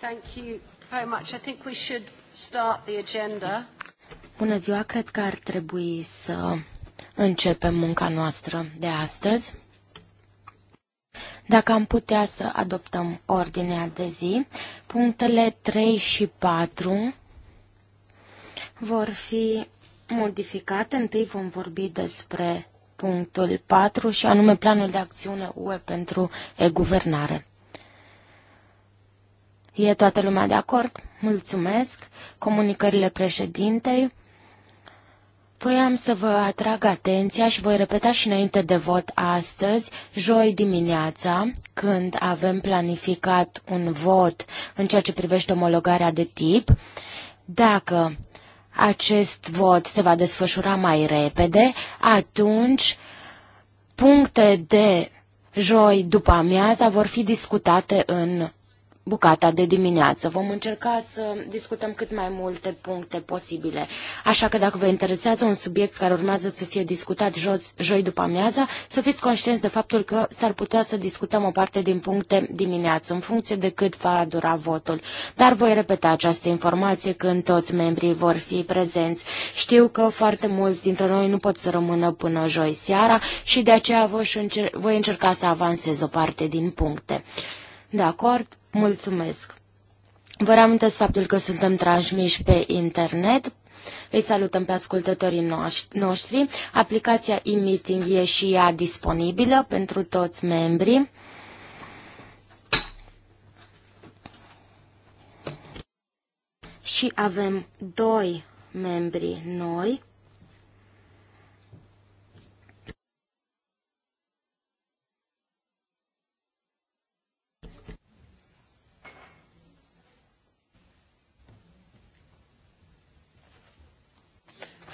Thank you very much. I think we should start the agenda. Bună ziua, cred că ar trebui să începem munca noastră de astăzi. Dacă am putea să adoptăm ordinea de zi, punctele 3 și 4 vor fi modificate. Întâi vom vorbi despre punctul 4 și anume planul de acțiune UE pentru e-guvernare. E toată lumea de acord? Mulțumesc. Comunicările președintei. Voiam să vă atrag atenția și voi repeta și înainte de vot astăzi, joi dimineața, când avem planificat un vot în ceea ce privește omologarea de tip. Dacă acest vot se va desfășura mai repede, atunci puncte de joi după amiaza vor fi discutate în bucata de dimineață. Vom încerca să discutăm cât mai multe puncte posibile. Așa că dacă vă interesează un subiect care urmează să fie discutat jos, joi după amiaza, să fiți conștienți de faptul că s-ar putea să discutăm o parte din puncte dimineață, în funcție de cât va dura votul. Dar voi repeta această informație când toți membrii vor fi prezenți. Știu că foarte mulți dintre noi nu pot să rămână până joi seara și de aceea voi încerca să avansez o parte din puncte. De acord? Mulțumesc! Vă reamintesc faptul că suntem transmiși pe internet. Îi salutăm pe ascultătorii noștri. Aplicația e-meeting e și ea disponibilă pentru toți membrii. Și avem doi membri noi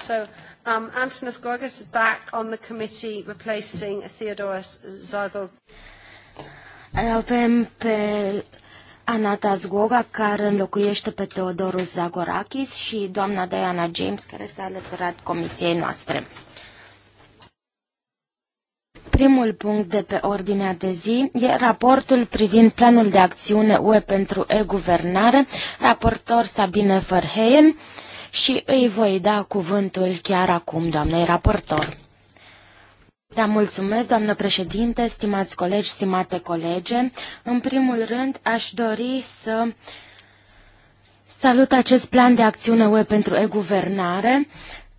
So um, Antonis Gorgas is back on the committee replacing Theodoros Zagor. Avem pe Anata Zgoga care înlocuiește pe Teodorus Zagorakis și doamna Diana James, care s-a alăturat comisiei noastre. Primul punct de pe ordinea de zi e raportul privind planul de acțiune UE pentru e-guvernare, raportor Sabine Verheyen și îi voi da cuvântul chiar acum, doamnei raportor. Da, mulțumesc, doamnă președinte, stimați colegi, stimate colege. În primul rând, aș dori să salut acest plan de acțiune UE pentru e-guvernare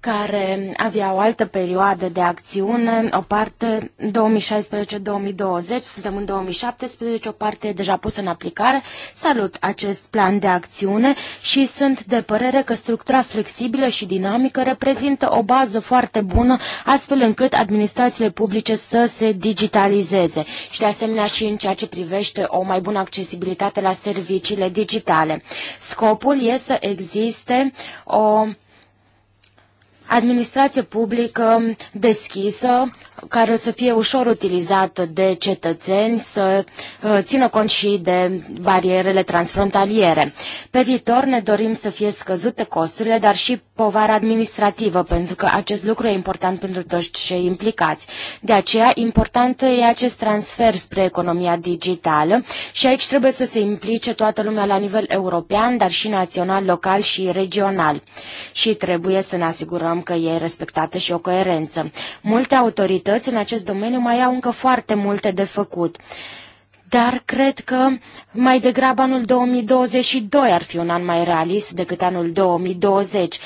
care avea o altă perioadă de acțiune, o parte 2016-2020, suntem în 2017, o parte deja pusă în aplicare. Salut acest plan de acțiune și sunt de părere că structura flexibilă și dinamică reprezintă o bază foarte bună, astfel încât administrațiile publice să se digitalizeze și de asemenea și în ceea ce privește o mai bună accesibilitate la serviciile digitale. Scopul este să existe o administrație publică deschisă, care să fie ușor utilizată de cetățeni, să uh, țină cont și de barierele transfrontaliere. Pe viitor ne dorim să fie scăzute costurile, dar și povara administrativă, pentru că acest lucru e important pentru toți cei implicați. De aceea, important e acest transfer spre economia digitală și aici trebuie să se implice toată lumea la nivel european, dar și național, local și regional. Și trebuie să ne asigurăm asigurăm că e respectată și o coerență. Multe autorități în acest domeniu mai au încă foarte multe de făcut dar cred că mai degrabă anul 2022 ar fi un an mai realist decât anul 2020.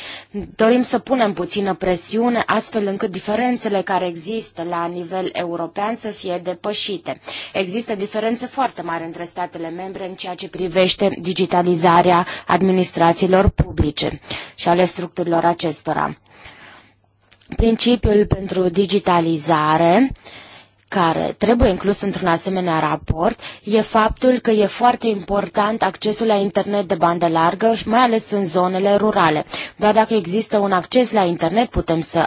Dorim să punem puțină presiune astfel încât diferențele care există la nivel european să fie depășite. Există diferențe foarte mari între statele membre în ceea ce privește digitalizarea administrațiilor publice și ale structurilor acestora principiul pentru digitalizare care trebuie inclus într-un asemenea raport e faptul că e foarte important accesul la internet de bandă largă și mai ales în zonele rurale. Doar dacă există un acces la internet putem să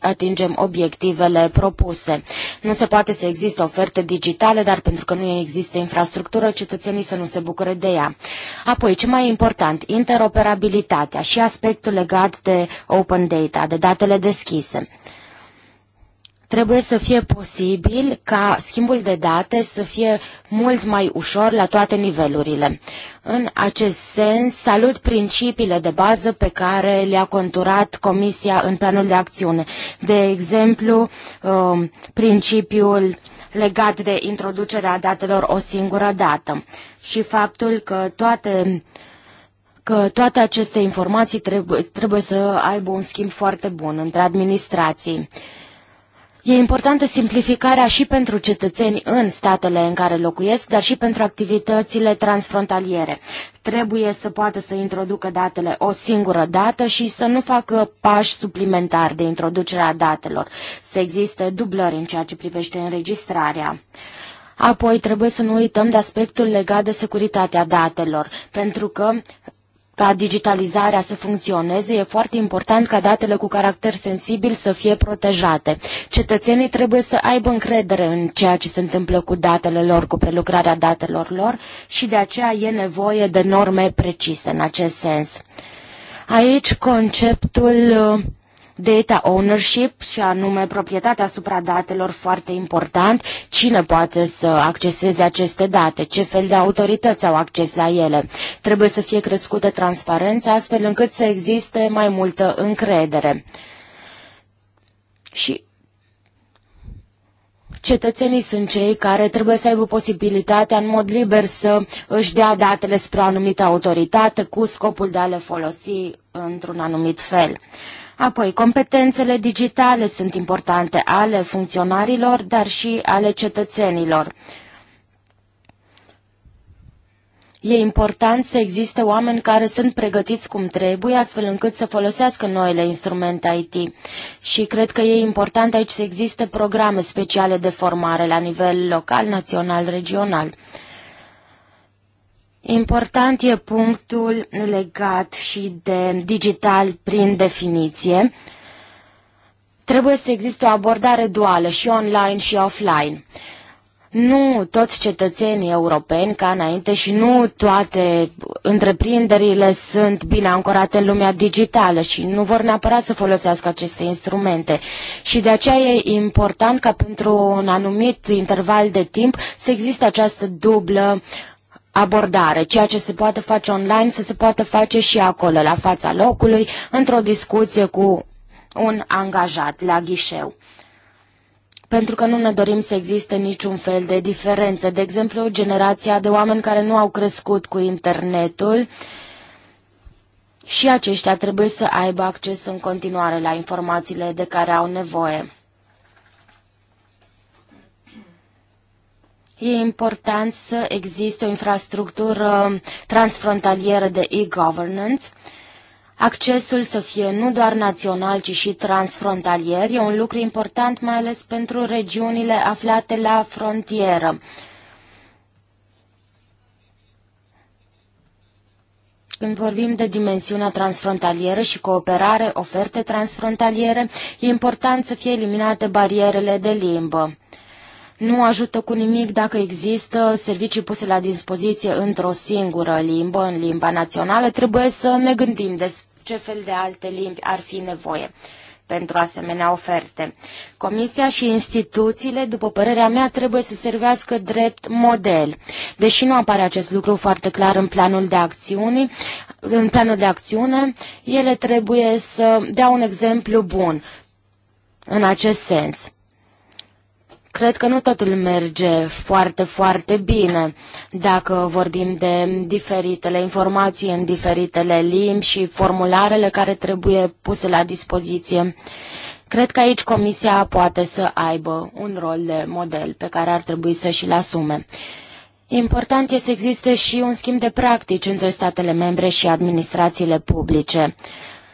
atingem obiectivele propuse. Nu se poate să existe oferte digitale, dar pentru că nu există infrastructură, cetățenii să nu se bucure de ea. Apoi, ce mai important, interoperabilitatea și aspectul legat de open data, de datele deschise. Trebuie să fie posibil ca schimbul de date să fie mult mai ușor la toate nivelurile. În acest sens, salut principiile de bază pe care le-a conturat Comisia în planul de acțiune. De exemplu, um, principiul legat de introducerea datelor o singură dată și faptul că toate că toate aceste informații trebuie, trebuie să aibă un schimb foarte bun între administrații. Uh, E importantă simplificarea și pentru cetățeni în statele în care locuiesc, dar și pentru activitățile transfrontaliere. Trebuie să poată să introducă datele o singură dată și să nu facă pași suplimentari de introducerea datelor, să existe dublări în ceea ce privește înregistrarea. Apoi trebuie să nu uităm de aspectul legat de securitatea datelor, pentru că ca digitalizarea să funcționeze, e foarte important ca datele cu caracter sensibil să fie protejate. Cetățenii trebuie să aibă încredere în ceea ce se întâmplă cu datele lor, cu prelucrarea datelor lor și de aceea e nevoie de norme precise în acest sens. Aici conceptul uh, Data ownership și anume proprietatea asupra datelor foarte important. Cine poate să acceseze aceste date? Ce fel de autorități au acces la ele? Trebuie să fie crescută transparența astfel încât să existe mai multă încredere. Și cetățenii sunt cei care trebuie să aibă posibilitatea în mod liber să își dea datele spre o anumită autoritate cu scopul de a le folosi într-un anumit fel. Apoi, competențele digitale sunt importante ale funcționarilor, dar și ale cetățenilor. E important să existe oameni care sunt pregătiți cum trebuie, astfel încât să folosească noile instrumente IT. Și cred că e important aici să existe programe speciale de formare la nivel local, național, regional. Important e punctul legat și de digital prin definiție. Trebuie să existe o abordare duală și online și offline. Nu toți cetățenii europeni ca înainte și nu toate întreprinderile sunt bine ancorate în lumea digitală și nu vor neapărat să folosească aceste instrumente. Și de aceea e important ca pentru un anumit interval de timp să existe această dublă uh, abordare. Ceea ce se poate face online să se poate face și acolo, la fața locului, într-o discuție cu un angajat la ghișeu pentru că nu ne dorim să existe niciun fel de diferență. De exemplu, generația de oameni care nu au crescut cu internetul și aceștia trebuie să aibă acces în continuare la informațiile de care au nevoie. E important să existe o infrastructură transfrontalieră de e-governance, accesul să fie nu doar național, ci și transfrontalier. E un lucru important mai ales pentru regiunile aflate la frontieră. Când vorbim de dimensiunea transfrontalieră și cooperare, oferte transfrontaliere, e important să fie eliminate barierele de limbă. Nu ajută cu nimic dacă există servicii puse la dispoziție într-o singură limbă, în limba națională. Trebuie să ne gândim despre ce fel de alte limbi ar fi nevoie pentru asemenea oferte. Comisia și instituțiile, după părerea mea, trebuie să servească drept model. Deși nu apare acest lucru foarte clar în planul de acțiuni, în planul de acțiune, ele trebuie să dea un exemplu bun în acest sens. Cred că nu totul merge foarte, foarte bine dacă vorbim de diferitele informații în diferitele limbi și formularele care trebuie puse la dispoziție. Cred că aici Comisia poate să aibă un rol de model pe care ar trebui să și-l asume. Important este să existe și un schimb de practici între statele membre și administrațiile publice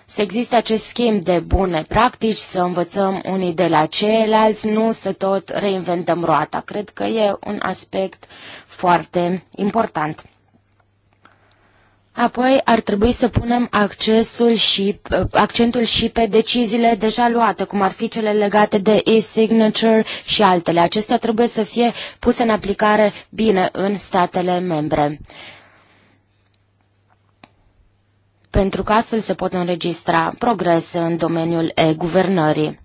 să existe acest schimb de bune practici, să învățăm unii de la ceilalți, nu să tot reinventăm roata. Cred că e un aspect foarte important. Apoi ar trebui să punem accesul și, uh, accentul și pe deciziile deja luate, cum ar fi cele legate de e-signature și altele. Acestea trebuie să fie puse în aplicare bine în statele membre pentru că astfel se pot înregistra progrese în domeniul e-guvernării.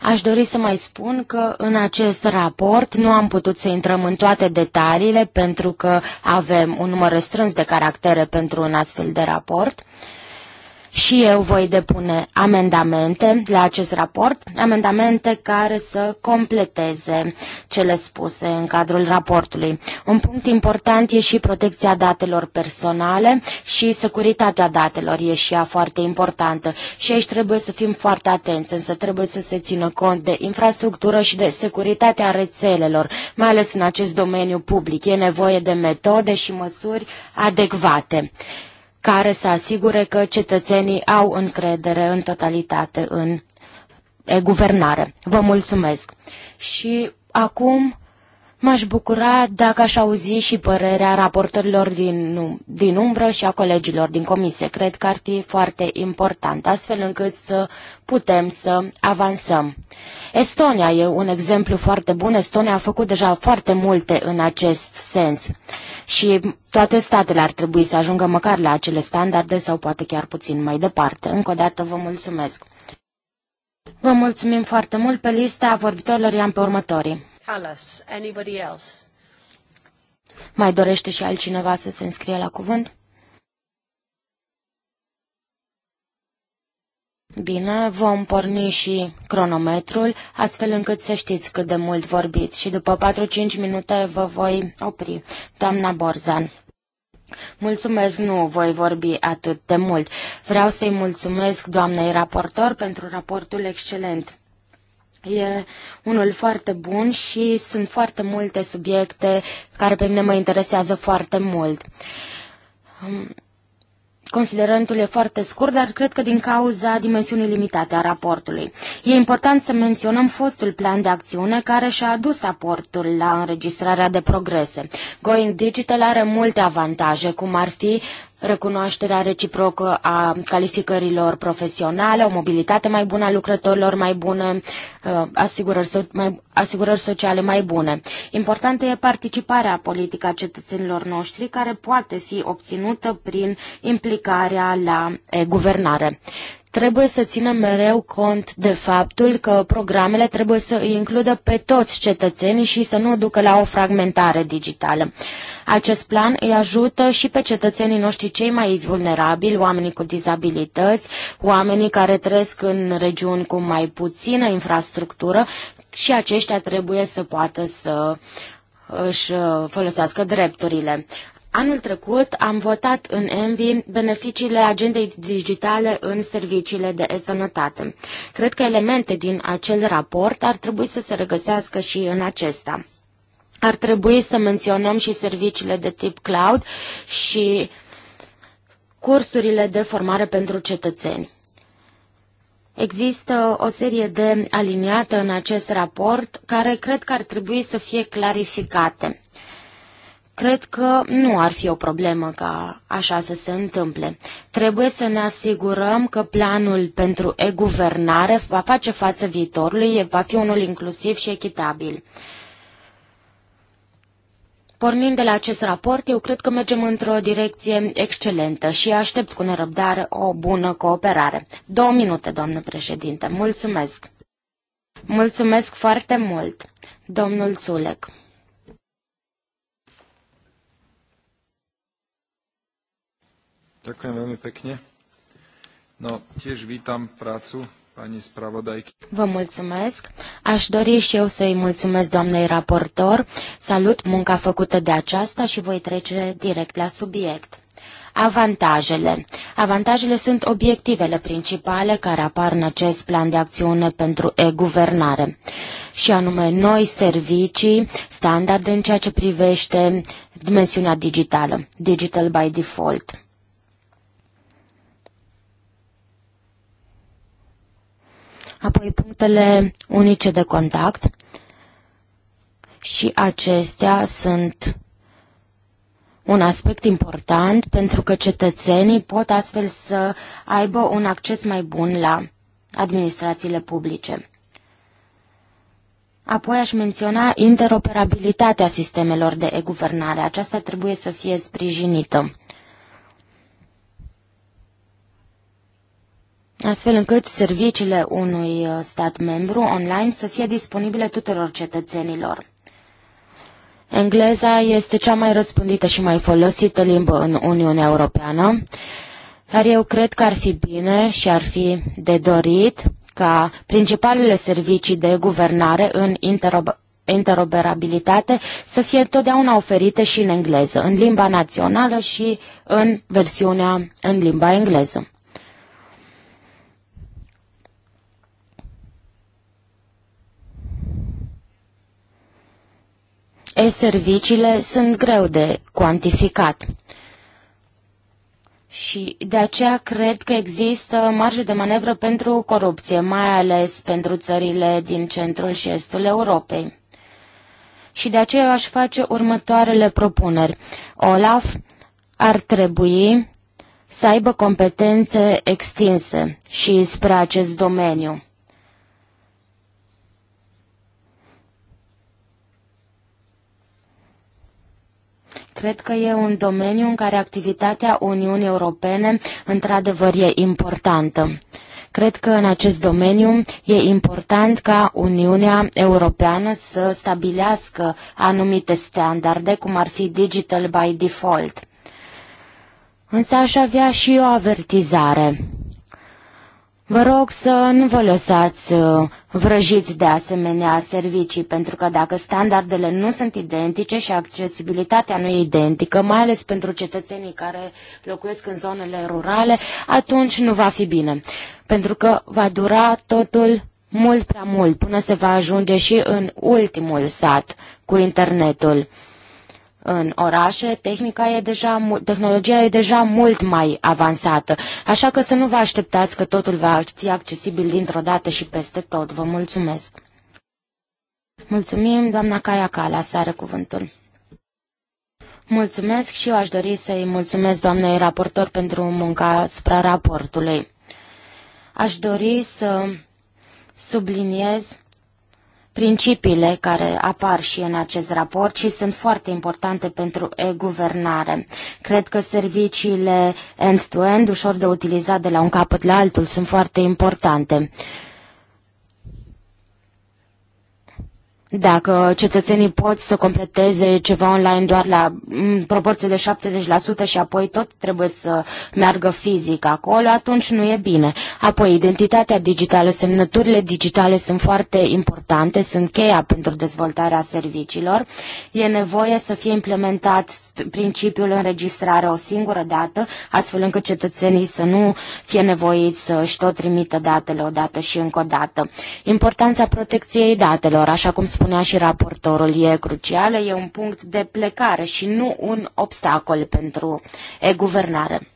Aș dori să mai spun că în acest raport nu am putut să intrăm în toate detaliile pentru că avem un număr restrâns de caractere pentru un astfel de raport. Uh, și eu voi depune amendamente la acest raport, amendamente care să completeze cele spuse în cadrul raportului. Un punct important e și protecția datelor personale și securitatea datelor e și ea foarte importantă. Și aici trebuie să fim foarte atenți, însă trebuie să se țină cont de infrastructură și de securitatea rețelelor, mai ales în acest domeniu public. E nevoie de metode și măsuri adecvate care să asigure că cetățenii au încredere în totalitate în guvernare. Vă mulțumesc. Și acum M-aș bucura dacă aș auzi și părerea raportorilor din, din umbră și a colegilor din comisie. Cred că ar fi foarte important, astfel încât să putem să avansăm. Estonia e un exemplu foarte bun. Estonia a făcut deja foarte multe în acest sens și toate statele ar trebui să ajungă măcar la acele standarde sau poate chiar puțin mai departe. Încă o dată vă mulțumesc. Vă mulțumim foarte mult. Pe lista vorbitorilor i-am pe următorii. Callas. Anybody else? Mai dorește și altcineva să se înscrie la cuvânt? Bine, vom porni și cronometrul, astfel încât să știți cât de mult vorbiți și după 4-5 minute vă voi opri. Doamna Borzan. Mulțumesc, nu voi vorbi atât de mult. Vreau să-i mulțumesc doamnei raportor pentru raportul excelent E unul foarte bun și sunt foarte multe subiecte care pe mine mă interesează foarte mult. Um, considerentul e foarte scurt, dar cred că din cauza dimensiunii limitate a raportului. E important să menționăm fostul plan de acțiune care și-a adus aportul la înregistrarea de progrese. Going Digital are multe avantaje, cum ar fi recunoașterea reciprocă a calificărilor profesionale, o mobilitate mai bună a lucrătorilor mai bună, uh, asigurări, so mai, asigurări sociale mai bune. Importantă e participarea politică a cetățenilor noștri, care poate fi obținută prin implicarea la e, guvernare. Trebuie să ținem mereu cont de faptul că programele trebuie să îi includă pe toți cetățenii și să nu ducă la o fragmentare digitală. Acest plan îi ajută și pe cetățenii noștri cei mai vulnerabili, oamenii cu dizabilități, oamenii care trăiesc în regiuni cu mai puțină infrastructură și aceștia trebuie să poată să își folosească drepturile. Anul trecut am votat în ENVI beneficiile agendei digitale în serviciile de sănătate Cred că elemente din acel raport ar trebui să se regăsească și în acesta. Ar trebui să menționăm și serviciile de tip cloud și cursurile de formare pentru cetățeni. Există o serie de aliniate în acest raport care cred că ar trebui să fie clarificate. Cred că nu ar fi o problemă ca așa să se întâmple. Trebuie să ne asigurăm că planul pentru e-guvernare va face față viitorului, va fi unul inclusiv și echitabil. Pornind de la acest raport, eu cred că mergem într-o direcție excelentă și aștept cu nerăbdare o bună cooperare. Două minute, doamnă președinte. Mulțumesc! Mulțumesc foarte mult, domnul Sulec. Ďakujem veľmi pekne. No, tiež vítam prácu pani spravodajky. Vă mulțumesc. Aș dori și eu să-i mulțumesc doamnei raportor. Salut munca făcută de aceasta și voi trece direct la subiect. Avantajele. Avantajele sunt obiectivele principale care apar în acest plan de acțiune pentru e-guvernare, și anume noi servicii, standard în ceea ce privește dimensiunea digitală, digital by default. apoi punctele unice de contact și acestea sunt un aspect important pentru că cetățenii pot astfel să aibă un acces mai bun la administrațiile publice. Apoi aș menționa interoperabilitatea sistemelor de e-guvernare. Aceasta trebuie să fie sprijinită. astfel încât serviciile unui uh, stat membru online să fie disponibile tuturor cetățenilor. Engleza este cea mai răspândită și mai folosită limbă în Uniunea Europeană, dar eu cred că ar fi bine și ar fi de dorit ca principalele servicii de guvernare în interoperabilitate interoperabilitate să fie întotdeauna oferite și în engleză, în limba națională și în versiunea în limba engleză. e-serviciile sunt greu de cuantificat. Și de aceea cred că există marge de manevră pentru corupție, mai ales pentru țările din centrul și estul Europei. Și de aceea aș face următoarele propuneri. Olaf ar trebui să aibă competențe extinse și spre acest domeniu. Cred că e un domeniu în care activitatea Uniunii Europene într-adevăr e importantă. Cred că în acest domeniu e important ca Uniunea Europeană să stabilească anumite standarde, cum ar fi Digital by Default. Însă aș avea și o avertizare. Vă rog să nu vă lăsați uh, vrăjiți de asemenea servicii, pentru că dacă standardele nu sunt identice și accesibilitatea nu e identică, mai ales pentru cetățenii care locuiesc în zonele rurale, atunci nu va fi bine, pentru că va dura totul mult prea mult până se va ajunge și în ultimul sat cu internetul în orașe, tehnica e deja, tehnologia e deja mult mai avansată, așa că să nu vă așteptați că totul va fi accesibil dintr-o dată și peste tot. Vă mulțumesc! Mulțumim, doamna Caia Cala, sare cuvântul. Mulțumesc și eu aș dori să-i mulțumesc doamnei raportor pentru munca asupra raportului. Aș dori să subliniez principiile care apar și în acest raport și sunt foarte importante pentru e-guvernare. Cred că serviciile end-to-end, -end, ușor de utilizat de la un capăt la altul, sunt foarte importante. dacă cetățenii pot să completeze ceva online doar la în proporție de 70% și apoi tot trebuie să meargă fizic acolo, atunci nu e bine. Apoi, identitatea digitală, semnăturile digitale sunt foarte importante, sunt cheia pentru dezvoltarea serviciilor. E nevoie să fie implementat principiul înregistrare o singură dată, astfel încât cetățenii să nu fie nevoiți să-și tot trimită datele odată și încă o dată. Importanța protecției datelor, așa cum spunea și raportorul, e crucială, e un punct de plecare și nu un obstacol pentru e-guvernare.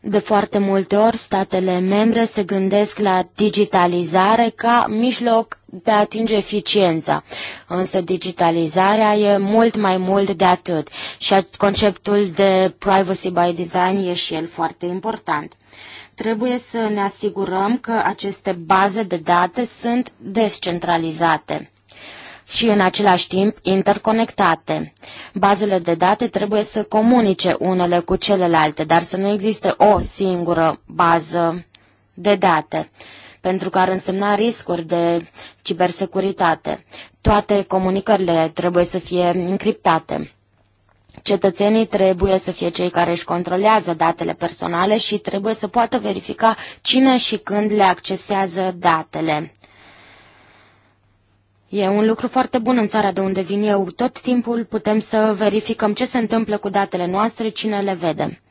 De foarte multe ori, statele membre se gândesc la digitalizare ca mijloc de a atinge eficiența. Însă digitalizarea e mult mai mult de atât și conceptul de privacy by design e și el foarte important. Trebuie să ne asigurăm că aceste baze de date sunt descentralizate și în același timp interconectate. Bazele de date trebuie să comunice unele cu celelalte, dar să nu existe o singură bază de date, pentru că ar însemna riscuri de cibersecuritate. Toate comunicările trebuie să fie încriptate. Cetățenii trebuie să fie cei care își controlează datele personale și trebuie să poată verifica cine și când le accesează datele. E un lucru foarte bun în țara de unde vin eu. Tot timpul putem să verificăm ce se întâmplă cu datele noastre, cine le vede.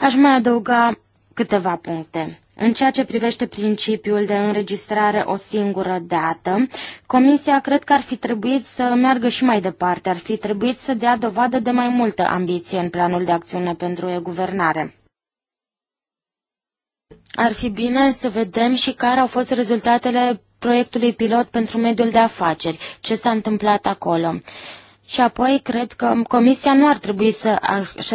Aș mai adăuga câteva puncte. În ceea ce privește principiul de înregistrare o singură dată, Comisia cred că ar fi trebuit să meargă și mai departe, ar fi trebuit să dea dovadă de mai multă ambiție în planul de acțiune pentru e-guvernare. Ar fi bine să vedem și care au fost rezultatele proiectului pilot pentru mediul de afaceri, ce s-a întâmplat acolo. Și apoi cred că Comisia nu ar trebui să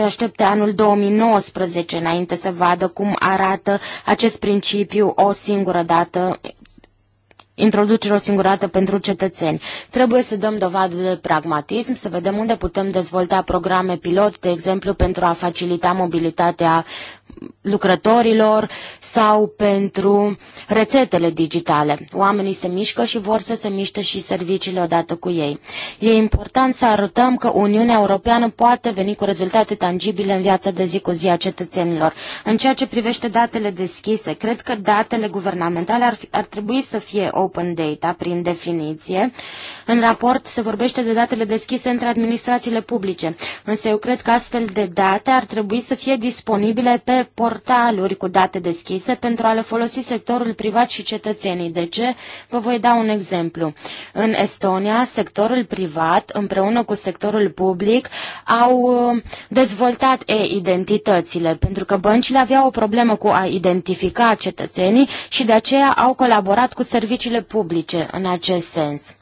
aștepte anul 2019 înainte să vadă cum arată acest principiu o singură dată introducere o singură dată pentru cetățeni. Trebuie să dăm dovadă de pragmatism, să vedem unde putem dezvolta programe pilot, de exemplu, pentru a facilita mobilitatea lucrătorilor sau pentru rețetele digitale. Oamenii se mișcă și vor să se miște și serviciile odată cu ei. E important să arătăm că Uniunea Europeană poate veni cu rezultate tangibile în viața de zi cu zi a cetățenilor. În ceea ce privește datele deschise, cred că datele guvernamentale ar, fi, ar trebui să fie open data prin definiție. În raport se vorbește de datele deschise între administrațiile publice, însă eu cred că astfel de date ar trebui să fie disponibile pe portaluri cu date deschise pentru a le folosi sectorul privat și cetățenii. De ce? Vă voi da un exemplu. În Estonia, sectorul privat împreună cu sectorul public au uh, dezvoltat e-identitățile, pentru că băncile aveau o problemă cu a identifica cetățenii și de aceea au colaborat cu serviciile publice în acest sens.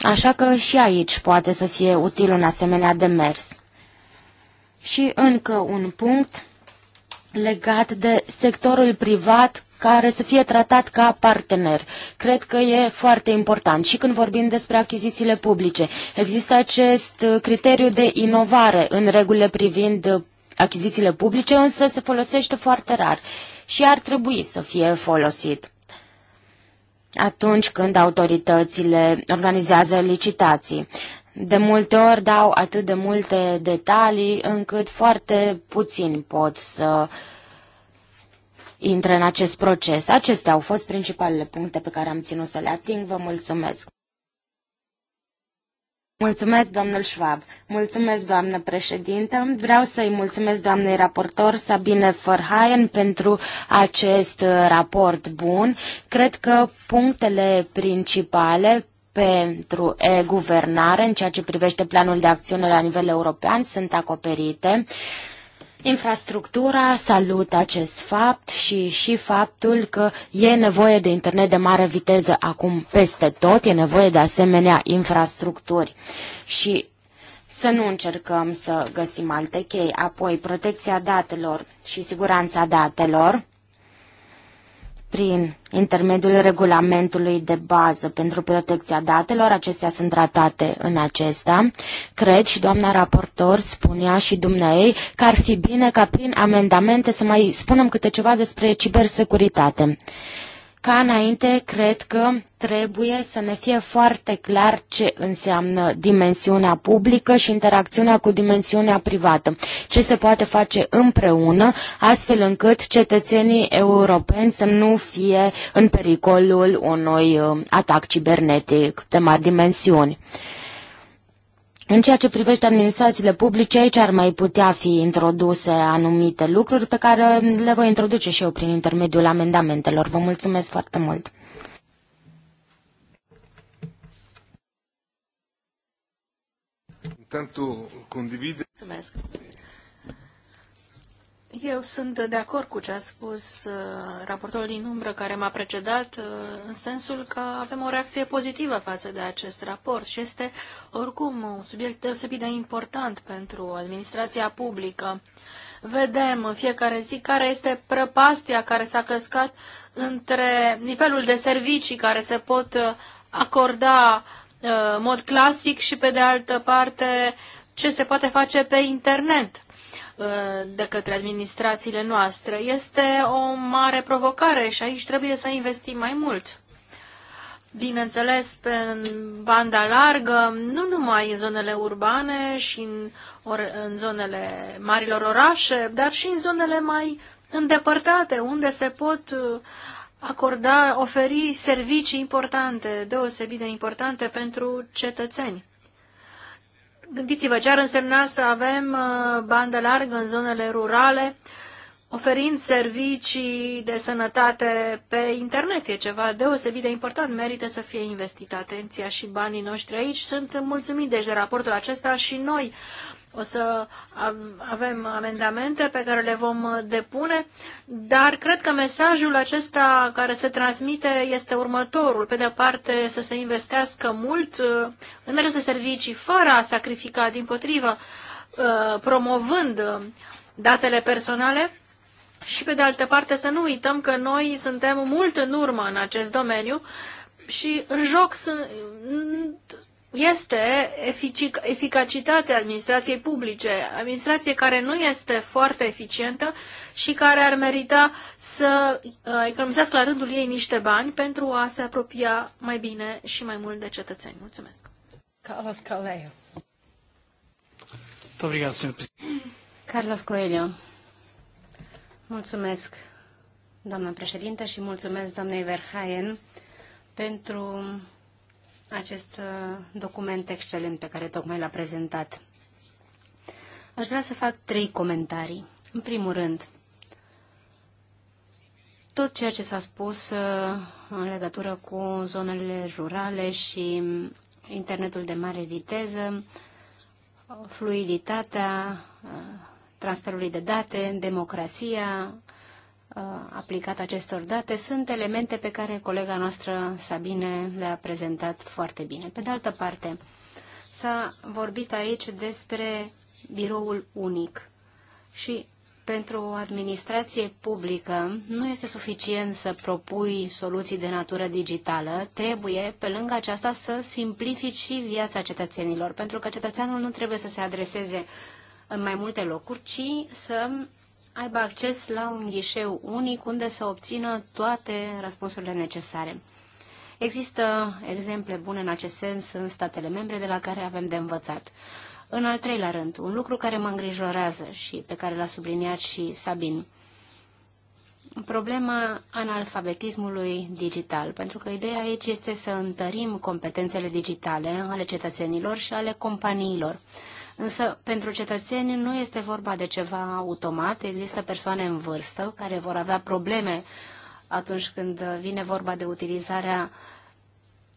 Așa că și aici poate să fie util un asemenea demers. Și încă un punct legat de sectorul privat care să fie tratat ca partener. Cred că e foarte important. Și când vorbim despre achizițiile publice, există acest criteriu de inovare în regulile privind achizițiile publice, însă se folosește foarte rar și ar trebui să fie folosit atunci când autoritățile organizează licitații. De multe ori dau atât de multe detalii încât foarte puțin pot să intre în acest proces. Acestea au fost principalele puncte pe care am ținut să le ating. Vă mulțumesc! Mulțumesc, domnul Schwab. Mulțumesc, doamnă președintă. Vreau să-i mulțumesc doamnei raportor Sabine Verhaien pentru acest raport bun. Cred că punctele principale pentru e-guvernare în ceea ce privește planul de acțiune la nivel european sunt acoperite. Infrastructura salută acest fapt și și faptul că e nevoie de internet de mare viteză acum peste tot, e nevoie de asemenea infrastructuri. Și să nu încercăm să găsim alte chei. Apoi, protecția datelor și siguranța datelor prin intermediul regulamentului de bază pentru protecția datelor. Acestea sunt tratate în acesta. Cred și doamna raportor spunea și dumneei că ar fi bine ca prin amendamente să mai spunem câte ceva despre cibersecuritate. Uh, ca înainte, cred că trebuie să ne fie foarte clar ce înseamnă dimensiunea publică și interacțiunea cu dimensiunea privată, ce se poate face împreună, astfel încât cetățenii europeni să nu fie în pericolul unui uh, atac cibernetic de mari dimensiuni. În ceea ce privește administrațiile publice, aici ar mai putea fi introduse anumite lucruri pe care le voi introduce și eu prin intermediul amendamentelor. Vă mulțumesc foarte mult! Mulțumesc. Eu sunt de acord cu ce a spus uh, raportorul din umbră care m-a precedat, uh, în sensul că avem o reacție pozitivă față de acest raport și este oricum un subiect deosebit de important pentru administrația publică. Vedem în fiecare zi care este prăpastia care s-a căscat între nivelul de servicii care se pot uh, acorda în mod clasic și pe de altă parte ce se poate face pe internet Uh, de către administrațiile noastre. Este o mare provocare și aici trebuie să investim mai mult. Bineînțeles, pe banda largă, nu numai în zonele urbane și în, or, în zonele marilor orașe, dar și în zonele mai îndepărtate, unde se pot uh, acorda, oferi servicii importante, deosebit de importante pentru cetățeni. Gândiți-vă ce ar însemna să avem uh, bandă largă în zonele rurale, oferind servicii de sănătate pe internet. E ceva deosebit de important, merită să fie investită atenția și banii noștri aici. Sunt mulțumit deci de raportul acesta și noi o să avem amendamente pe care le vom depune, dar cred că mesajul acesta care se transmite este următorul. Pe de-o parte, să se investească mult uh, în aceste servicii, fără a sacrifica, din potrivă, uh, promovând datele personale, și pe de altă parte să nu uităm că noi suntem mult în urmă în acest domeniu și în joc sunt, este efic eficacitatea administrației publice, administrație care nu este foarte eficientă și care ar merita să uh, economisească la rândul ei niște bani pentru a se apropia mai bine și mai mult de cetățeni. Mulțumesc. Carlos Coelho. Carlos Coelho. Mulțumesc, doamnă președinte, și mulțumesc doamnei Verhaien pentru acest uh, document excelent pe care tocmai l-a prezentat. Aș vrea să fac trei comentarii. În primul rând, tot ceea ce s-a spus uh, în legătură cu zonele rurale și internetul de mare viteză, fluiditatea uh, transferului de date, democrația, Uh, aplicat acestor date sunt elemente pe care colega noastră Sabine le-a prezentat foarte bine. Pe de altă parte, s-a vorbit aici despre biroul unic și pentru o administrație publică nu este suficient să propui soluții de natură digitală, trebuie pe lângă aceasta să simplifici și viața cetățenilor, pentru că cetățeanul nu trebuie să se adreseze în mai multe locuri, ci să aibă acces la un ghișeu unic unde să obțină toate răspunsurile necesare. Există exemple bune în acest sens în statele membre de la care avem de învățat. În al treilea rând, un lucru care mă îngrijorează și pe care l-a subliniat și Sabin, problema analfabetismului digital, pentru că ideea aici este să întărim competențele digitale ale cetățenilor și ale companiilor Însă, pentru cetățeni nu este vorba de ceva automat. Există persoane în vârstă care vor avea probleme atunci când vine vorba de utilizarea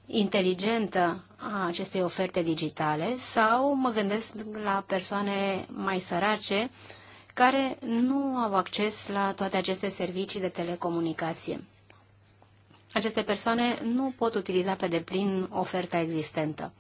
inteligentă a acestei oferte digitale sau mă gândesc la persoane mai sărace care nu au acces la toate aceste servicii de telecomunicație. Aceste persoane nu pot utiliza pe deplin oferta existentă.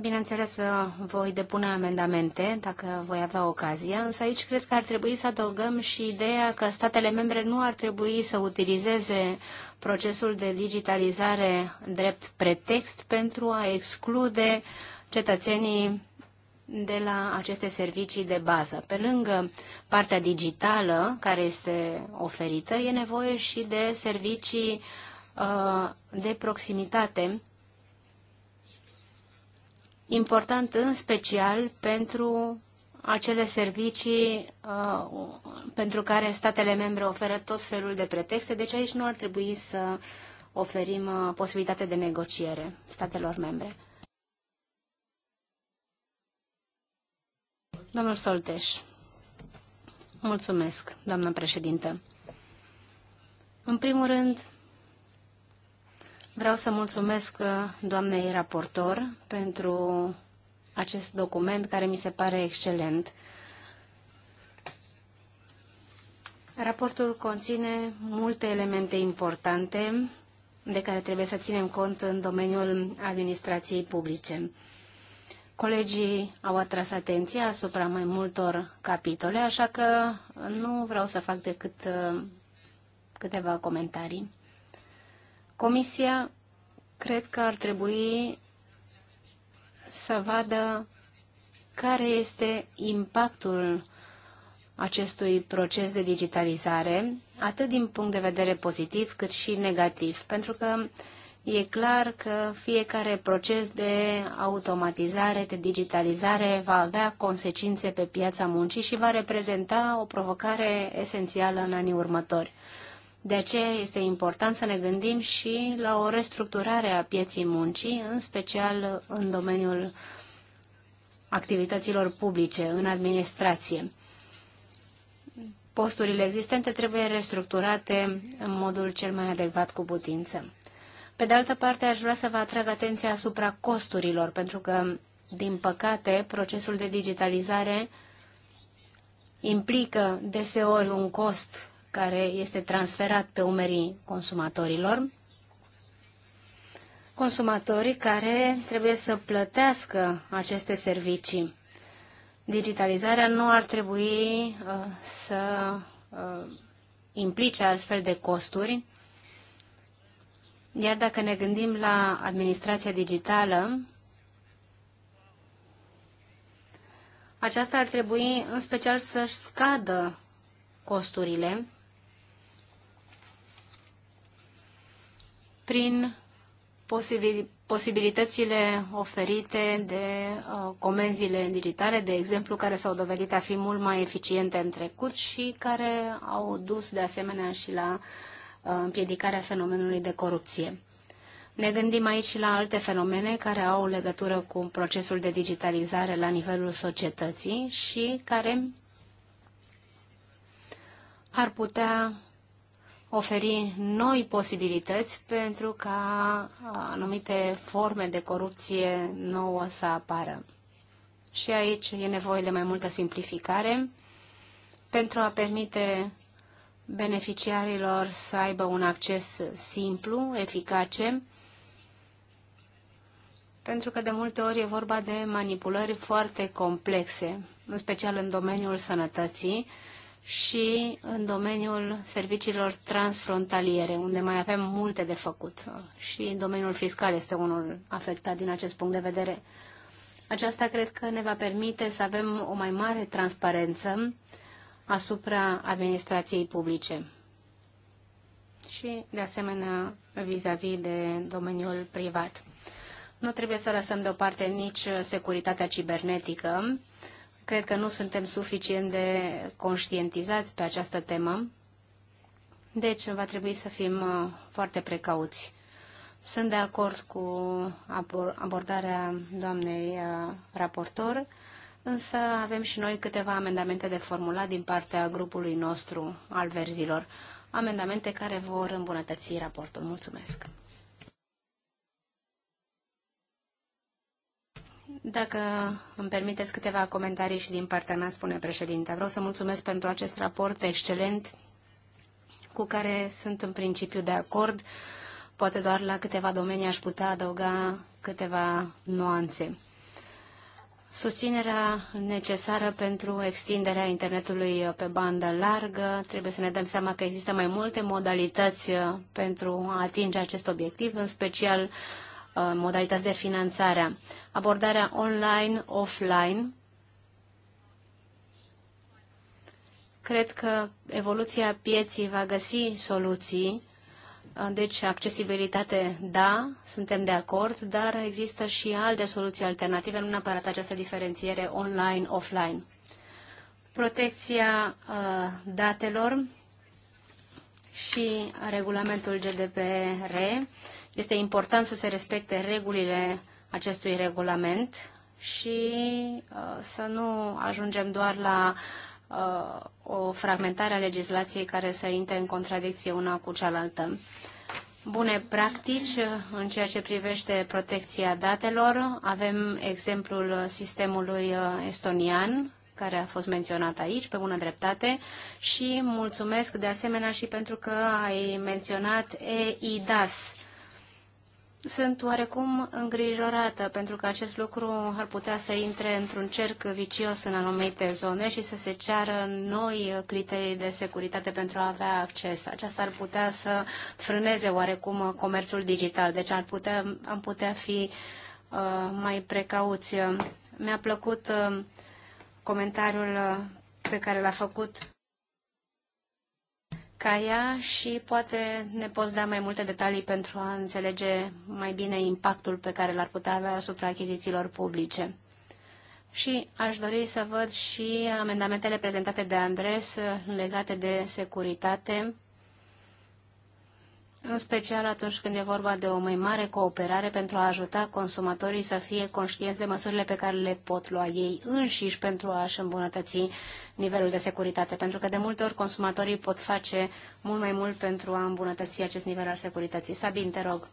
Bineînțeles, uh, voi depune amendamente dacă voi avea ocazia, însă aici cred că ar trebui să adăugăm și ideea că statele membre nu ar trebui să utilizeze procesul de digitalizare drept pretext pentru a exclude cetățenii de la aceste servicii de bază. Pe lângă partea digitală care este oferită, e nevoie și de servicii uh, de proximitate important în special pentru acele servicii uh, pentru care statele membre oferă tot felul de pretexte, deci aici nu ar trebui să oferim uh, posibilitate de negociere statelor membre. Domnul Solteș. Mulțumesc, doamnă președintă. În primul rând, Vreau să mulțumesc uh, doamnei raportor pentru acest document care mi se pare excelent. Raportul conține multe elemente importante de care trebuie să ținem cont în domeniul administrației publice. Colegii au atras atenția asupra mai multor capitole, așa că nu vreau să fac decât uh, câteva comentarii. Comisia cred că ar trebui să vadă care este impactul acestui proces de digitalizare, atât din punct de vedere pozitiv cât și negativ, pentru că e clar că fiecare proces de automatizare, de digitalizare va avea consecințe pe piața muncii și va reprezenta o provocare esențială în anii următori. De aceea este important să ne gândim și la o restructurare a pieții muncii, în special în domeniul activităților publice, în administrație. Posturile existente trebuie restructurate în modul cel mai adecvat cu putință. Pe de altă parte, aș vrea să vă atrag atenția asupra costurilor, pentru că, din păcate, procesul de digitalizare implică deseori un cost care este transferat pe umerii consumatorilor, consumatorii care trebuie să plătească aceste servicii. Digitalizarea nu ar trebui uh, să uh, implice astfel de costuri, iar dacă ne gândim la administrația digitală, aceasta ar trebui în special să scadă costurile prin posibilitățile oferite de uh, comenzile digitale, de exemplu, care s-au dovedit a fi mult mai eficiente în trecut și care au dus de asemenea și la uh, împiedicarea fenomenului de corupție. Ne gândim aici și la alte fenomene care au legătură cu procesul de digitalizare la nivelul societății și care ar putea oferi noi posibilități pentru ca anumite forme de corupție nouă să apară. Și aici e nevoie de mai multă simplificare pentru a permite beneficiarilor să aibă un acces simplu, eficace, pentru că de multe ori e vorba de manipulări foarte complexe, în special în domeniul sănătății, și în domeniul serviciilor transfrontaliere, unde mai avem multe de făcut. Și domeniul fiscal este unul afectat din acest punct de vedere. Aceasta cred că ne va permite să avem o mai mare transparență asupra administrației publice și, de asemenea, vis-a-vis -vis de domeniul privat. Nu trebuie să lăsăm deoparte nici securitatea cibernetică, Cred că nu suntem suficient de conștientizați pe această temă, deci va trebui să fim uh, foarte precauți. Sunt de acord cu abordarea doamnei uh, raportor, însă avem și noi câteva amendamente de formulat din partea grupului nostru al verzilor, amendamente care vor îmbunătăți raportul. Mulțumesc! Dacă îmi permiteți câteva comentarii și din partea mea, spune președinte, vreau să mulțumesc pentru acest raport excelent cu care sunt în principiu de acord. Poate doar la câteva domenii aș putea adăuga câteva nuanțe. Susținerea necesară pentru extinderea internetului pe bandă largă. Trebuie să ne dăm seama că există mai multe modalități pentru a atinge acest obiectiv, în special uh, Uh, modalități de finanțare. Abordarea online, offline. Cred că evoluția pieții va găsi soluții uh, deci, accesibilitate, da, suntem de acord, dar există și alte soluții alternative, nu neapărat această diferențiere online-offline. Protecția uh, datelor și regulamentul GDPR este important să se respecte regulile acestui regulament și uh, să nu ajungem doar la uh, o fragmentare a legislației care să intre în contradicție una cu cealaltă. Bune practici uh, în ceea ce privește protecția datelor. Avem exemplul sistemului estonian, care a fost menționat aici, pe bună dreptate, și mulțumesc de asemenea și pentru că ai menționat EIDAS, sunt oarecum îngrijorată pentru că acest lucru ar putea să intre într-un cerc vicios în anumite zone și să se ceară noi criterii de securitate pentru a avea acces. Aceasta ar putea să frâneze oarecum comerțul digital, deci ar putea, am putea fi uh, mai precauți. Mi-a plăcut uh, comentariul pe care l-a făcut ca ea și poate ne poți da mai multe detalii pentru a înțelege mai bine impactul pe care l-ar putea avea asupra achizițiilor publice. Și aș dori să văd și amendamentele prezentate de Andres legate de securitate în special atunci când e vorba de o mai mare cooperare pentru a ajuta consumatorii să fie conștienți de măsurile pe care le pot lua ei înșiși pentru a-și îmbunătăți nivelul de securitate, pentru că de multe ori consumatorii pot face mult mai mult pentru a îmbunătăți acest nivel al securității. Sabin, te rog.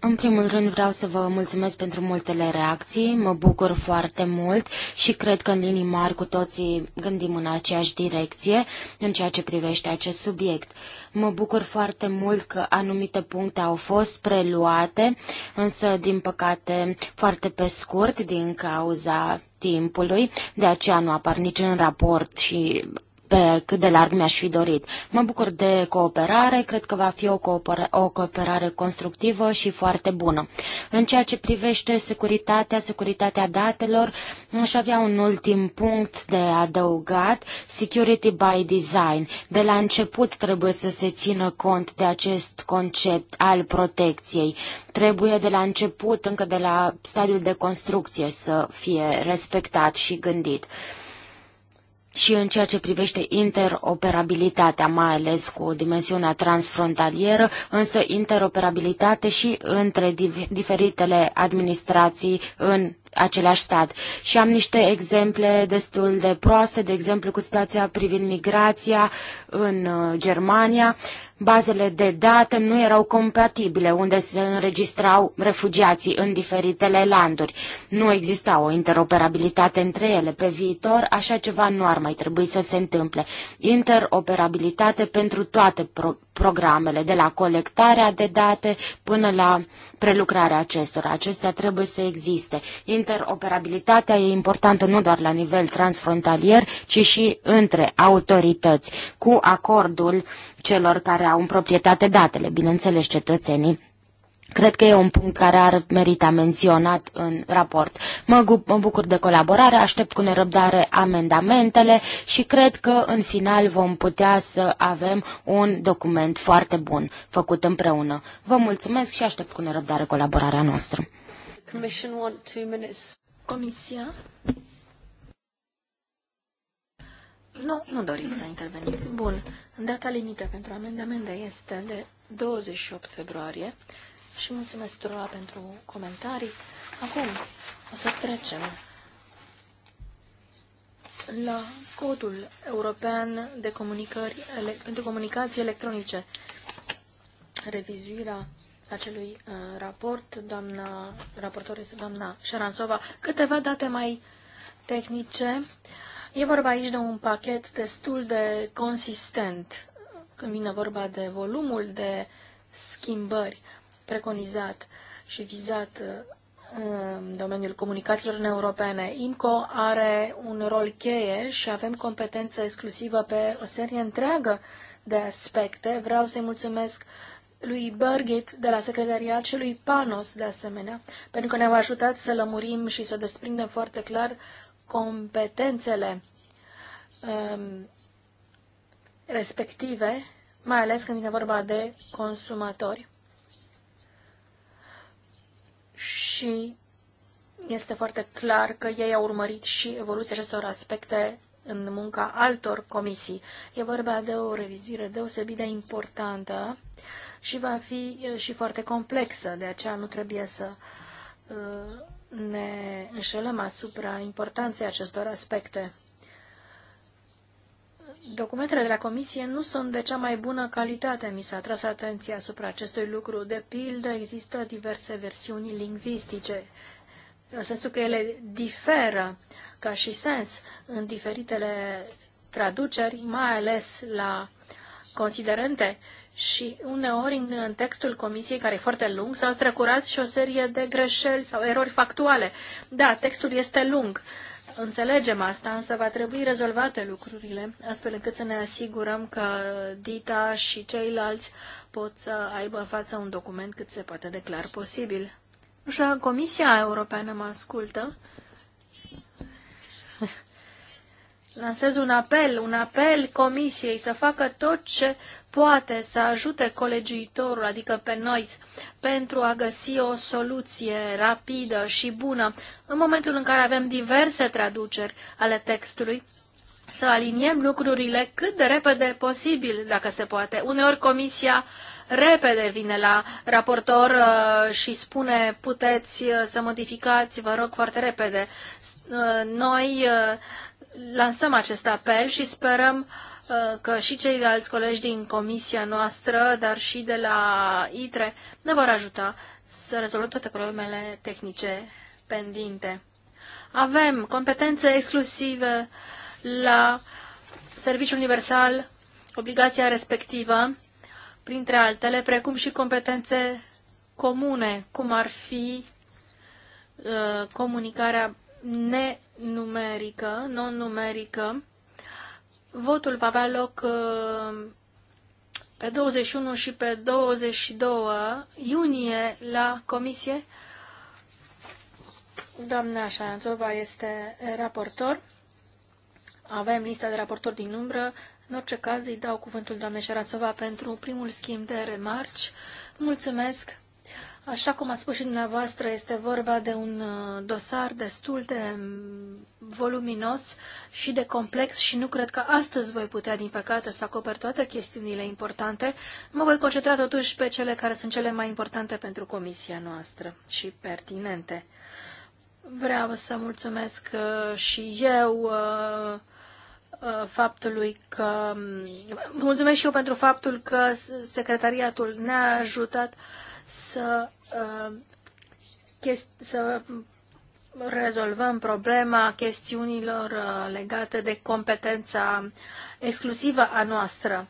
În primul rând vreau să vă mulțumesc pentru multele reacții, mă bucur foarte mult și cred că în linii mari cu toții gândim în aceeași direcție în ceea ce privește acest subiect. Mă bucur foarte mult că anumite puncte au fost preluate, însă din păcate foarte pe scurt din cauza timpului, de aceea nu apar nici în raport și pe cât de larg mi-aș fi dorit. Mă bucur de cooperare, cred că va fi o cooperare, o cooperare constructivă și foarte bună. În ceea ce privește securitatea, securitatea datelor, aș avea un ultim punct de adăugat, security by design. De la început trebuie să se țină cont de acest concept al protecției. Trebuie de la început, încă de la stadiul de construcție, să fie respectat și gândit și în ceea ce privește interoperabilitatea, mai ales cu dimensiunea transfrontalieră, însă interoperabilitate și între diferitele administrații în același stat. Și am niște exemple destul de proaste, de exemplu cu situația privind migrația în uh, Germania. Bazele de date nu erau compatibile unde se înregistrau refugiații în diferitele landuri. Nu exista o interoperabilitate între ele. Pe viitor, așa ceva nu ar mai trebui să se întâmple. Interoperabilitate pentru toate pro- programele, de la colectarea de date până la prelucrarea acestora. Acestea trebuie să existe. Interoperabilitatea e importantă nu doar la nivel transfrontalier, ci și între autorități, cu acordul celor care au în proprietate datele, bineînțeles cetățenii. Cred că e un punct care ar merita menționat în raport. Mă, mă bucur de colaborare, aștept cu nerăbdare amendamentele și cred că în final vom putea să avem un document foarte bun făcut împreună. Vă mulțumesc și aștept cu nerăbdare colaborarea noastră. Comisia? Nu, nu doriți să interveniți. Bun. Data limită pentru amendamente este de 28 februarie și mulțumesc tuturor pentru comentarii. Acum o să trecem la codul european de comunicări, ele, pentru comunicații electronice. Revizuirea acelui uh, raport, doamna, raportor este doamna Șaransova, câteva date mai tehnice. E vorba aici de un pachet destul de consistent când vine vorba de volumul de schimbări preconizat și vizat uh, în domeniul comunicațiilor în europene. IMCO are un rol cheie și avem competență exclusivă pe o serie întreagă de aspecte. Vreau să-i mulțumesc lui Birgit de la secretariat și lui Panos de asemenea, pentru că ne-au ajutat să lămurim și să desprindem foarte clar competențele um, respective, mai ales când vine vorba de consumatori și este foarte clar că ei au urmărit și evoluția acestor aspecte în munca altor comisii. E vorba de o revizuire deosebit de importantă și va fi și foarte complexă, de aceea nu trebuie să ne înșelăm asupra importanței acestor aspecte documentele de la Comisie nu sunt de cea mai bună calitate. Mi s-a tras atenția asupra acestui lucru. De pildă, există diverse versiuni lingvistice, în sensul că ele diferă ca și sens în diferitele traduceri, mai ales la considerente și uneori în, textul comisiei, care e foarte lung, s-au strecurat și o serie de greșeli sau erori factuale. Da, textul este lung înțelegem asta, însă va trebui rezolvate lucrurile, astfel încât să ne asigurăm că Dita și ceilalți pot să aibă în față un document cât se poate de clar posibil. Nu știu, Comisia Europeană mă ascultă lansez un apel, un apel comisiei să facă tot ce poate să ajute colegiuitorul, adică pe noi, pentru a găsi o soluție rapidă și bună în momentul în care avem diverse traduceri ale textului, să aliniem lucrurile cât de repede posibil, dacă se poate. Uneori comisia repede vine la raportor uh, și spune puteți uh, să modificați, vă rog, foarte repede. Uh, noi lansăm acest apel și sperăm uh, că și ceilalți colegi din comisia noastră, dar și de la ITRE, ne vor ajuta să rezolvăm toate problemele tehnice pendinte. Avem competențe exclusive la Serviciul Universal, obligația respectivă, printre altele, precum și competențe comune, cum ar fi uh, comunicarea ne numerică, non-numerică. Votul va avea loc uh, pe 21 și pe 22 iunie la comisie. Doamna Șanțova este raportor. Avem lista de raportori din umbră. În orice caz, îi dau cuvântul doamnei Șanțova pentru primul schimb de remarci. Mulțumesc! Așa cum ați spus și dumneavoastră, este vorba de un uh, dosar destul de mm, voluminos și de complex și nu cred că astăzi voi putea, din păcate, să acoper toate chestiunile importante. Mă voi concentra totuși pe cele care sunt cele mai importante pentru comisia noastră și pertinente. Vreau să mulțumesc uh, și eu uh, faptului că... Mm, mulțumesc și eu pentru faptul că secretariatul ne-a ajutat să, uh, să rezolvăm problema chestiunilor uh, legate de competența exclusivă a noastră.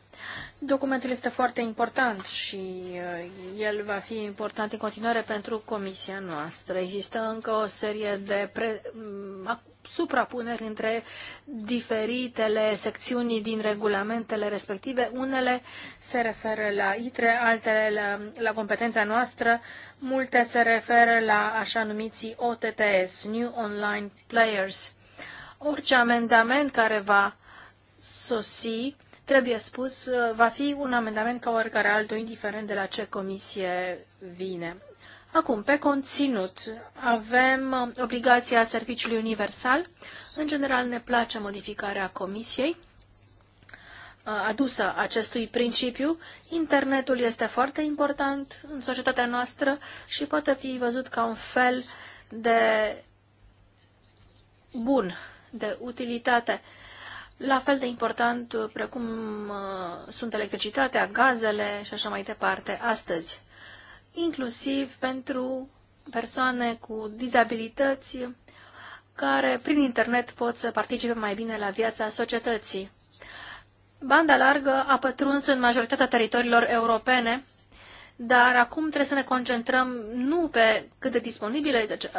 Documentul este foarte important și uh, el va fi important în continuare pentru comisia noastră. Există încă o serie de pre... Mm, suprapuneri între diferitele secțiuni din regulamentele respective. Unele se referă la ITRE, altele la, la competența noastră, multe se referă la așa numiții OTTS, New Online Players. Orice amendament care va sosi trebuie spus, va fi un amendament ca oricare altul, indiferent de la ce comisie vine. Acum, pe conținut, avem uh, obligația serviciului universal. În general, ne place modificarea comisiei uh, adusă acestui principiu. Internetul este foarte important în societatea noastră și poate fi văzut ca un fel de bun, de utilitate la fel de important uh, precum uh, sunt electricitatea, gazele și așa mai departe astăzi, inclusiv pentru persoane cu dizabilități care prin internet pot să participe mai bine la viața societății. Banda largă a pătruns în majoritatea teritoriilor europene, dar acum trebuie să ne concentrăm nu pe cât de disponibile, deci, uh,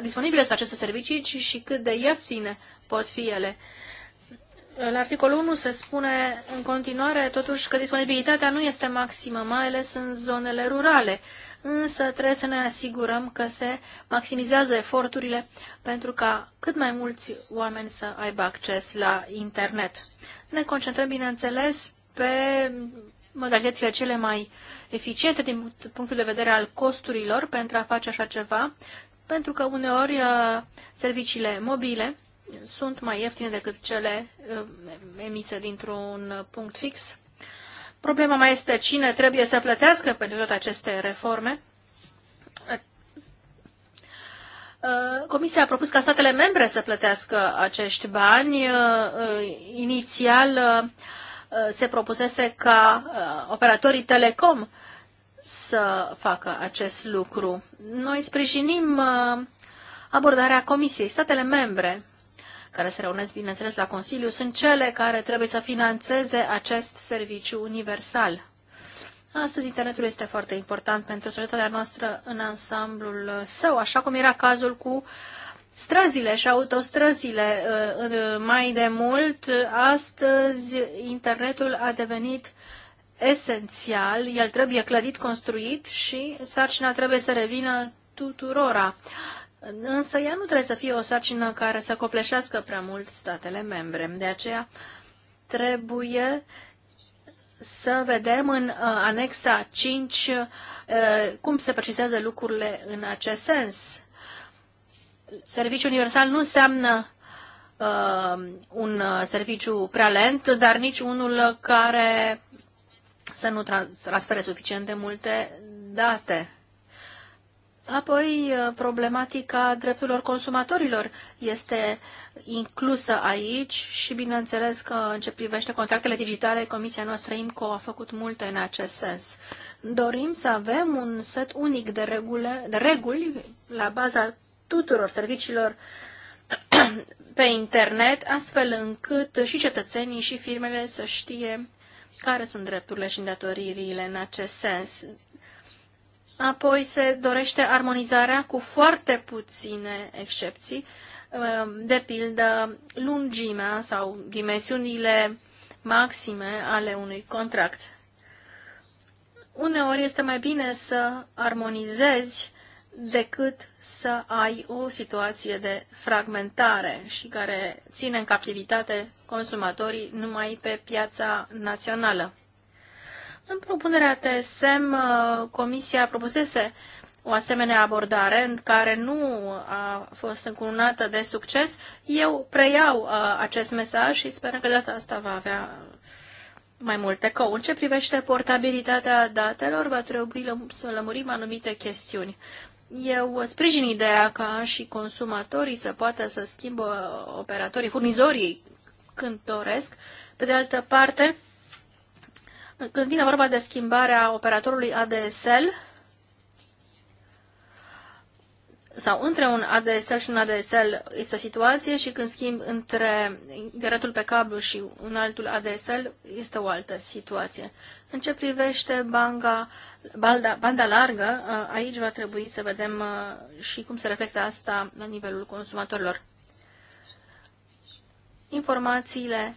disponibile sunt aceste servicii, ci și cât de ieftine pot fi ele. La articolul 1 se spune în continuare totuși că disponibilitatea nu este maximă, mai ales în zonele rurale, însă trebuie să ne asigurăm că se maximizează eforturile pentru ca cât mai mulți oameni să aibă acces la internet. Ne concentrăm, bineînțeles, pe modalitățile cele mai eficiente din punctul de vedere al costurilor pentru a face așa ceva, pentru că uneori uh, serviciile mobile sunt mai ieftine decât cele uh, emise dintr-un punct fix. Problema mai este cine trebuie să plătească pentru toate aceste reforme. Uh, Comisia a propus ca statele membre să plătească acești bani. Uh, inițial se propusese ca operatorii telecom să facă acest lucru. Noi sprijinim abordarea Comisiei. Statele membre care se reunesc, bineînțeles, la Consiliu, sunt cele care trebuie să financeze acest serviciu universal. Astăzi internetul este foarte important pentru societatea noastră în ansamblul său, așa cum era cazul cu străzile și autostrăzile uh, uh, mai de mult. Astăzi internetul a devenit esențial, el trebuie clădit, construit și sarcina trebuie să revină tuturora. Însă ea nu trebuie să fie o sarcină care să copleșească prea mult statele membre. De aceea trebuie să vedem în uh, anexa 5 uh, cum se precizează lucrurile în acest sens. Serviciul universal nu înseamnă uh, un serviciu prea lent, dar nici unul care să nu transfere suficient de multe date. Apoi, uh, problematica drepturilor consumatorilor este inclusă aici și, bineînțeles, că în ce privește contractele digitale, Comisia noastră IMCO a făcut multe în acest sens. Dorim să avem un set unic de, regule, de reguli la baza tuturor serviciilor pe internet, astfel încât și cetățenii și firmele să știe care sunt drepturile și îndatoririle în acest sens. Apoi se dorește armonizarea cu foarte puține excepții, um, de pildă lungimea sau dimensiunile maxime ale unui contract. Uneori este mai bine să armonizezi decât să ai o situație de fragmentare și care ține în captivitate consumatorii numai pe piața națională. În propunerea TSM, uh, Comisia propusese o asemenea abordare în care nu a fost încununată de succes. Eu preiau uh, acest mesaj și sper că data asta va avea mai multe cou. În ce privește portabilitatea datelor, va trebui să lămurim anumite chestiuni. Eu sprijin ideea ca și consumatorii să poată să schimbă operatorii, furnizorii când doresc. Pe de altă parte, când vine vorba de schimbarea operatorului ADSL sau între un ADSL și un ADSL este o situație și când schimb între internetul pe cablu și un altul ADSL este o altă situație. În ce privește banga, balda, banda largă, ă, aici va trebui să vedem ă, și cum se reflectă asta la nivelul consumatorilor informațiile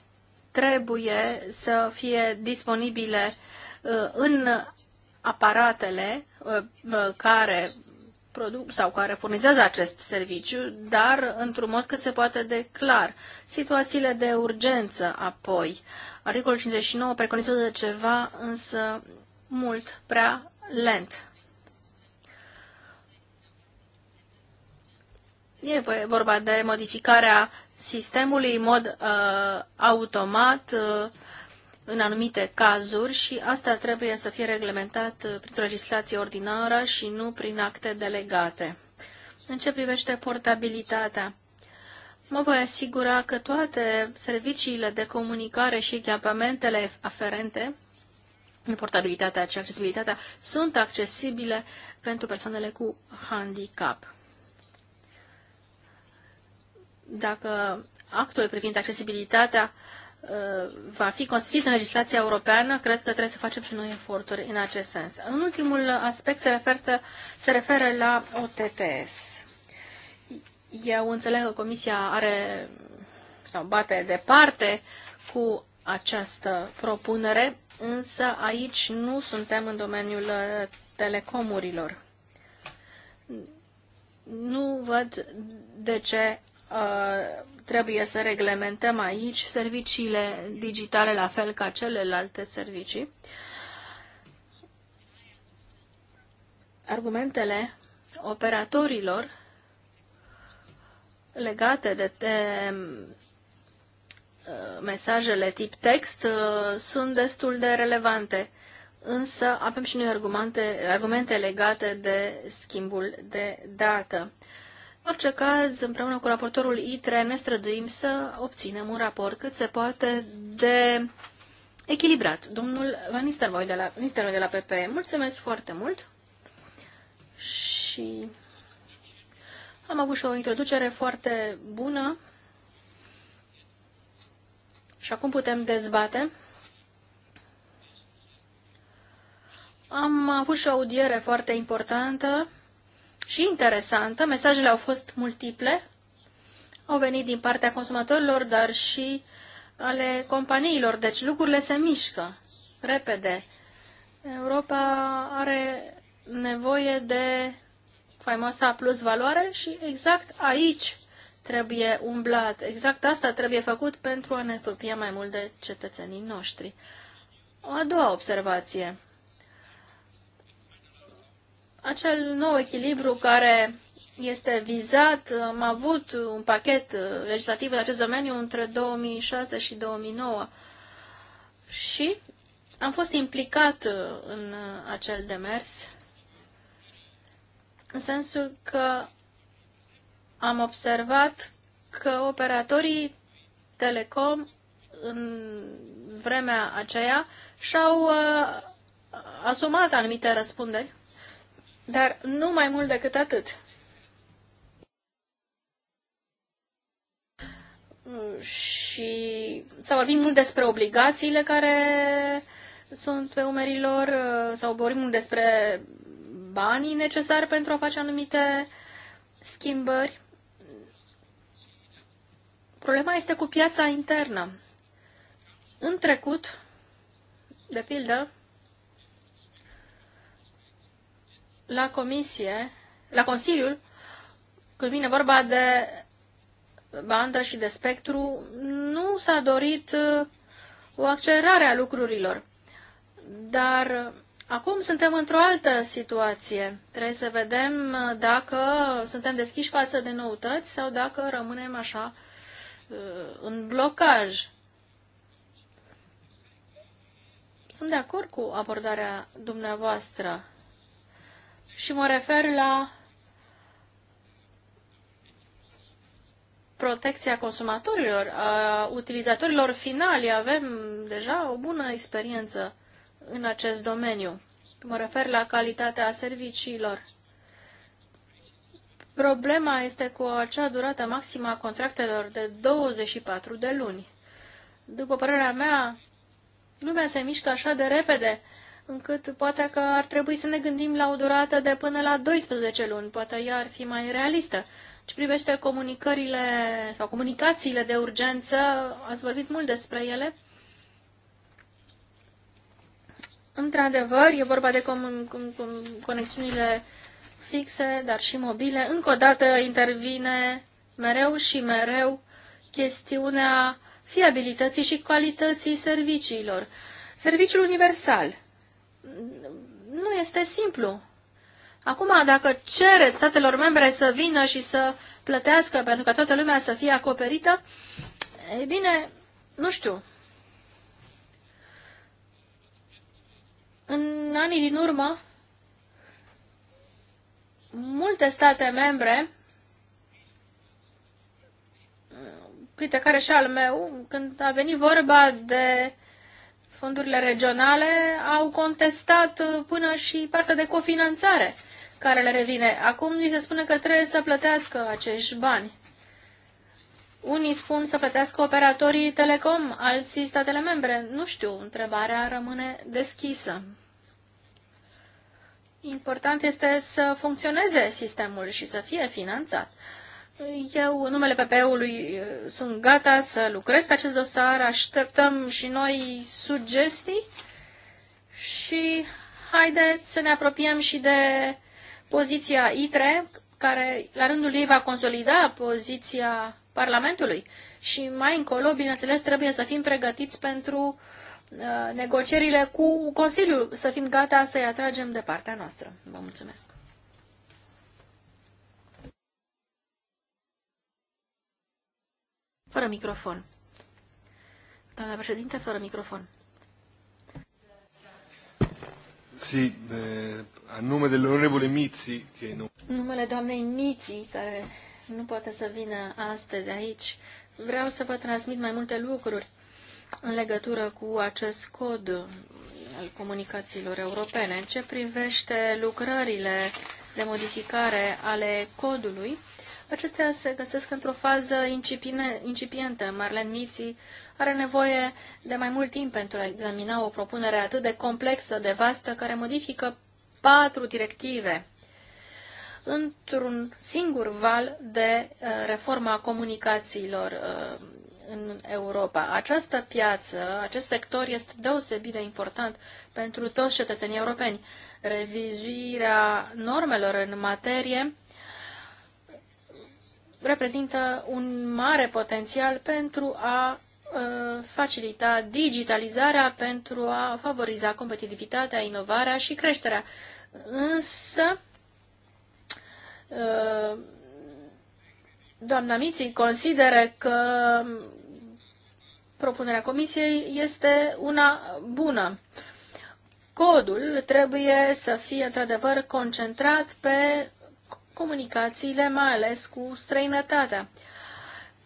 trebuie să fie disponibile uh, în aparatele uh, uh, care produc sau care furnizează acest serviciu, dar într-un mod cât se poate de clar. Situațiile de urgență apoi. Articolul 59 preconizează ceva, însă mult prea lent. E vorba de modificarea sistemului în mod uh, automat uh, în anumite cazuri și asta trebuie să fie reglementat uh, printr-o legislație ordinară și nu prin acte delegate. În ce privește portabilitatea? Mă voi asigura că toate serviciile de comunicare și echipamentele aferente portabilitatea și accesibilitatea sunt accesibile pentru persoanele cu handicap dacă actul privind accesibilitatea uh, va fi consfințit în legislația europeană, cred că trebuie să facem și noi eforturi în acest sens. În ultimul aspect se, refertă, se referă la OTTS. Eu înțeleg că Comisia are sau bate departe cu această propunere, însă aici nu suntem în domeniul telecomurilor. Nu văd de ce Uh, trebuie să reglementăm aici serviciile digitale la fel ca celelalte servicii. Argumentele operatorilor legate de, de uh, mesajele tip text uh, sunt destul de relevante, însă avem și noi argumente, argumente legate de schimbul de dată în orice caz, împreună cu raportorul ITRE, ne străduim să obținem un raport cât se poate de echilibrat. Domnul Van Nistelrooy de la, Nistelrooy de la PP, mulțumesc foarte mult și am avut și o introducere foarte bună și acum putem dezbate. Am avut și o audiere foarte importantă și interesantă. Mesajele au fost multiple, au venit din partea consumatorilor, dar și ale companiilor, deci lucrurile se mișcă repede. Europa are nevoie de faimoasa plus valoare și exact aici trebuie umblat. Exact asta trebuie făcut pentru a ne apropia mai mult de cetățenii noștri. O a doua observație acel nou echilibru care este vizat. Am avut un pachet uh, legislativ în acest domeniu între 2006 și 2009 și am fost implicat uh, în uh, acel demers în sensul că am observat că operatorii telecom în vremea aceea și-au uh, asumat anumite răspunderi dar nu mai mult decât atât. Și s-a vorbit mult despre obligațiile care sunt pe umerii lor, sau vorbim mult despre banii necesari pentru a face anumite schimbări. Problema este cu piața internă. În trecut, de pildă, la comisie, la Consiliul, când vine vorba de bandă și de spectru, nu s-a dorit uh, o accelerare a lucrurilor. Dar uh, acum suntem într-o altă situație. Trebuie să vedem uh, dacă suntem deschiși față de noutăți sau dacă rămânem așa în blocaj. Sunt de acord cu abordarea dumneavoastră și mă refer la protecția consumatorilor, a utilizatorilor finali. Avem deja o bună experiență în acest domeniu. Mă refer la calitatea serviciilor. Problema este cu acea durată maximă a contractelor de 24 de luni. După părerea mea, lumea se mișcă așa de repede încât poate că ar trebui să ne gândim la o durată de până la 12 luni, poate ea ar fi mai realistă. Ce privește comunicările sau comunicațiile de urgență, ați vorbit mult despre ele. Într-adevăr, e vorba de com- com- com- conexiunile fixe, dar și mobile. Încă o dată intervine mereu și mereu chestiunea fiabilității și calității serviciilor. Serviciul universal nu este simplu. Acum, dacă cere statelor membre să vină și să plătească pentru ca toată lumea să fie acoperită, e bine, nu știu. În anii din urmă, multe state membre, printre care și al meu, când a venit vorba de fondurile regionale au contestat uh, până și partea de cofinanțare care le revine. Acum ni se spune că trebuie să plătească acești bani. Unii spun să plătească operatorii telecom, alții statele membre. Nu știu, întrebarea rămâne deschisă. Important este să funcționeze sistemul și să fie finanțat. Eu, în numele PP-ului, sunt gata să lucrez pe acest dosar, așteptăm și noi sugestii și haideți să ne apropiem și de poziția ITRE, care la rândul ei va consolida poziția Parlamentului. Și mai încolo, bineînțeles, trebuie să fim pregătiți pentru uh, negocierile cu Consiliul, să fim gata să-i atragem de partea noastră. Vă mulțumesc! Fără microfon. Doamna președinte, fără microfon. Sì, eh, a nome Mizzi, che non... Numele doamnei Mizzi, care nu poate să vină astăzi aici, vreau să vă transmit mai multe lucruri în legătură cu acest cod al comunicațiilor europene. În ce privește lucrările de modificare ale codului, acestea se găsesc într-o fază incipine, incipientă. Marlen Miții are nevoie de mai mult timp pentru a examina o propunere atât de complexă, de vastă, care modifică patru directive într-un singur val de uh, reforma a comunicațiilor uh, în Europa. Această piață, acest sector este deosebit de important pentru toți cetățenii europeni. Revizuirea normelor în materie reprezintă un mare potențial pentru a uh, facilita digitalizarea pentru a favoriza competitivitatea, inovarea și creșterea. Însă, uh, doamna Miții consideră că propunerea comisiei este una bună. Codul trebuie să fie într-adevăr concentrat pe comunicațiile, mai ales cu străinătatea.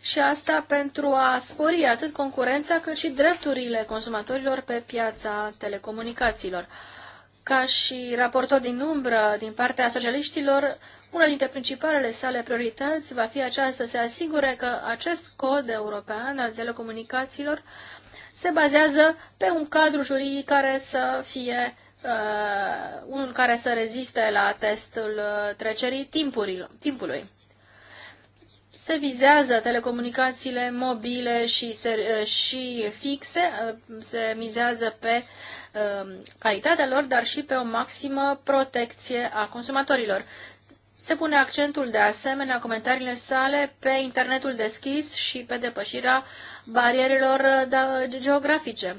Și asta pentru a spori atât concurența cât și drepturile consumatorilor pe piața telecomunicațiilor. Ca și raportor din umbră din partea socialiștilor, una dintre principalele sale priorități va fi aceasta să se asigure că acest cod european al telecomunicațiilor se bazează pe un cadru juridic care să fie uh, unul care să reziste la testul uh, trecerii timpului. Se vizează telecomunicațiile mobile și, uh, și fixe, uh, se mizează pe calitatea lor, dar și pe o maximă protecție a consumatorilor. Se pune accentul de asemenea comentariile sale pe internetul deschis și pe depășirea barierelor da, geografice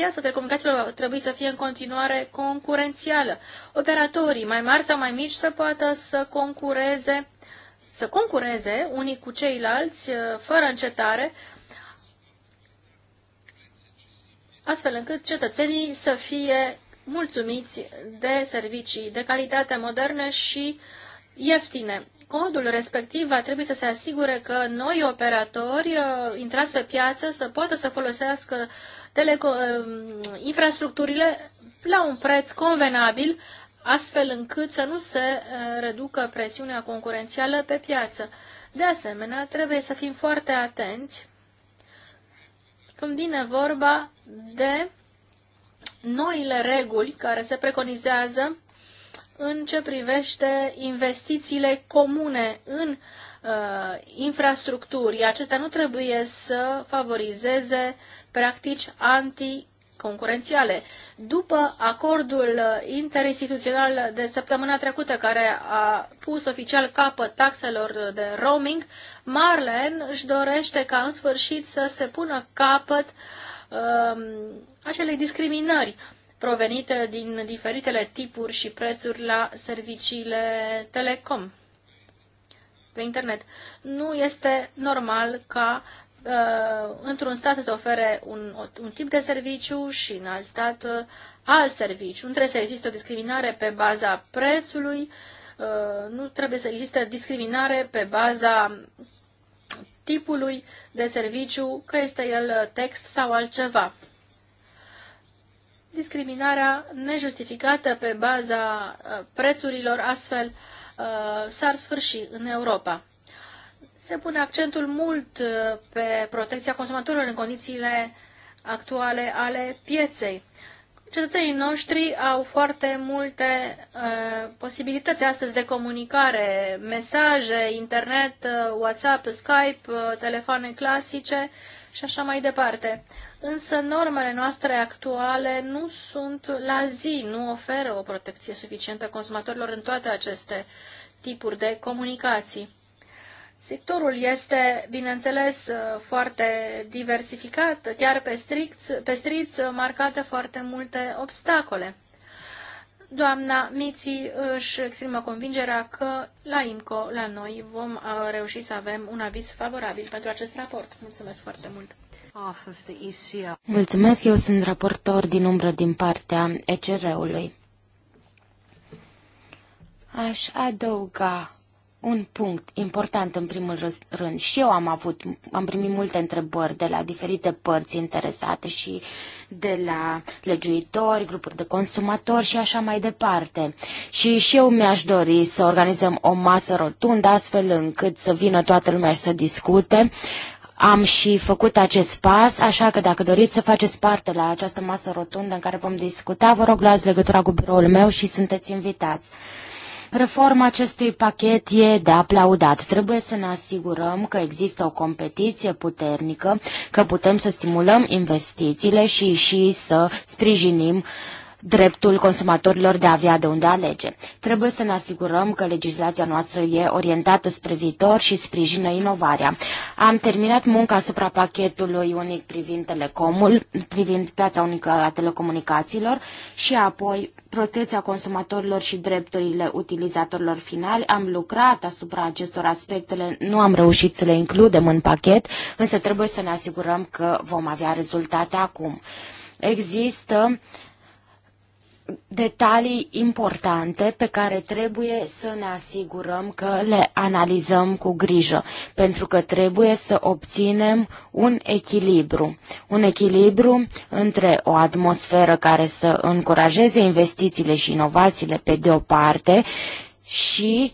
piața telecomunicațiilor va trebui să fie în continuare concurențială. Operatorii mai mari sau mai mici să poată să concureze, să concureze unii cu ceilalți uh, fără încetare, astfel încât cetățenii să fie mulțumiți de servicii de calitate moderne și ieftine codul respectiv va trebui să se asigure că noi operatori uh, intrați pe piață să poată să folosească teleco- uh, infrastructurile la un preț convenabil, astfel încât să nu se uh, reducă presiunea concurențială pe piață. De asemenea, trebuie să fim foarte atenți când vine vorba de noile reguli care se preconizează în ce privește investițiile comune în uh, infrastructuri. Acestea nu trebuie să favorizeze practici anti concurențiale. După acordul interinstituțional de săptămâna trecută care a pus oficial capăt taxelor de roaming, Marlen își dorește ca în sfârșit să se pună capăt um, acelei discriminări provenite din diferitele tipuri și prețuri la serviciile telecom pe internet. Nu este normal ca uh, într-un stat să ofere un, un tip de serviciu și în alt stat uh, alt serviciu. Nu trebuie să existe o discriminare pe baza prețului, uh, nu trebuie să existe discriminare pe baza tipului de serviciu, că este el text sau altceva discriminarea nejustificată pe baza uh, prețurilor astfel uh, s-ar sfârși în Europa. Se pune accentul mult uh, pe protecția consumatorilor în condițiile actuale ale pieței. Cetățenii noștri au foarte multe uh, posibilități astăzi de comunicare, mesaje, internet, uh, WhatsApp, Skype, uh, telefoane clasice și așa mai departe. Uh, însă normele noastre actuale nu sunt la zi, nu oferă o protecție suficientă consumatorilor în toate aceste tipuri de comunicații. Sectorul este, bineînțeles, uh, foarte diversificat, chiar pe, strict, pe striț uh, marcate foarte multe obstacole. Doamna Miții își exprimă convingerea că la IMCO, la noi, vom uh, reuși să avem un aviz favorabil pentru acest raport. Mulțumesc foarte mult! Mulțumesc, eu sunt raportor din umbră din partea ECR-ului. Aș adăuga un punct important în primul rând. Și eu am avut, am primit multe întrebări de la diferite părți interesate și de la legiuitori, grupuri de consumatori și așa mai departe. Și și eu mi-aș dori să organizăm o masă rotundă astfel încât să vină toată lumea și să discute am și făcut acest pas, așa că dacă doriți să faceți parte la această masă rotundă în care vom discuta, vă rog luați legătura cu biroul meu și sunteți invitați. Reforma acestui pachet e de aplaudat. Trebuie să ne asigurăm că există o competiție puternică, că putem să stimulăm investițiile și, și să sprijinim uh, dreptul consumatorilor de a avea de unde alege. Trebuie să ne asigurăm că legislația noastră e orientată spre viitor și sprijină inovarea. Am terminat munca asupra pachetului unic privind telecomul, privind piața unică a telecomunicațiilor și apoi protecția consumatorilor și drepturile utilizatorilor finali. Am lucrat asupra acestor aspectele, nu am reușit să le includem în pachet, însă trebuie să ne asigurăm că vom avea rezultate acum. Există detalii importante pe care trebuie să ne asigurăm că le analizăm cu grijă, pentru că trebuie să obținem un echilibru. Un echilibru între o atmosferă care să încurajeze investițiile și inovațiile pe de o parte și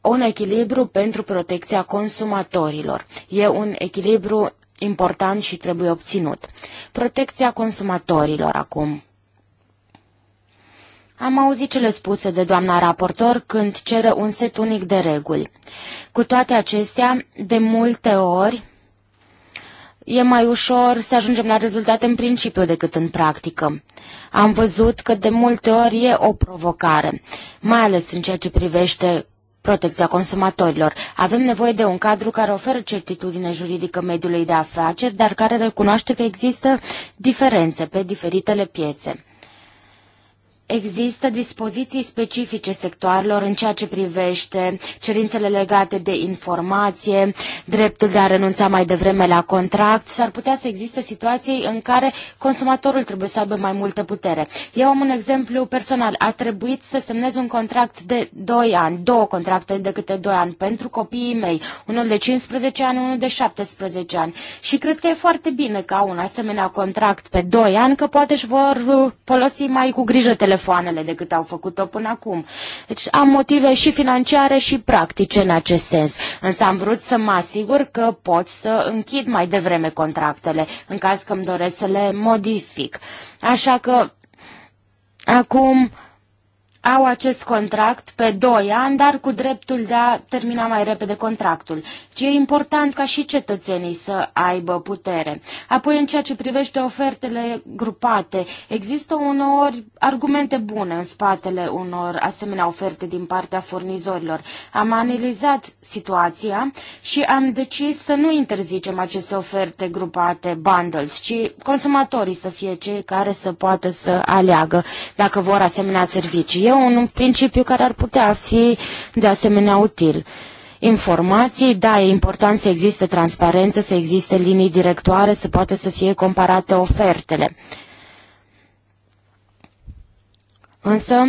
un echilibru pentru protecția consumatorilor. E un echilibru important și trebuie obținut. Protecția consumatorilor acum. Am auzit cele spuse de doamna raportor când cere un set unic de reguli. Cu toate acestea, de multe ori, e mai ușor să ajungem la rezultate în principiu decât în practică. Am văzut că de multe ori e o provocare, mai ales în ceea ce privește protecția consumatorilor. Avem nevoie de un cadru care oferă certitudine juridică mediului de afaceri, dar care recunoaște că există diferențe pe diferitele piețe. Există dispoziții specifice sectoarelor în ceea ce privește cerințele legate de informație, dreptul de a renunța mai devreme la contract. S-ar putea să existe situații în care consumatorul trebuie să aibă mai multă putere. Eu am un exemplu personal. A trebuit să semnez un contract de 2 ani, două contracte de câte 2 ani pentru copiii mei, unul de 15 ani, unul de 17 ani. Și cred că e foarte bine ca un asemenea contract pe 2 ani, că poate își vor folosi mai cu grijă telefonul telefoanele decât au făcut-o până acum. Deci am motive și financiare și practice în acest sens. Însă am vrut să mă asigur că pot să închid mai devreme contractele, în caz că îmi doresc să le modific. Așa că acum au acest contract pe 2 ani, dar cu dreptul de a termina mai repede contractul. Ce e important ca și cetățenii să aibă putere. Apoi, în ceea ce privește ofertele grupate, există uneori argumente bune în spatele unor asemenea oferte din partea furnizorilor. Am analizat situația și am decis să nu interzicem aceste oferte grupate, bundles, ci consumatorii să fie cei care să poată să aleagă dacă vor asemenea servicii. Eu un principiu care ar putea fi de asemenea util informații, da, e important să existe transparență, să existe linii directoare, să poată să fie comparate ofertele. Însă,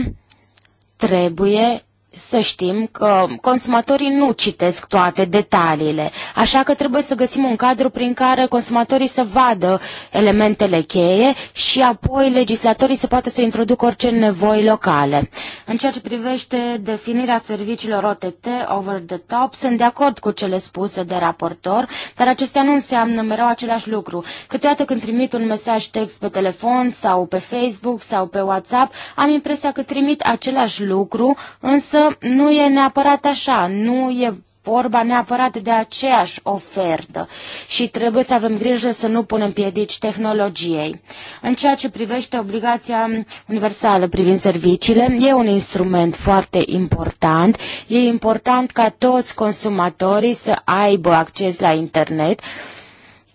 trebuie să știm că consumatorii nu citesc toate detaliile, așa că trebuie să găsim un cadru prin care consumatorii să vadă elementele cheie și apoi legislatorii să poată să introducă orice nevoi locale. În ceea ce privește definirea serviciilor OTT, over the top, sunt de acord cu cele spuse de raportor, dar acestea nu înseamnă mereu același lucru. Câteodată când trimit un mesaj text pe telefon sau pe Facebook sau pe WhatsApp, am impresia că trimit același lucru, însă nu e neapărat așa, nu e vorba neapărat de aceeași ofertă și trebuie să avem grijă să nu punem piedici tehnologiei. În ceea ce privește obligația universală privind serviciile, e un instrument foarte important. E important ca toți consumatorii să aibă acces la internet,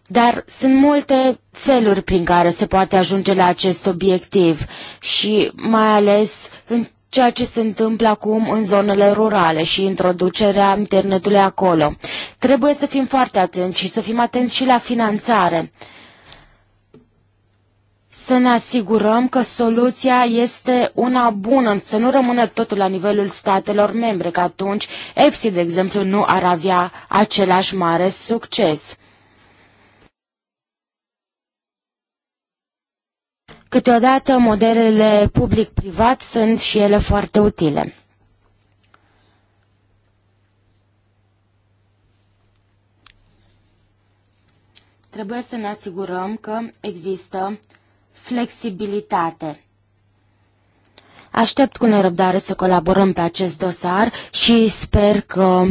dar sunt multe feluri prin care se poate ajunge la acest obiectiv și mai ales în ceea ce se întâmplă acum în zonele rurale și introducerea internetului acolo. Trebuie să fim foarte atenți și să fim atenți și la finanțare. Să ne asigurăm că soluția este una bună, să nu rămână totul la nivelul statelor membre, că atunci EFSI, de exemplu, nu ar avea același mare succes. Câteodată modelele public-privat sunt și ele foarte utile. Trebuie să ne asigurăm că există flexibilitate. Aștept cu nerăbdare să colaborăm pe acest dosar și sper că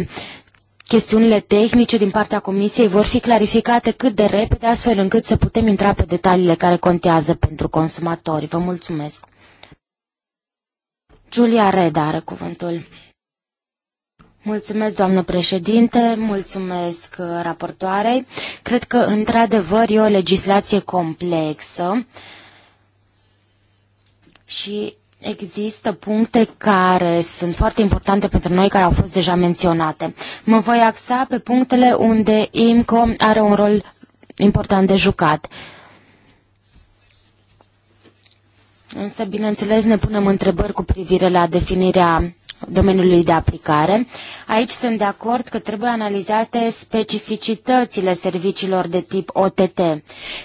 chestiunile tehnice din partea Comisiei vor fi clarificate cât de repede, astfel încât să putem intra pe detaliile care contează pentru consumatori. Vă mulțumesc! Julia Reda are cuvântul. Mulțumesc, doamnă președinte, mulțumesc uh, raportoarei. Cred că, într-adevăr, e o legislație complexă și Există puncte care sunt foarte importante pentru noi, care au fost deja menționate. Mă voi axa pe punctele unde IMCO are un rol important de jucat. Însă, bineînțeles, ne punem întrebări cu privire la definirea domeniului de aplicare. Aici sunt de acord că trebuie analizate specificitățile serviciilor de tip OTT.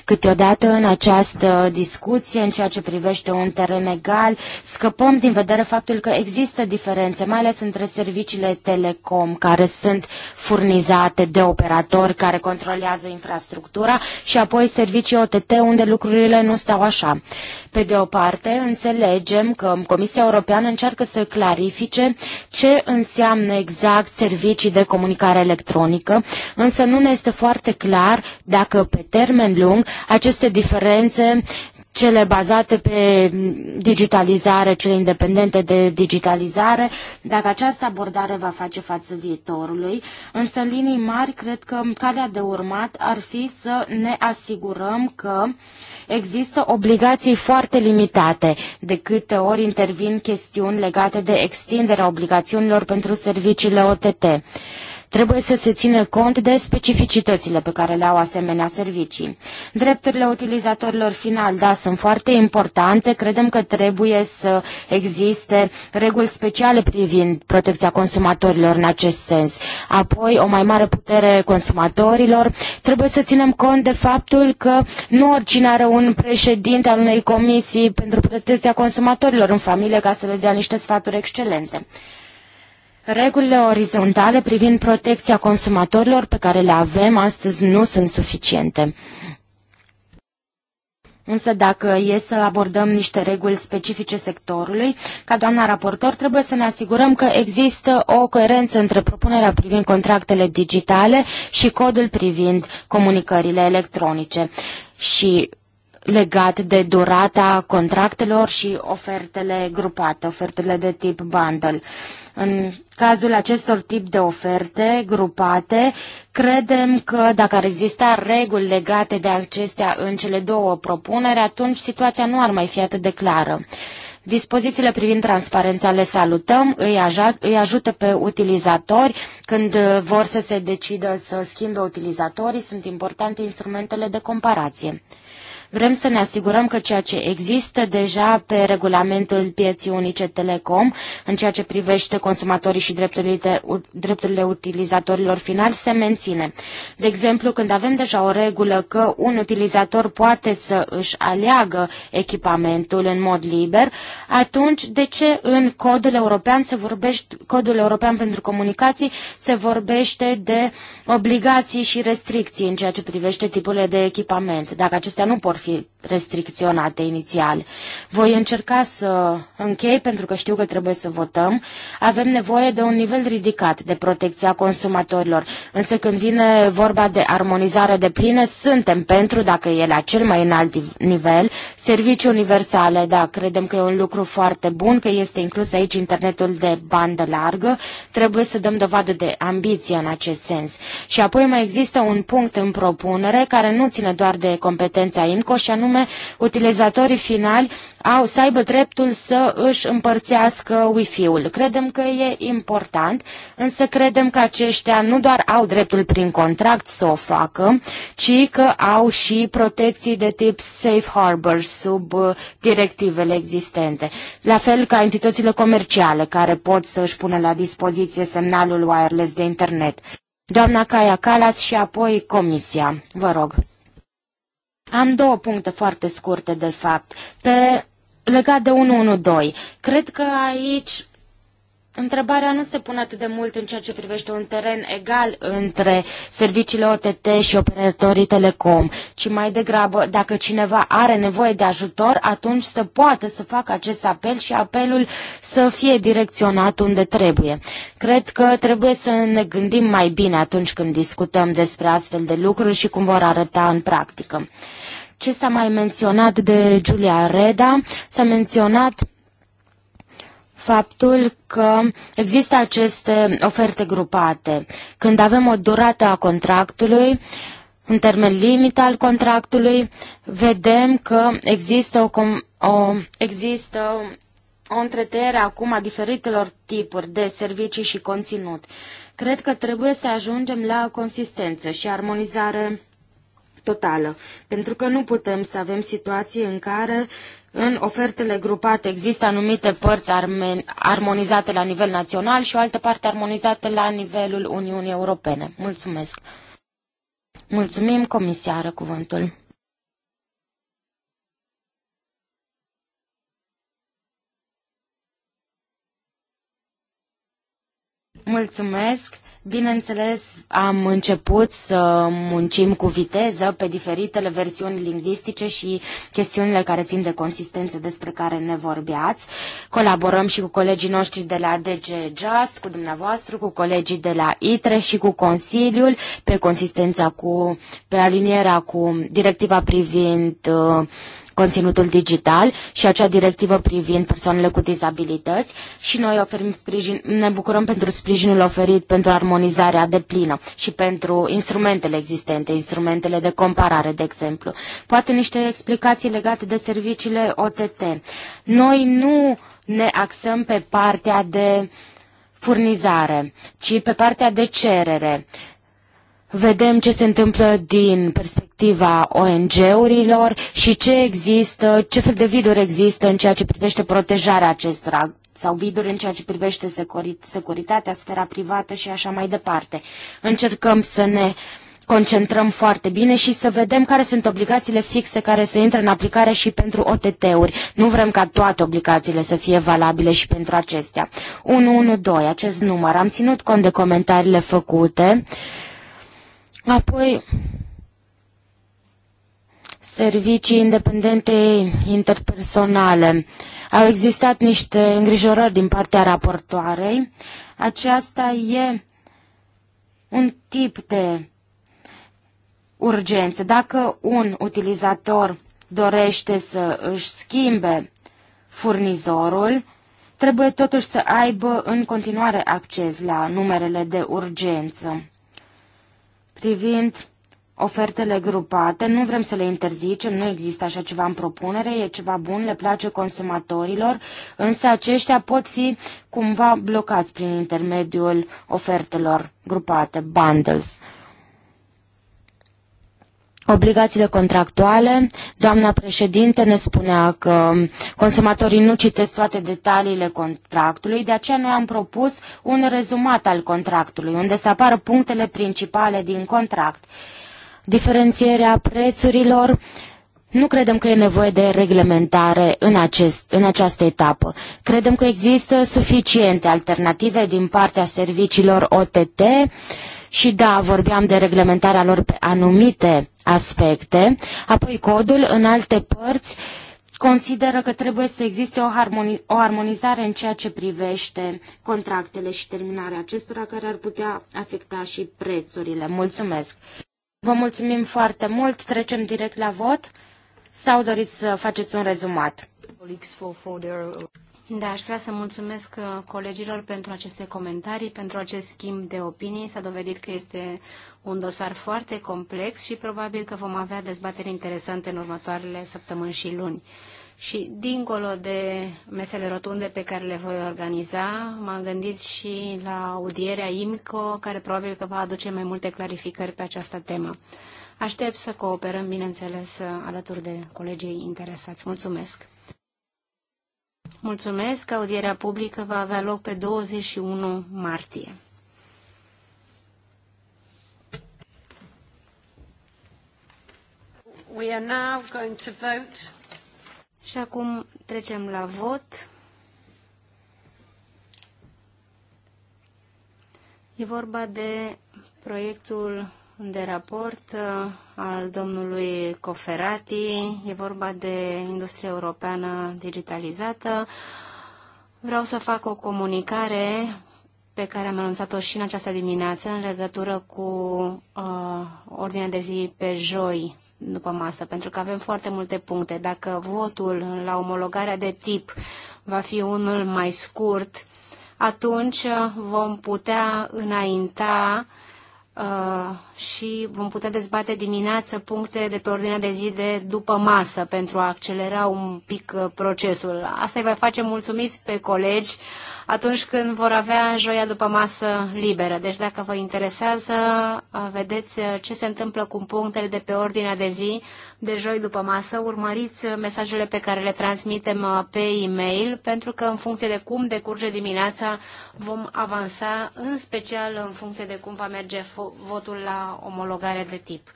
Câteodată în această discuție, în ceea ce privește un teren egal, scăpăm din vedere faptul că există diferențe, mai ales între serviciile telecom, care sunt furnizate de operatori care controlează infrastructura, și apoi servicii OTT, unde lucrurile nu stau așa. Pe de o parte, înțelegem că Comisia Europeană încearcă să clarifice ce înseamnă exact act servicii de comunicare electronică, însă nu ne este foarte clar dacă pe termen lung aceste diferențe cele bazate pe digitalizare, cele independente de digitalizare, dacă această abordare va face față viitorului. Însă, în linii mari, cred că calea de urmat ar fi să ne asigurăm că există obligații foarte limitate, de câte ori intervin chestiuni legate de extinderea obligațiunilor pentru serviciile OTT. Trebuie să se țină cont de specificitățile pe care le au asemenea servicii. Drepturile utilizatorilor final, da, sunt foarte importante. Credem că trebuie să existe reguli speciale privind protecția consumatorilor în acest sens. Apoi, o mai mare putere consumatorilor. Trebuie să ținem cont de faptul că nu oricine are un președinte al unei comisii pentru protecția consumatorilor în familie ca să le dea niște sfaturi excelente. Regulile orizontale privind protecția consumatorilor pe care le avem astăzi nu sunt suficiente. Însă dacă e să abordăm niște reguli specifice sectorului, ca doamna raportor trebuie să ne asigurăm că există o coerență între propunerea privind contractele digitale și codul privind comunicările electronice și legat de durata contractelor și ofertele grupate, ofertele de tip bundle. În cazul acestor tip de oferte grupate, credem că dacă ar exista reguli legate de acestea în cele două propuneri, atunci situația nu ar mai fi atât de clară. Dispozițiile privind transparența le salutăm, îi, aj- îi ajută pe utilizatori când uh, vor să se decidă să schimbe utilizatorii, sunt importante instrumentele de comparație. Vrem să ne asigurăm că ceea ce există deja pe regulamentul pieții unice Telecom, în ceea ce privește consumatorii și drepturile, de, drepturile utilizatorilor finali, se menține. De exemplu, când avem deja o regulă că un utilizator poate să își aleagă echipamentul în mod liber, atunci de ce în codul european se vorbește, codul european pentru comunicații se vorbește de obligații și restricții în ceea ce privește tipurile de echipament, dacă acestea nu pot fi restricționate inițial. Voi încerca să închei pentru că știu că trebuie să votăm. Avem nevoie de un nivel ridicat de protecția consumatorilor, însă când vine vorba de armonizare de pline, suntem pentru, dacă e la cel mai înalt nivel, servicii universale. Da, credem că e un lucru foarte bun, că este inclus aici internetul de bandă largă. Trebuie să dăm dovadă de ambiție în acest sens. Și apoi mai există un punct în propunere care nu ține doar de competența im. AFCO și anume utilizatorii finali au, să aibă dreptul să își împărțească Wi-Fi-ul. Credem că e important, însă credem că aceștia nu doar au dreptul prin contract să o facă, ci că au și protecții de tip safe harbor sub uh, directivele existente. La fel ca entitățile comerciale care pot să își pună la dispoziție semnalul wireless de internet. Doamna Caia Calas și apoi Comisia. Vă rog. Am două puncte foarte scurte, de fapt. Pe legat de 112, cred că aici Întrebarea nu se pune atât de mult în ceea ce privește un teren egal între serviciile OTT și operatorii telecom, ci mai degrabă dacă cineva are nevoie de ajutor, atunci să poată să facă acest apel și apelul să fie direcționat unde trebuie. Cred că trebuie să ne gândim mai bine atunci când discutăm despre astfel de lucruri și cum vor arăta în practică. Ce s-a mai menționat de Giulia Reda? S-a menționat faptul că există aceste oferte grupate. Când avem o durată a contractului, în termen limit al contractului, vedem că există o, o, există o întretere acum a diferitelor tipuri de servicii și conținut. Cred că trebuie să ajungem la consistență și armonizare totală, pentru că nu putem să avem situații în care în ofertele grupate există anumite părți armonizate la nivel național și o altă parte armonizată la nivelul Uniunii Europene. Mulțumesc! Mulțumim, comisiară, cuvântul. Mulțumesc! Bineînțeles, am început să muncim cu viteză pe diferitele versiuni lingvistice și chestiunile care țin de consistență despre care ne vorbeați. Colaborăm și cu colegii noștri de la DG Just, cu dumneavoastră, cu colegii de la ITRE și cu Consiliul pe consistența cu, pe alinierea cu directiva privind uh, conținutul digital și acea directivă privind persoanele cu dizabilități și noi oferim sprijin, ne bucurăm pentru sprijinul oferit pentru armonizarea de plină și pentru instrumentele existente, instrumentele de comparare, de exemplu. Poate niște explicații legate de serviciile OTT. Noi nu ne axăm pe partea de furnizare, ci pe partea de cerere. Uh, vedem ce se întâmplă din perspectiva ONG-urilor și ce există, ce fel de viduri există în ceea ce privește protejarea acestora sau viduri în ceea ce privește securitatea, sfera privată și așa mai departe. Încercăm să ne concentrăm foarte bine și să vedem care sunt obligațiile fixe care se intră în aplicare și pentru OTT-uri. Nu vrem ca toate obligațiile să fie valabile și pentru acestea. 112, acest număr. Am ținut cont de comentariile făcute. Uh, Apoi, servicii independente interpersonale. Au existat niște îngrijorări din partea raportoarei. Aceasta e un tip de urgență. Dacă un utilizator dorește să își schimbe furnizorul, trebuie totuși să aibă în continuare acces la numerele de urgență privind ofertele grupate, nu vrem să le interzicem, nu există așa ceva în propunere, e ceva bun, le place consumatorilor, însă aceștia pot fi cumva blocați prin intermediul ofertelor grupate, bundles. Obligațiile contractuale, doamna președinte ne spunea că consumatorii nu citesc toate detaliile contractului, de aceea noi am propus un rezumat al contractului, unde să apară punctele principale din contract. Diferențierea prețurilor, nu credem că e nevoie de reglementare în, acest, în această etapă. Credem că există suficiente alternative din partea serviciilor OTT și da, vorbeam de reglementarea lor pe anumite aspecte, apoi codul în alte părți consideră că trebuie să existe o, harmoni- o armonizare în ceea ce privește contractele și terminarea acestora, care ar putea afecta și prețurile. Mulțumesc! Vă mulțumim foarte mult, trecem direct la vot sau doriți să faceți un rezumat? Da, aș vrea să mulțumesc uh, colegilor pentru aceste comentarii, pentru acest schimb de opinii. S-a dovedit că este un dosar foarte complex și probabil că vom avea dezbateri interesante în următoarele săptămâni și luni. Și dincolo de mesele rotunde pe care le voi organiza, m-am gândit și la audierea IMCO, care probabil că va aduce mai multe clarificări pe această temă. Aștept să cooperăm, bineînțeles, alături de colegii interesați. Mulțumesc! Mulțumesc! Audierea publică va avea loc pe 21 martie. We are now going to vote. Și acum trecem la vot. E vorba de proiectul de raport uh, al domnului Coferati. E vorba de industria europeană digitalizată. Vreau să fac o comunicare pe care am anunțat-o și în această dimineață în legătură cu uh, ordinea de zi pe joi după masă, pentru că avem foarte multe puncte. Dacă votul la omologarea de tip va fi unul mai scurt, atunci vom putea înainta uh, și vom putea dezbate dimineață puncte de pe ordinea de zi de după masă pentru a accelera un pic uh, procesul. Asta îi va face mulțumiți pe colegi atunci când vor avea joia după masă liberă. Deci dacă vă interesează, vedeți ce se întâmplă cu punctele de pe ordinea de zi de joi după masă. Urmăriți mesajele pe care le transmitem pe e-mail, pentru că în funcție de cum decurge dimineața vom avansa, în special în funcție de cum va merge votul la omologare de tip.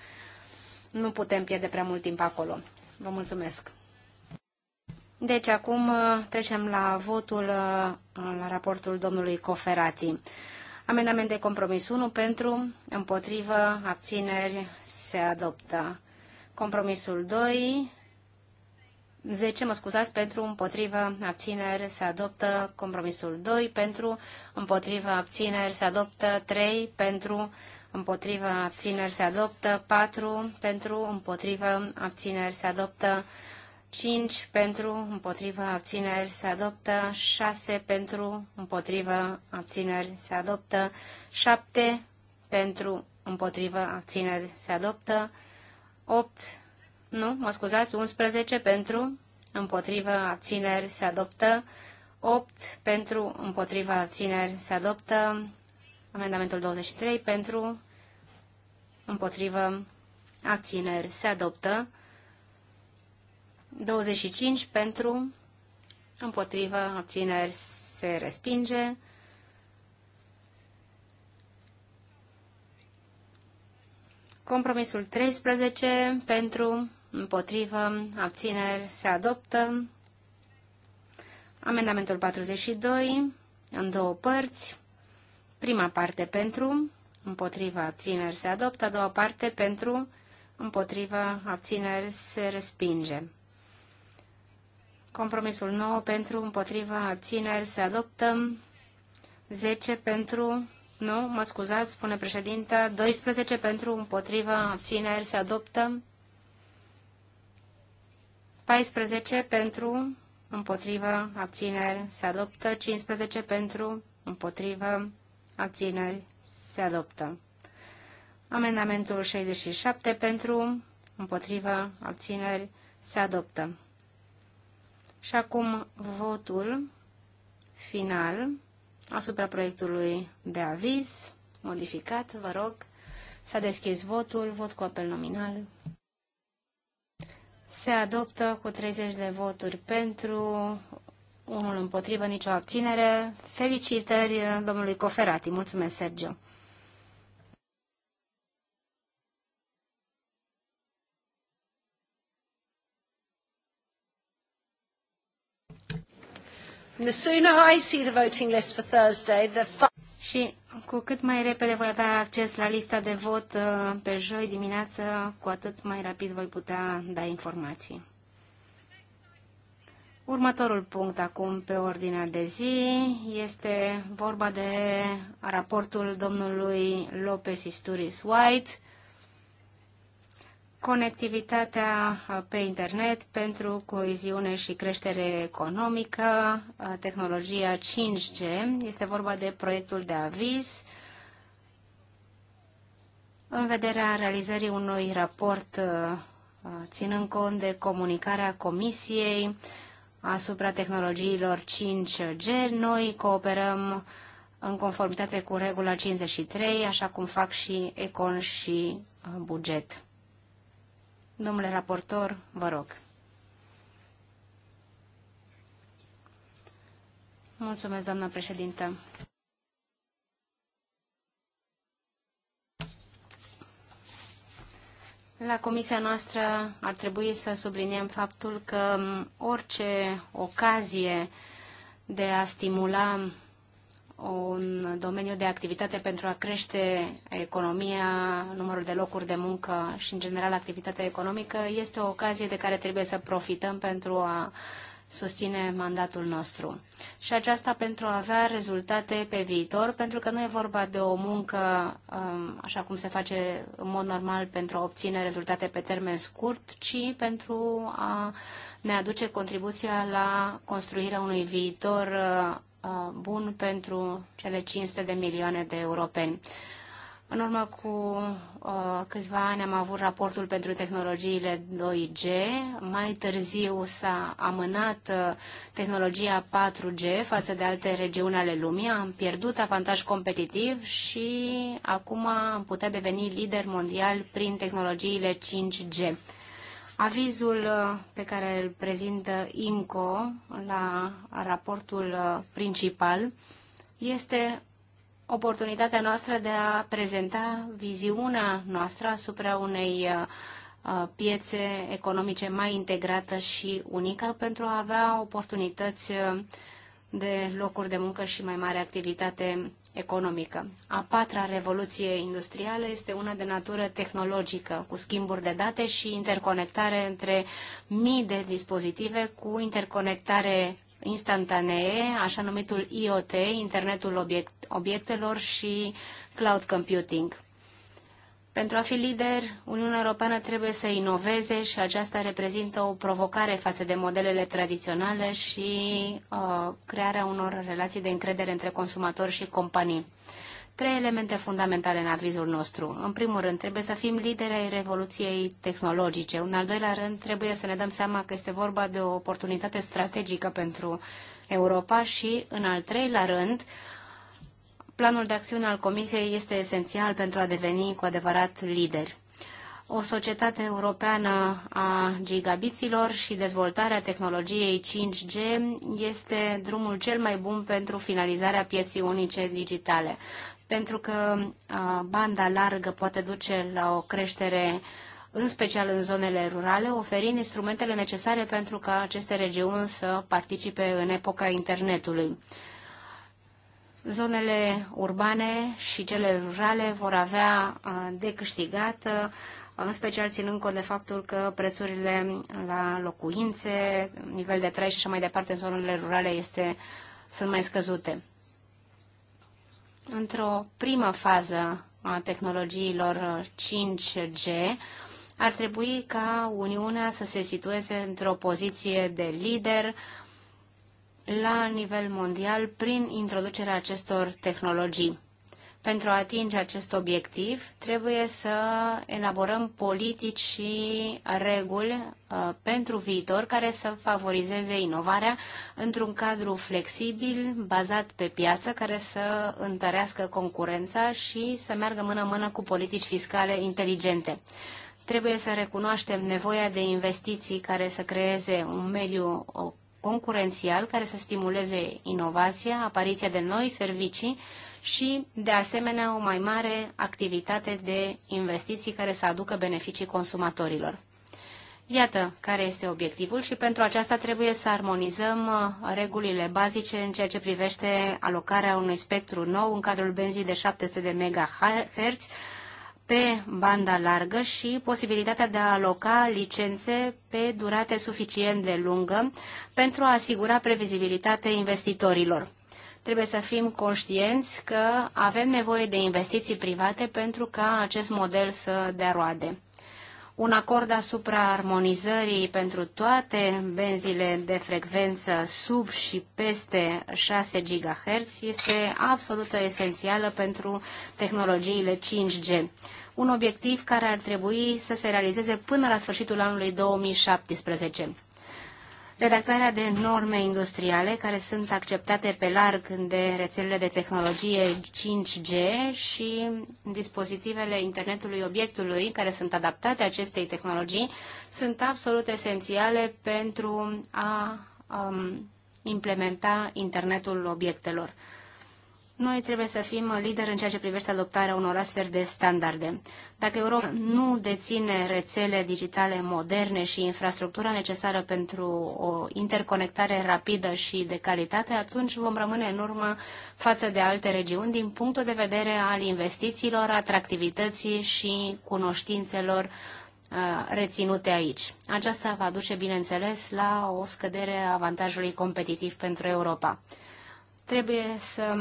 Nu putem pierde prea mult timp acolo. Vă mulțumesc! Deci acum uh, trecem la votul uh, la raportul domnului Coferati. Amendament de compromis 1 pentru, împotrivă, abțineri, se adoptă. Compromisul 2, 10, mă scuzați, pentru, împotrivă, abțineri, se adoptă. Compromisul 2 pentru, împotrivă, abțineri, se adoptă. 3 pentru, împotrivă, abțineri, se adoptă. 4 pentru, împotrivă, abțineri, se adoptă. 5 pentru, împotrivă, abțineri, se adoptă. 6 pentru, împotrivă, abțineri, se adoptă. 7 pentru, împotrivă, abțineri, se adoptă. 8, nu, mă scuzați, 11 pentru, împotrivă, abțineri, se adoptă. 8 pentru, împotrivă, abțineri, se adoptă. Amendamentul 23 pentru, împotrivă, abțineri, se adoptă. 25 pentru, împotrivă, abțineri, se respinge. Compromisul 13 pentru, împotrivă, abțineri, se adoptă. Amendamentul 42 în două părți. Prima parte pentru, împotrivă, abțineri se adoptă, a doua parte pentru, împotrivă, abțineri se respinge. Compromisul nou pentru, împotriva abțineri se adoptă. 10 pentru, nu, mă scuzați, spune președinta, 12 pentru, împotriva abțineri se adoptă. 14 pentru, împotriva abțineri se adoptă. 15 pentru, împotriva abțineri se adoptă. Amendamentul 67 pentru, împotriva abțineri se adoptă. Și acum votul final asupra proiectului de aviz modificat, vă rog. S-a deschis votul, vot cu apel nominal. Se adoptă cu 30 de voturi pentru, unul împotrivă, nicio abținere. Felicitări domnului Coferati. Mulțumesc, Sergio. sooner I see the voting list for Thursday, the și cu cât mai repede voi avea acces la lista de vot uh, pe joi dimineață, cu atât mai rapid voi putea da informații. Următorul punct acum pe ordinea de zi este vorba de raportul domnului Lopez Isturis White conectivitatea uh, pe internet pentru coeziune și creștere economică, uh, tehnologia 5G. Este vorba de proiectul de aviz în vederea realizării unui raport uh, ținând cont de comunicarea Comisiei asupra tehnologiilor 5G. Noi cooperăm în conformitate cu regula 53, așa cum fac și Econ și buget. Domnule raportor, vă rog. Mulțumesc, doamnă președintă. La comisia noastră ar trebui să subliniem faptul că mm, orice ocazie de a stimula un domeniu de activitate pentru a crește economia, numărul de locuri de muncă și, în general, activitatea economică, este o ocazie de care trebuie să profităm pentru a susține mandatul nostru. Și aceasta pentru a avea rezultate pe viitor, pentru că nu e vorba de o muncă um, așa cum se face în mod normal pentru a obține rezultate pe termen scurt, ci pentru a ne aduce contribuția la construirea unui viitor uh, Uh, bun pentru cele 500 de milioane de europeni. În urmă cu uh, câțiva ani am avut raportul pentru tehnologiile 2G, mai târziu s-a amânat uh, tehnologia 4G față de alte regiuni ale lumii, am pierdut avantaj competitiv și acum am putea deveni lider mondial prin tehnologiile 5G. Avizul uh, pe care îl prezintă IMCO la raportul uh, principal este oportunitatea noastră de a prezenta viziunea noastră asupra unei uh, piețe economice mai integrată și unică pentru a avea oportunități de locuri de muncă și mai mare activitate economică. A patra revoluție industrială este una de natură tehnologică, cu schimburi de date și interconectare între mii de dispozitive cu interconectare instantanee, așa numitul IoT, Internetul obiect- obiectelor și cloud computing. Pentru a fi lider, Uniunea Europeană trebuie să inoveze și aceasta reprezintă o provocare față de modelele tradiționale și uh, crearea unor relații de încredere între consumatori și companii. Trei elemente fundamentale în avizul nostru. În primul rând, trebuie să fim lideri ai revoluției tehnologice. În al doilea rând, trebuie să ne dăm seama că este vorba de o oportunitate strategică pentru Europa și, în al treilea rând, uh, Planul de acțiune al Comisiei este esențial pentru a deveni cu adevărat lideri. O societate europeană a gigabiților și dezvoltarea tehnologiei 5G este drumul cel mai bun pentru finalizarea pieții unice digitale, pentru că banda largă poate duce la o creștere în special în zonele rurale, oferind instrumentele necesare pentru ca aceste regiuni să participe în epoca internetului zonele urbane și cele rurale vor avea uh, de câștigat, uh, în special ținând cont de faptul că prețurile la locuințe, nivel de trai și așa mai departe în zonele rurale este, sunt mai scăzute. Într-o primă fază a tehnologiilor 5G, uh, ar trebui ca Uniunea să se situeze într-o poziție de lider, la nivel mondial prin introducerea acestor tehnologii. Pentru a atinge acest obiectiv, trebuie să elaborăm politici și reguli uh, pentru viitor care să favorizeze inovarea într-un cadru flexibil, bazat pe piață, care să întărească concurența și să meargă mână-mână cu politici fiscale inteligente trebuie să recunoaștem nevoia de investiții care să creeze un mediu concurențial care să stimuleze inovația, apariția de noi servicii și, de asemenea, o mai mare activitate de investiții care să aducă beneficii consumatorilor. Iată care este obiectivul și pentru aceasta trebuie să armonizăm uh, regulile bazice în ceea ce privește alocarea unui spectru nou în cadrul benzii de 700 de MHz pe banda largă și posibilitatea de a aloca licențe pe durate suficient de lungă pentru a asigura previzibilitatea investitorilor. Trebuie să fim conștienți că avem nevoie de investiții private pentru ca acest model să dea roade. Un acord asupra armonizării pentru toate benzile de frecvență sub și peste 6 GHz este absolut esențială pentru tehnologiile 5G un obiectiv care ar trebui să se realizeze până la sfârșitul anului 2017. Redactarea de norme industriale care sunt acceptate pe larg de rețelele de tehnologie 5G și dispozitivele internetului obiectului care sunt adaptate acestei tehnologii sunt absolut esențiale pentru a um, implementa internetul obiectelor. Noi trebuie să fim lideri în ceea ce privește adoptarea unor astfel de standarde. Dacă Europa nu deține rețele digitale moderne și infrastructura necesară pentru o interconectare rapidă și de calitate, atunci vom rămâne în urmă față de alte regiuni din punctul de vedere al investițiilor, atractivității și cunoștințelor uh, reținute aici. Aceasta va duce, bineînțeles, la o scădere a avantajului competitiv pentru Europa. Trebuie să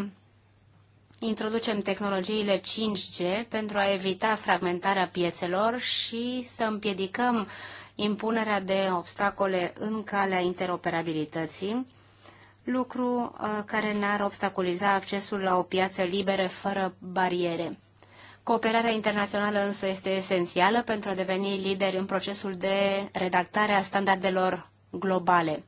introducem tehnologiile 5G pentru a evita fragmentarea piețelor și să împiedicăm impunerea de obstacole în calea interoperabilității, lucru uh, care ne-ar obstaculiza accesul la o piață liberă fără bariere. Cooperarea internațională însă este esențială pentru a deveni lideri în procesul de redactare a standardelor globale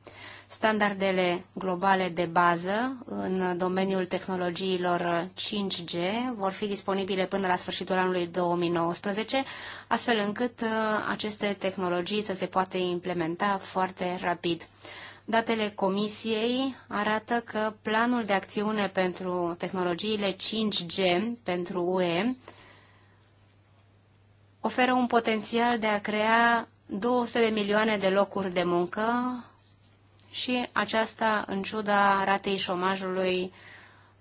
standardele globale de bază în domeniul tehnologiilor 5G vor fi disponibile până la sfârșitul anului 2019, astfel încât uh, aceste tehnologii să se poată implementa foarte rapid. Datele Comisiei arată că planul de acțiune pentru tehnologiile 5G pentru UE oferă un potențial de a crea 200 de milioane de locuri de muncă, și aceasta în ciuda ratei șomajului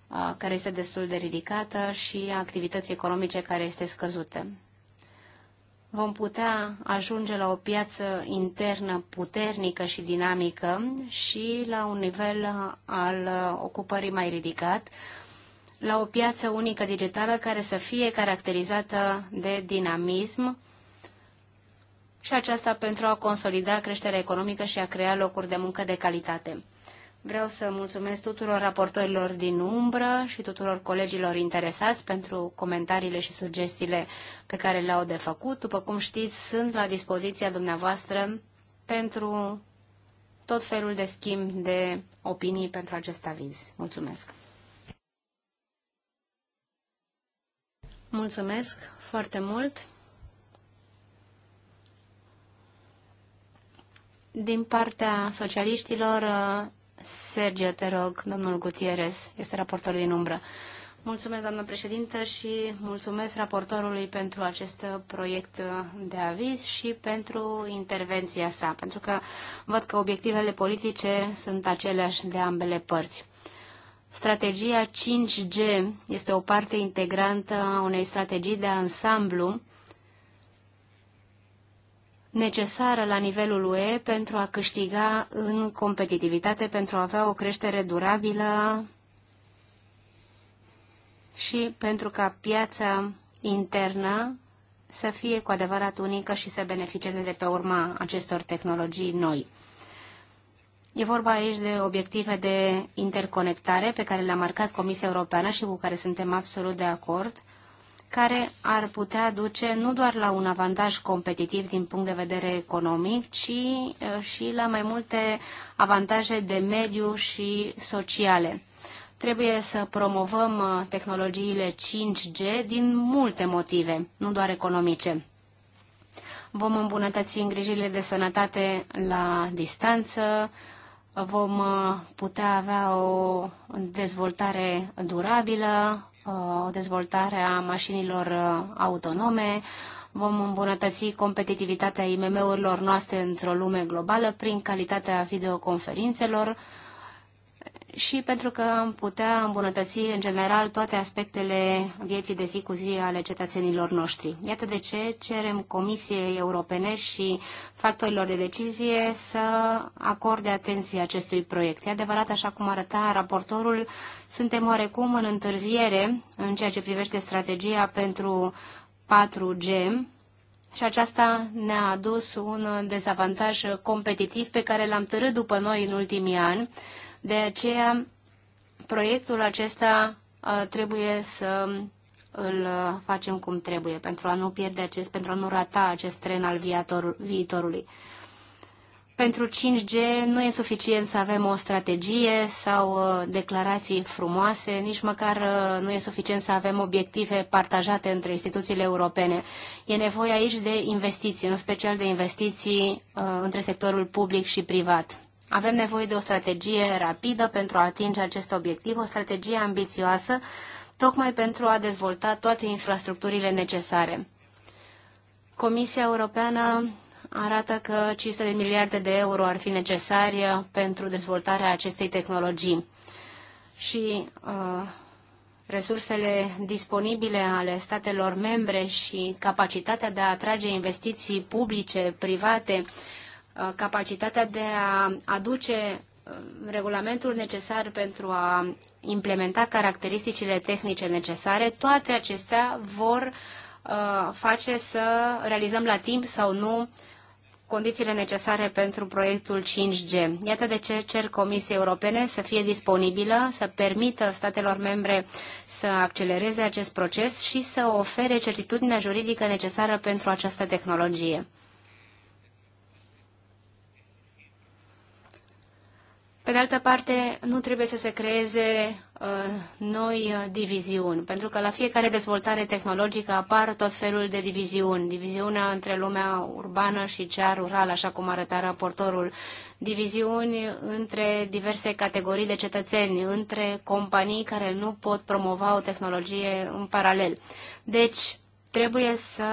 uh, care este destul de ridicată și a activității economice care este scăzute. Vom putea ajunge la o piață internă puternică și dinamică și la un nivel uh, al uh, ocupării mai ridicat, la o piață unică digitală care să fie caracterizată de dinamism, și aceasta pentru a consolida creșterea economică și a crea locuri de muncă de calitate. Vreau să mulțumesc tuturor raportorilor din umbră și tuturor colegilor interesați pentru comentariile și sugestiile pe care le-au de făcut. După cum știți, sunt la dispoziția dumneavoastră pentru tot felul de schimb de opinii pentru acest aviz. Mulțumesc! Mulțumesc foarte mult! Din partea socialiștilor, Sergio, te rog, domnul Gutierrez este raportorul din umbră. Mulțumesc, doamnă președintă, și mulțumesc raportorului pentru acest proiect de aviz și pentru intervenția sa, pentru că văd că obiectivele politice sunt aceleași de ambele părți. Strategia 5G este o parte integrantă a unei strategii de ansamblu necesară la nivelul UE pentru a câștiga în competitivitate, pentru a avea o creștere durabilă și pentru ca piața internă să fie cu adevărat unică și să beneficieze de pe urma acestor tehnologii noi. E vorba aici de obiective de interconectare pe care le-a marcat Comisia Europeană și cu care suntem absolut de acord care ar putea duce nu doar la un avantaj competitiv din punct de vedere economic, ci eh, și la mai multe avantaje de mediu și sociale. Trebuie să promovăm eh, tehnologiile 5G din multe motive, nu doar economice. Vom îmbunătăți îngrijirile de sănătate la distanță, vom eh, putea avea o dezvoltare durabilă, Uh, dezvoltarea mașinilor uh, autonome, vom îmbunătăți competitivitatea IMM-urilor noastre într-o lume globală prin calitatea videoconferințelor, și pentru că am putea îmbunătăți în general toate aspectele vieții de zi cu zi ale cetățenilor noștri. Iată de ce cerem Comisiei Europene și factorilor de decizie să acorde atenție acestui proiect. E adevărat, așa cum arăta raportorul, suntem oarecum în întârziere în ceea ce privește strategia pentru 4G, și aceasta ne-a adus un dezavantaj competitiv pe care l-am târât după noi în ultimii ani de aceea, proiectul acesta trebuie să îl facem cum trebuie, pentru a nu pierde acest, pentru a nu rata acest tren al viitorului. Pentru 5G nu e suficient să avem o strategie sau declarații frumoase, nici măcar nu e suficient să avem obiective partajate între instituțiile europene. E nevoie aici de investiții, în special de investiții între sectorul public și privat. Avem nevoie de o strategie rapidă pentru a atinge acest obiectiv, o strategie ambițioasă, tocmai pentru a dezvolta toate infrastructurile necesare. Comisia Europeană arată că 500 de miliarde de euro ar fi necesare pentru dezvoltarea acestei tehnologii. Și uh, resursele disponibile ale statelor membre și capacitatea de a atrage investiții publice, private Uh, capacitatea de a aduce uh, regulamentul necesar pentru a implementa caracteristicile tehnice necesare, toate acestea vor uh, face să realizăm la timp sau nu condițiile necesare pentru proiectul 5G. Iată de ce cer Comisiei Europene să fie disponibilă, să permită statelor membre să accelereze acest proces și să ofere certitudinea juridică necesară pentru această tehnologie. Pe de altă parte, nu trebuie să se creeze uh, noi uh, diviziuni, pentru că la fiecare dezvoltare tehnologică apar tot felul de diviziuni. Diviziunea între lumea urbană și cea rurală, așa cum arăta raportorul, diviziuni între diverse categorii de cetățeni, între companii care nu pot promova o tehnologie în paralel. Deci, trebuie să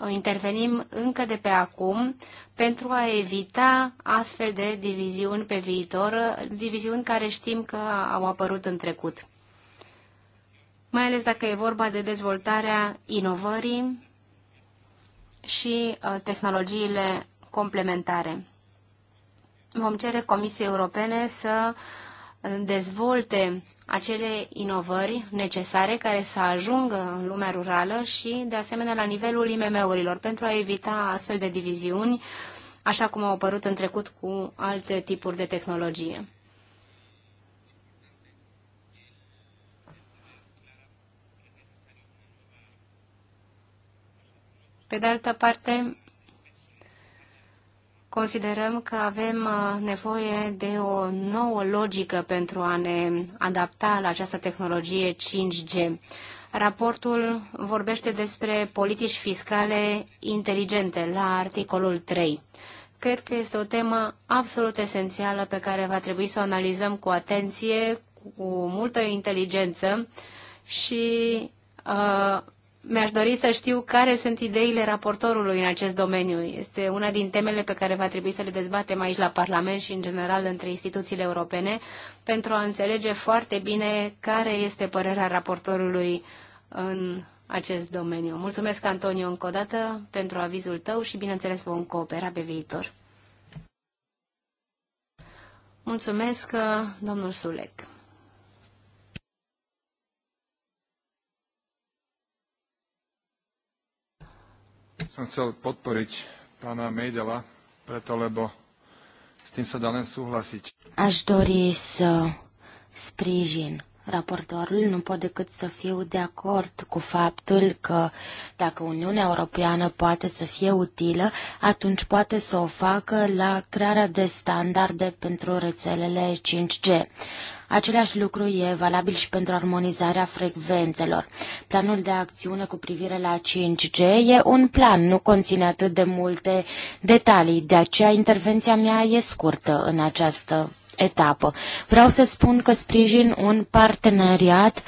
Uh, intervenim încă de pe acum pentru a evita astfel de diviziuni pe viitor, uh, diviziuni care știm că au apărut în trecut. Mai ales dacă e vorba de dezvoltarea inovării și uh, tehnologiile complementare. Vom cere Comisiei Europene să uh, dezvolte acele inovări necesare care să ajungă în lumea rurală și, de asemenea, la nivelul IMM-urilor, pentru a evita astfel de diviziuni, așa cum au apărut în trecut cu alte tipuri de tehnologie. Pe de altă parte, Considerăm că avem uh, nevoie de o nouă logică pentru a ne adapta la această tehnologie 5G. Raportul vorbește despre politici fiscale inteligente la articolul 3. Cred că este o temă absolut esențială pe care va trebui să o analizăm cu atenție, cu multă inteligență și uh, mi-aș dori să știu care sunt ideile raportorului în acest domeniu. Este una din temele pe care va trebui să le dezbatem aici la Parlament și în general între instituțiile europene pentru a înțelege foarte bine care este părerea raportorului în acest domeniu. Mulțumesc, Antonio, încă o dată pentru avizul tău și, bineînțeles, vom coopera pe viitor. Mulțumesc, domnul Sulec. som chcel podporiť pána Mejdela, preto lebo s tým sa dá len súhlasiť. Až dori să eh, sprížin raportorul, nu pot decât să fiu de acord cu faptul că dacă Uniunea Europeană poate să fie utilă, atunci poate să o facă la crearea de standarde pentru rețelele 5G. Același lucru e valabil și pentru armonizarea frecvențelor. Planul de acțiune cu privire la 5G e un plan, nu conține atât de multe detalii, de aceea intervenția mea e scurtă în această etapă. Vreau să spun că sprijin un parteneriat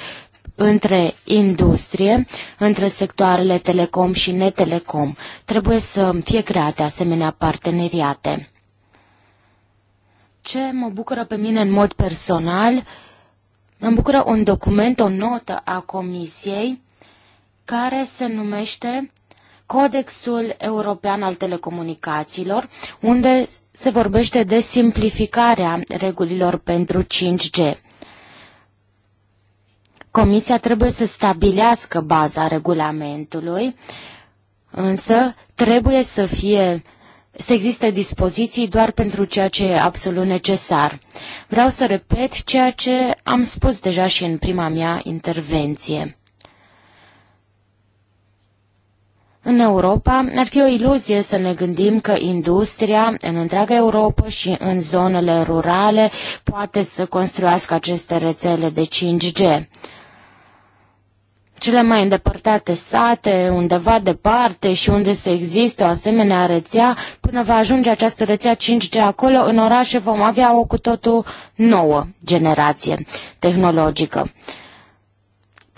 între industrie, între sectoarele telecom și netelecom. Trebuie să fie create asemenea parteneriate. Ce mă bucură pe mine în mod personal, mă bucură un document, o notă a Comisiei, care se numește Codexul European al Telecomunicațiilor, unde se vorbește de simplificarea regulilor pentru 5G. Comisia trebuie să stabilească baza regulamentului, însă trebuie să fie să existe dispoziții doar pentru ceea ce e absolut necesar. Vreau să repet ceea ce am spus deja și în prima mea intervenție. În Europa ar fi o iluzie să ne gândim că industria în întreaga Europa și în zonele rurale poate să construiască aceste rețele de 5G. Cele mai îndepărtate sate, undeva departe și unde se există o asemenea rețea, până va ajunge această rețea 5G acolo, în orașe vom avea o cu totul nouă generație tehnologică.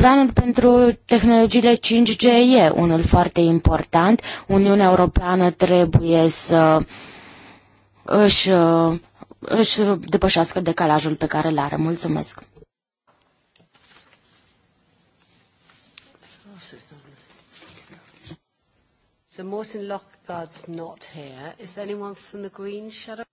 Planul pentru tehnologiile 5G e unul foarte important. Uniunea Europeană trebuie să își, își depășească decalajul pe care îl are. Mulțumesc! So not here. Is there anyone from the Green Shadow?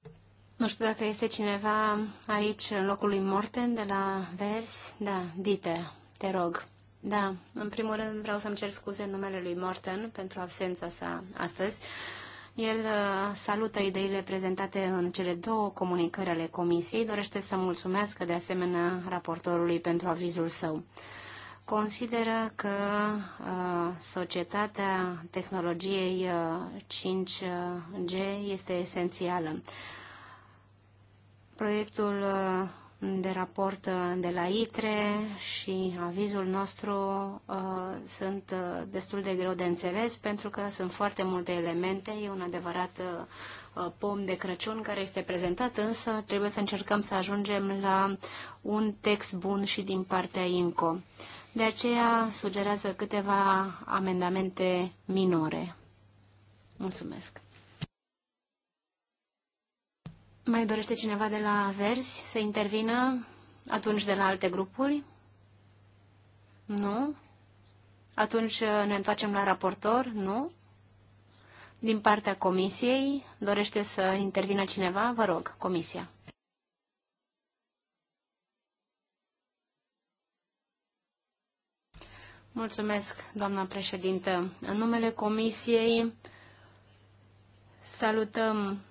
Nu știu dacă este cineva aici în locul lui Morten de la Vers. Da, Dite. Te rog. Da, în primul rând vreau să-mi cer scuze în numele lui Morten pentru absența sa astăzi. El uh, salută ideile prezentate în cele două comunicări ale Comisiei, dorește să mulțumească de asemenea raportorului pentru avizul său. Consideră că uh, societatea tehnologiei 5G uh, este esențială. Proiectul de raport uh, de la ITRE și avizul nostru uh, sunt uh, destul de greu de înțeles pentru că sunt foarte multe elemente, e un adevărat uh, uh, pom de Crăciun care este prezentat, însă trebuie să încercăm să ajungem la un text bun și din partea INCO. De aceea sugerează câteva amendamente minore. Mulțumesc. Mai dorește cineva de la Verzi să intervină? Atunci de la alte grupuri? Nu? Atunci uh, ne întoarcem la raportor? Nu? Din partea comisiei, dorește să intervină cineva? Vă rog, comisia. Mulțumesc, doamna președintă. În numele comisiei salutăm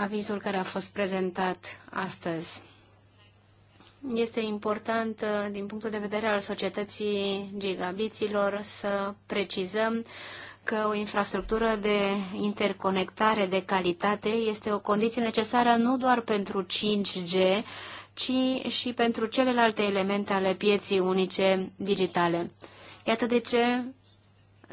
avizul care a fost prezentat astăzi. Este important, uh, din punctul de vedere al societății gigabiților, să precizăm că o infrastructură de interconectare de calitate este o condiție necesară nu doar pentru 5G, ci și pentru celelalte elemente ale pieții unice digitale. Iată de ce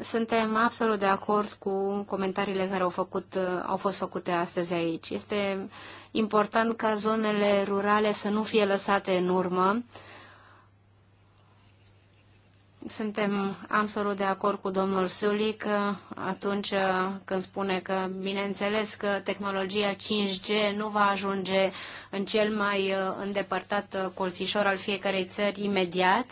suntem absolut de acord cu comentariile care au, făcut, uh, au fost făcute astăzi aici. Este important ca zonele rurale să nu fie lăsate în urmă, suntem absolut de acord cu domnul Sulic uh, atunci uh, când spune că, bineînțeles, că tehnologia 5G nu va ajunge în cel mai uh, îndepărtat colțișor al fiecarei țări imediat,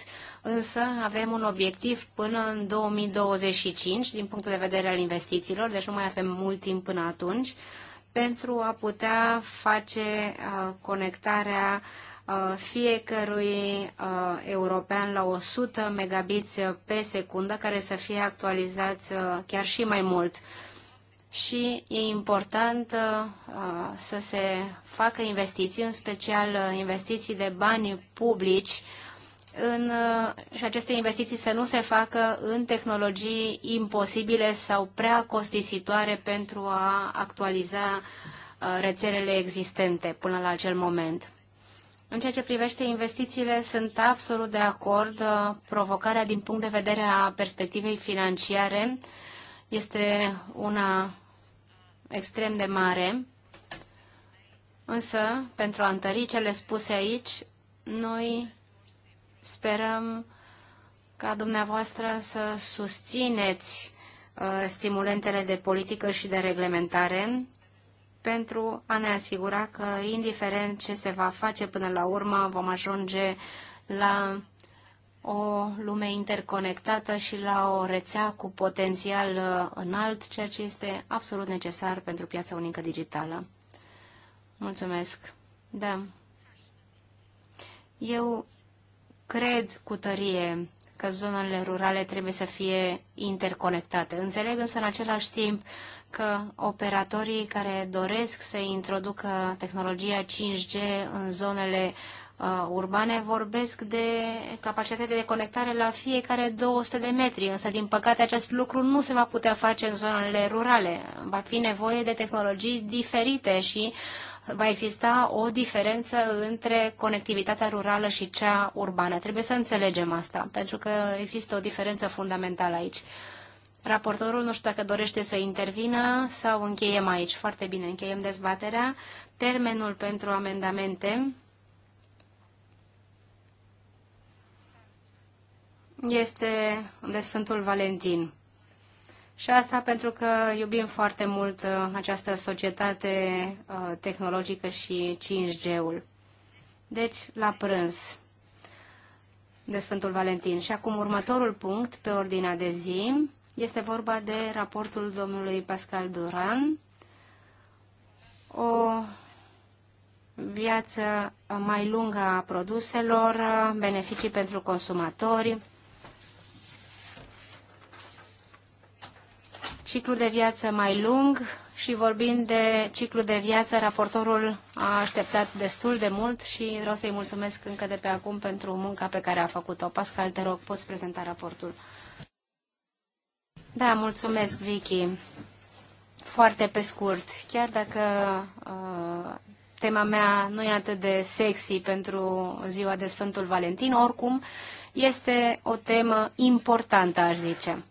însă avem un obiectiv până în 2025 din punctul de vedere al investițiilor, deci nu mai avem mult timp până atunci, pentru a putea face conectarea fiecărui european la 100 megabiți pe secundă, care să fie actualizați chiar și mai mult. Și e important să se facă investiții, în special investiții de bani publici, în, și aceste investiții să nu se facă în tehnologii imposibile sau prea costisitoare pentru a actualiza rețelele existente până la acel moment. În ceea ce privește investițiile, sunt absolut de acord. Uh, provocarea din punct de vedere a perspectivei financiare este una extrem de mare. Însă, pentru a întări cele spuse aici, noi sperăm ca dumneavoastră să susțineți uh, stimulentele de politică și de reglementare pentru a ne asigura că, indiferent ce se va face până la urmă, vom ajunge la o lume interconectată și la o rețea cu potențial uh, înalt, ceea ce este absolut necesar pentru piața unică digitală. Mulțumesc. Da. Eu cred cu tărie că zonele rurale trebuie să fie interconectate. Înțeleg însă în același timp că operatorii care doresc să introducă tehnologia 5G în zonele uh, urbane vorbesc de capacitatea de conectare la fiecare 200 de metri, însă din păcate acest lucru nu se va putea face în zonele rurale. Va fi nevoie de tehnologii diferite și va exista o diferență între conectivitatea rurală și cea urbană. Trebuie să înțelegem asta, pentru că există o diferență fundamentală aici. Raportorul nu știu dacă dorește să intervină sau încheiem aici. Foarte bine, încheiem dezbaterea. Termenul pentru amendamente este de Sfântul Valentin. Și asta pentru că iubim foarte mult uh, această societate uh, tehnologică și 5G-ul. Deci, la prânz de Sfântul Valentin. Și acum următorul punct pe ordinea de zi este vorba de raportul domnului Pascal Duran, o viață mai lungă a produselor, beneficii pentru consumatori, ciclu de viață mai lung și vorbind de ciclu de viață, raportorul a așteptat destul de mult și vreau să-i mulțumesc încă de pe acum pentru munca pe care a făcut-o. Pascal, te rog, poți prezenta raportul. Da, mulțumesc, Vicky. Foarte pe scurt, chiar dacă uh, tema mea nu e atât de sexy pentru ziua de Sfântul Valentin, oricum este o temă importantă, aș zice.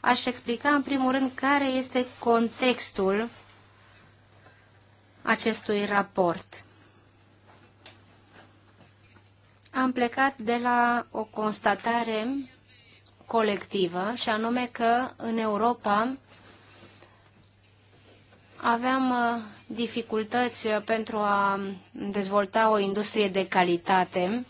Aș explica, în primul rând, care este contextul acestui raport. Am plecat de la o constatare colectivă și anume că în Europa aveam uh, dificultăți uh, pentru a dezvolta o industrie de calitate,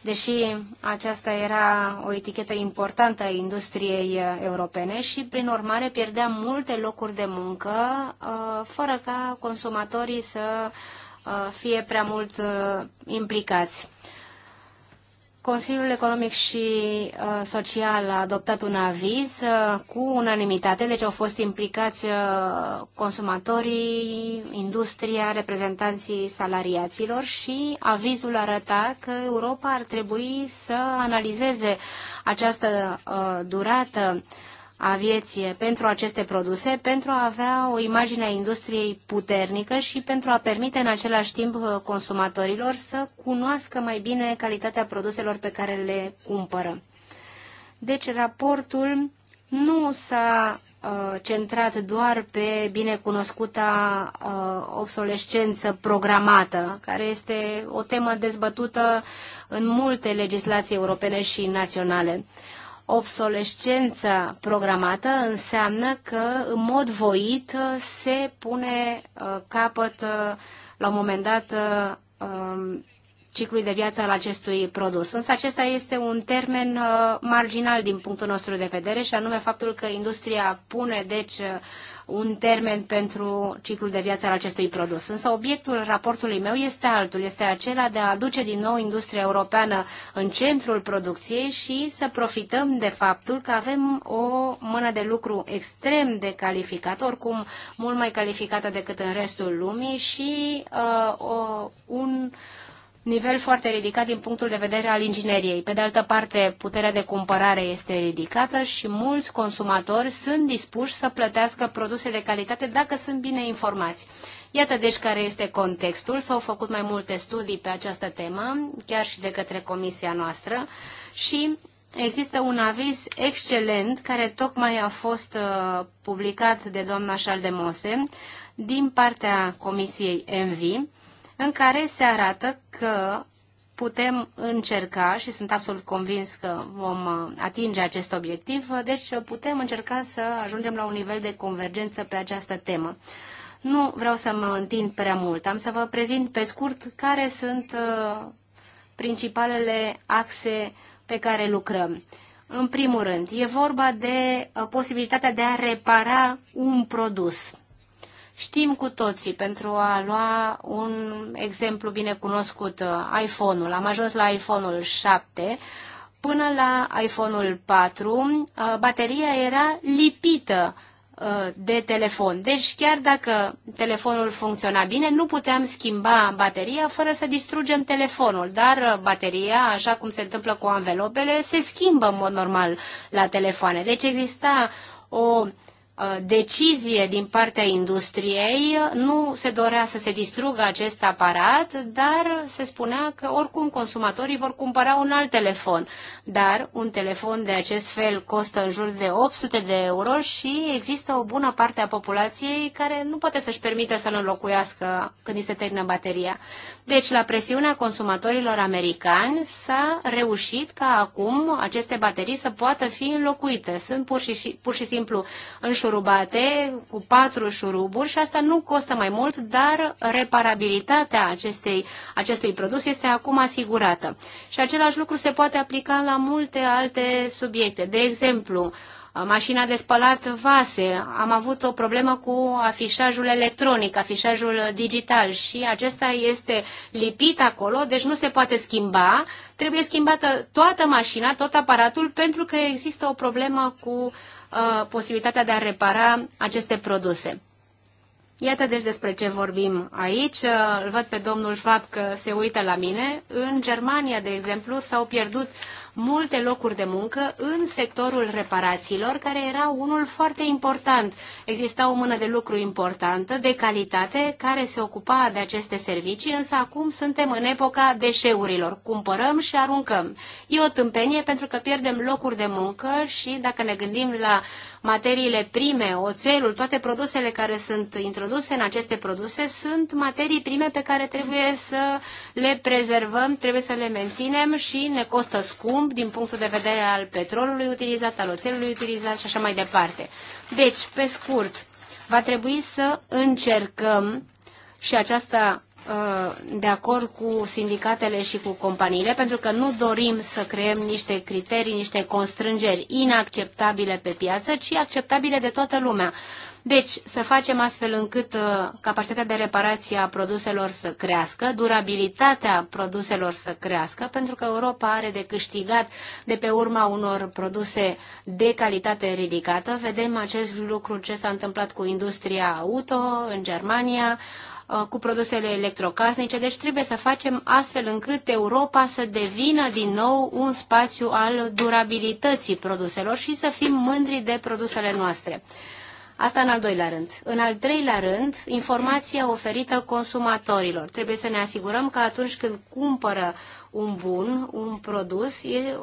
deși aceasta era o etichetă importantă a industriei uh, europene și, prin urmare, pierdeam multe locuri de muncă, fără ca consumatorii să fie prea mult implicați. Consiliul Economic și uh, Social a adoptat un aviz uh, cu unanimitate, deci au fost implicați uh, consumatorii, industria, reprezentanții salariaților și avizul arăta că Europa ar trebui să analizeze această durată aviație pentru aceste produse, pentru a avea o imagine a industriei puternică și pentru a permite în același timp uh, consumatorilor să cunoască mai bine calitatea produselor pe care le cumpără. Deci raportul nu s-a uh, centrat doar pe binecunoscuta uh, obsolescență programată, care este o temă dezbătută în multe legislații europene și naționale obsolescența programată înseamnă că în mod voit se pune uh, capăt uh, la un moment dat uh, um, ciclului de viață al acestui produs. Însă acesta este un termen marginal din punctul nostru de vedere și anume faptul că industria pune deci un termen pentru ciclul de viață al acestui produs. Însă obiectul raportului meu este altul, este acela de a aduce din nou industria europeană în centrul producției și să profităm de faptul că avem o mână de lucru extrem de calificată, oricum mult mai calificată decât în restul lumii și uh, o, un uh, nivel foarte ridicat din punctul de vedere al ingineriei. Pe de altă parte, puterea de cumpărare este ridicată și mulți consumatori sunt dispuși să plătească produse de calitate dacă sunt bine informați. Iată deci care este contextul. S-au făcut mai multe studii pe această temă, chiar și de către comisia noastră și există un aviz excelent care tocmai a fost uh, publicat de doamna Șaldemose din partea comisiei ENVI în care se arată că putem încerca, și sunt absolut convins că vom uh, atinge acest obiectiv, deci uh, putem încerca să ajungem la un nivel de convergență pe această temă. Nu vreau să mă întind prea mult, am să vă prezint pe scurt care sunt uh, principalele axe pe care lucrăm. În primul rând, e vorba de posibilitatea de a repara un produs Știm cu toții, pentru a lua un exemplu bine cunoscut, uh, iPhone-ul. Am ajuns la iPhone-ul 7, până la iPhone-ul 4, uh, bateria era lipită uh, de telefon. Deci chiar dacă telefonul funcționa bine, nu puteam schimba bateria fără să distrugem telefonul, dar bateria, așa cum se întâmplă cu anvelopele, se schimbă în mod normal la telefoane. Deci exista o Uh, decizie din partea industriei, uh, nu se dorea să se distrugă acest aparat, dar se spunea că oricum consumatorii vor cumpăra un alt telefon. Dar un telefon de acest fel costă în jur de 800 de euro și există o bună parte a populației care nu poate să-și permită să-l înlocuiască când îi se termină bateria. Deci, la presiunea consumatorilor americani s-a reușit ca acum aceste baterii să poată fi înlocuite. Sunt pur și, pur și simplu înșurate șurubate cu patru șuruburi și asta nu costă mai mult, dar reparabilitatea acestei, acestui produs este acum asigurată. Și același lucru se poate aplica la multe alte subiecte. De exemplu, mașina de spălat vase. Am avut o problemă cu afișajul electronic, afișajul digital și acesta este lipit acolo, deci nu se poate schimba. Trebuie schimbată toată mașina, tot aparatul, pentru că există o problemă cu uh, Uh, posibilitatea de a repara aceste produse. Iată deci despre ce vorbim aici. Îl văd pe domnul Schwab că se uită la mine. În Germania, de exemplu, s-au pierdut multe locuri de muncă în sectorul reparațiilor, care era unul foarte important. Exista o mână de lucru importantă, de calitate, care se ocupa de aceste servicii, însă acum suntem în epoca deșeurilor. Cumpărăm și aruncăm. E o tâmpenie pentru că pierdem locuri de muncă și dacă ne gândim la materiile prime, oțelul, toate produsele care sunt introduse în aceste produse sunt materii prime pe care trebuie să le prezervăm, trebuie să le menținem și ne costă scump scump din punctul de vedere al petrolului utilizat, al oțelului utilizat și așa mai departe. Deci, pe scurt, va trebui să încercăm și aceasta uh, de acord cu sindicatele și cu companiile, pentru că nu dorim să creăm niște criterii, niște constrângeri inacceptabile pe piață, ci acceptabile de toată lumea. Deci, să facem astfel încât uh, capacitatea de reparație a produselor să crească, durabilitatea produselor să crească, pentru că Europa are de câștigat de pe urma unor produse de calitate ridicată. Vedem acest lucru ce s-a întâmplat cu industria auto în Germania, uh, cu produsele electrocasnice, deci trebuie să facem astfel încât Europa să devină din nou un spațiu al durabilității produselor și să fim mândri de produsele noastre. Asta în al doilea rând. În al treilea rând, informația oferită consumatorilor. Trebuie să ne asigurăm că atunci când cumpără un bun, un produs, e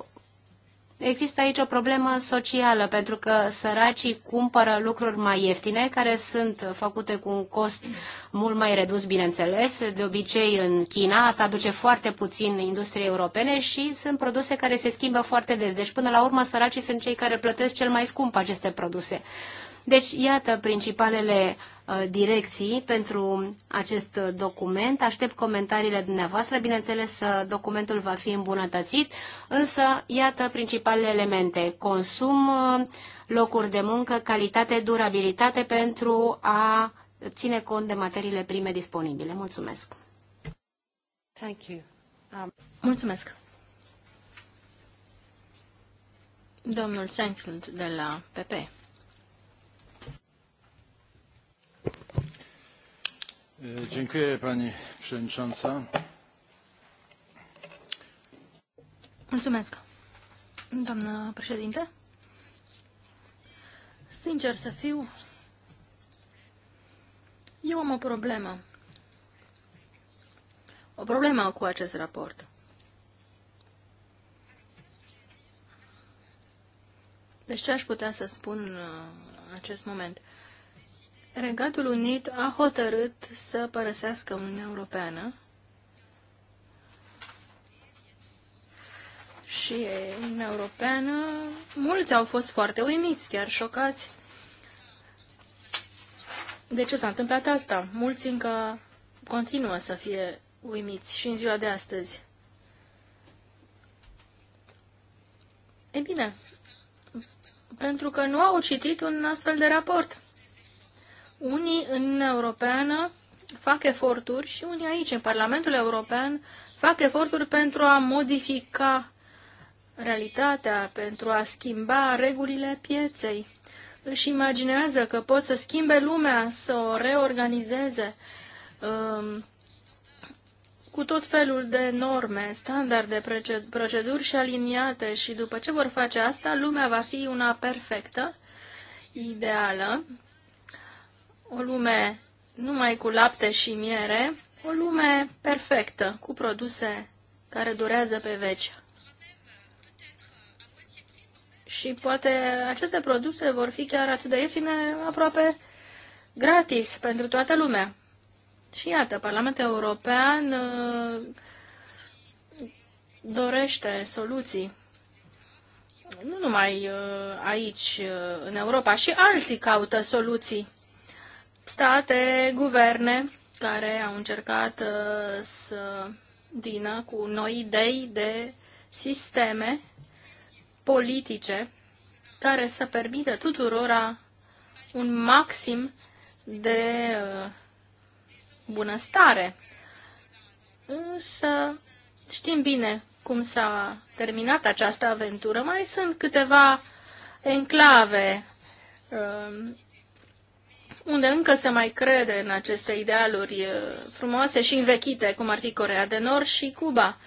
Există aici o problemă socială, pentru că săracii cumpără lucruri mai ieftine, care sunt făcute cu un cost mult mai redus, bineînțeles, de obicei în China. Asta aduce foarte puțin industriei europene și sunt produse care se schimbă foarte des. Deci, până la urmă, săracii sunt cei care plătesc cel mai scump aceste produse. Deci, iată principalele uh, direcții pentru acest document. Aștept comentariile dumneavoastră. Bineînțeles, uh, documentul va fi îmbunătățit, însă iată principalele elemente. Consum, uh, locuri de muncă, calitate, durabilitate pentru a ține cont de materiile prime disponibile. Mulțumesc! Thank you. Um... Mulțumesc! Domnul Senfield de la PP. Pani Przewodnicząca. doamnă președinte. Sincer să fiu, eu am o problemă. O problemă cu acest raport. Deci ce aș putea să spun uh, în acest moment? Regatul Unit a hotărât să părăsească Uniunea Europeană și Uniunea Europeană, mulți au fost foarte uimiți, chiar șocați. De ce s-a întâmplat asta? Mulți încă continuă să fie uimiți și în ziua de astăzi. E bine, pentru că nu au citit un astfel de raport. Unii în Uniunea Europeană fac eforturi și unii aici, în Parlamentul European, fac eforturi pentru a modifica realitatea, pentru a schimba regulile pieței. Își imaginează că pot să schimbe lumea, să o reorganizeze um, cu tot felul de norme, standarde, proceduri și aliniate și după ce vor face asta, lumea va fi una perfectă, ideală o lume numai cu lapte și miere, o lume perfectă, cu produse care durează pe veci. Și poate aceste produse vor fi chiar atât de ieftine, aproape gratis pentru toată lumea. Și iată, Parlamentul European uh, dorește soluții. Nu numai uh, aici, uh, în Europa, și alții caută soluții state, guverne care au încercat uh, să vină cu noi idei de sisteme politice care să permită tuturora un maxim de uh, bunăstare. Însă știm bine cum s-a terminat această aventură. Mai sunt câteva enclave uh, unde încă se mai crede în aceste idealuri eh, frumoase și învechite, cum ar fi Corea de Nord și Cuba.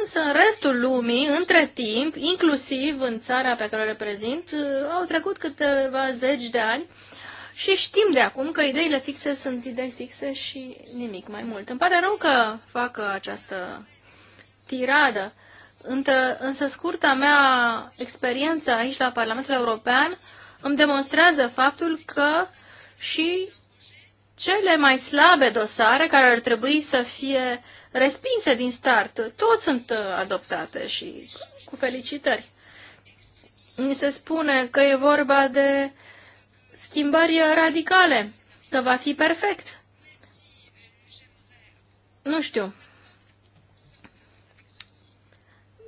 Însă în restul lumii, între timp, inclusiv în țara pe care o reprezint, eh, au trecut câteva zeci de ani și știm de acum că ideile fixe sunt idei fixe și nimic mai mult. Îmi pare rău că fac această tiradă, însă scurta mea experiență aici la Parlamentul European îmi demonstrează faptul că uh, și cele mai slabe dosare care ar trebui să fie respinse din start, toți sunt uh, adoptate și cu felicitări. Mi se spune că e vorba de schimbări radicale, că va fi perfect. Nu știu.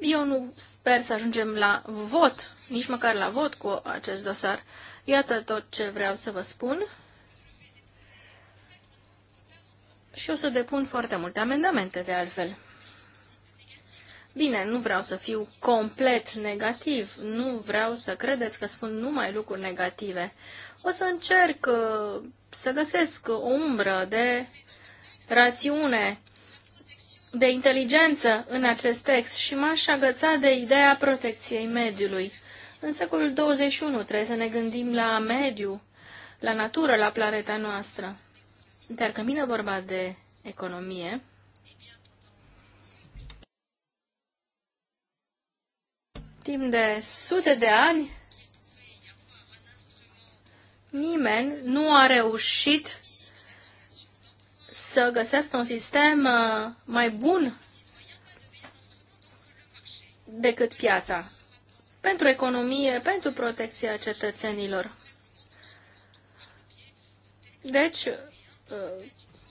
Eu nu sper să ajungem la vot, nici măcar la vot cu acest dosar. Iată tot ce vreau să vă spun. și o să depun foarte multe amendamente de altfel. Bine, nu vreau să fiu complet negativ, nu vreau să credeți că spun numai lucruri negative. O să încerc uh, să găsesc o umbră de rațiune, de inteligență în acest text și m-aș agăța de ideea protecției mediului. În secolul 21 trebuie să ne gândim la mediu, la natură, la planeta noastră. Dar când vine vorba de economie, timp de sute de ani, nimeni nu a reușit să găsească un sistem uh, mai bun decât piața. Pentru economie, pentru protecția cetățenilor. Deci,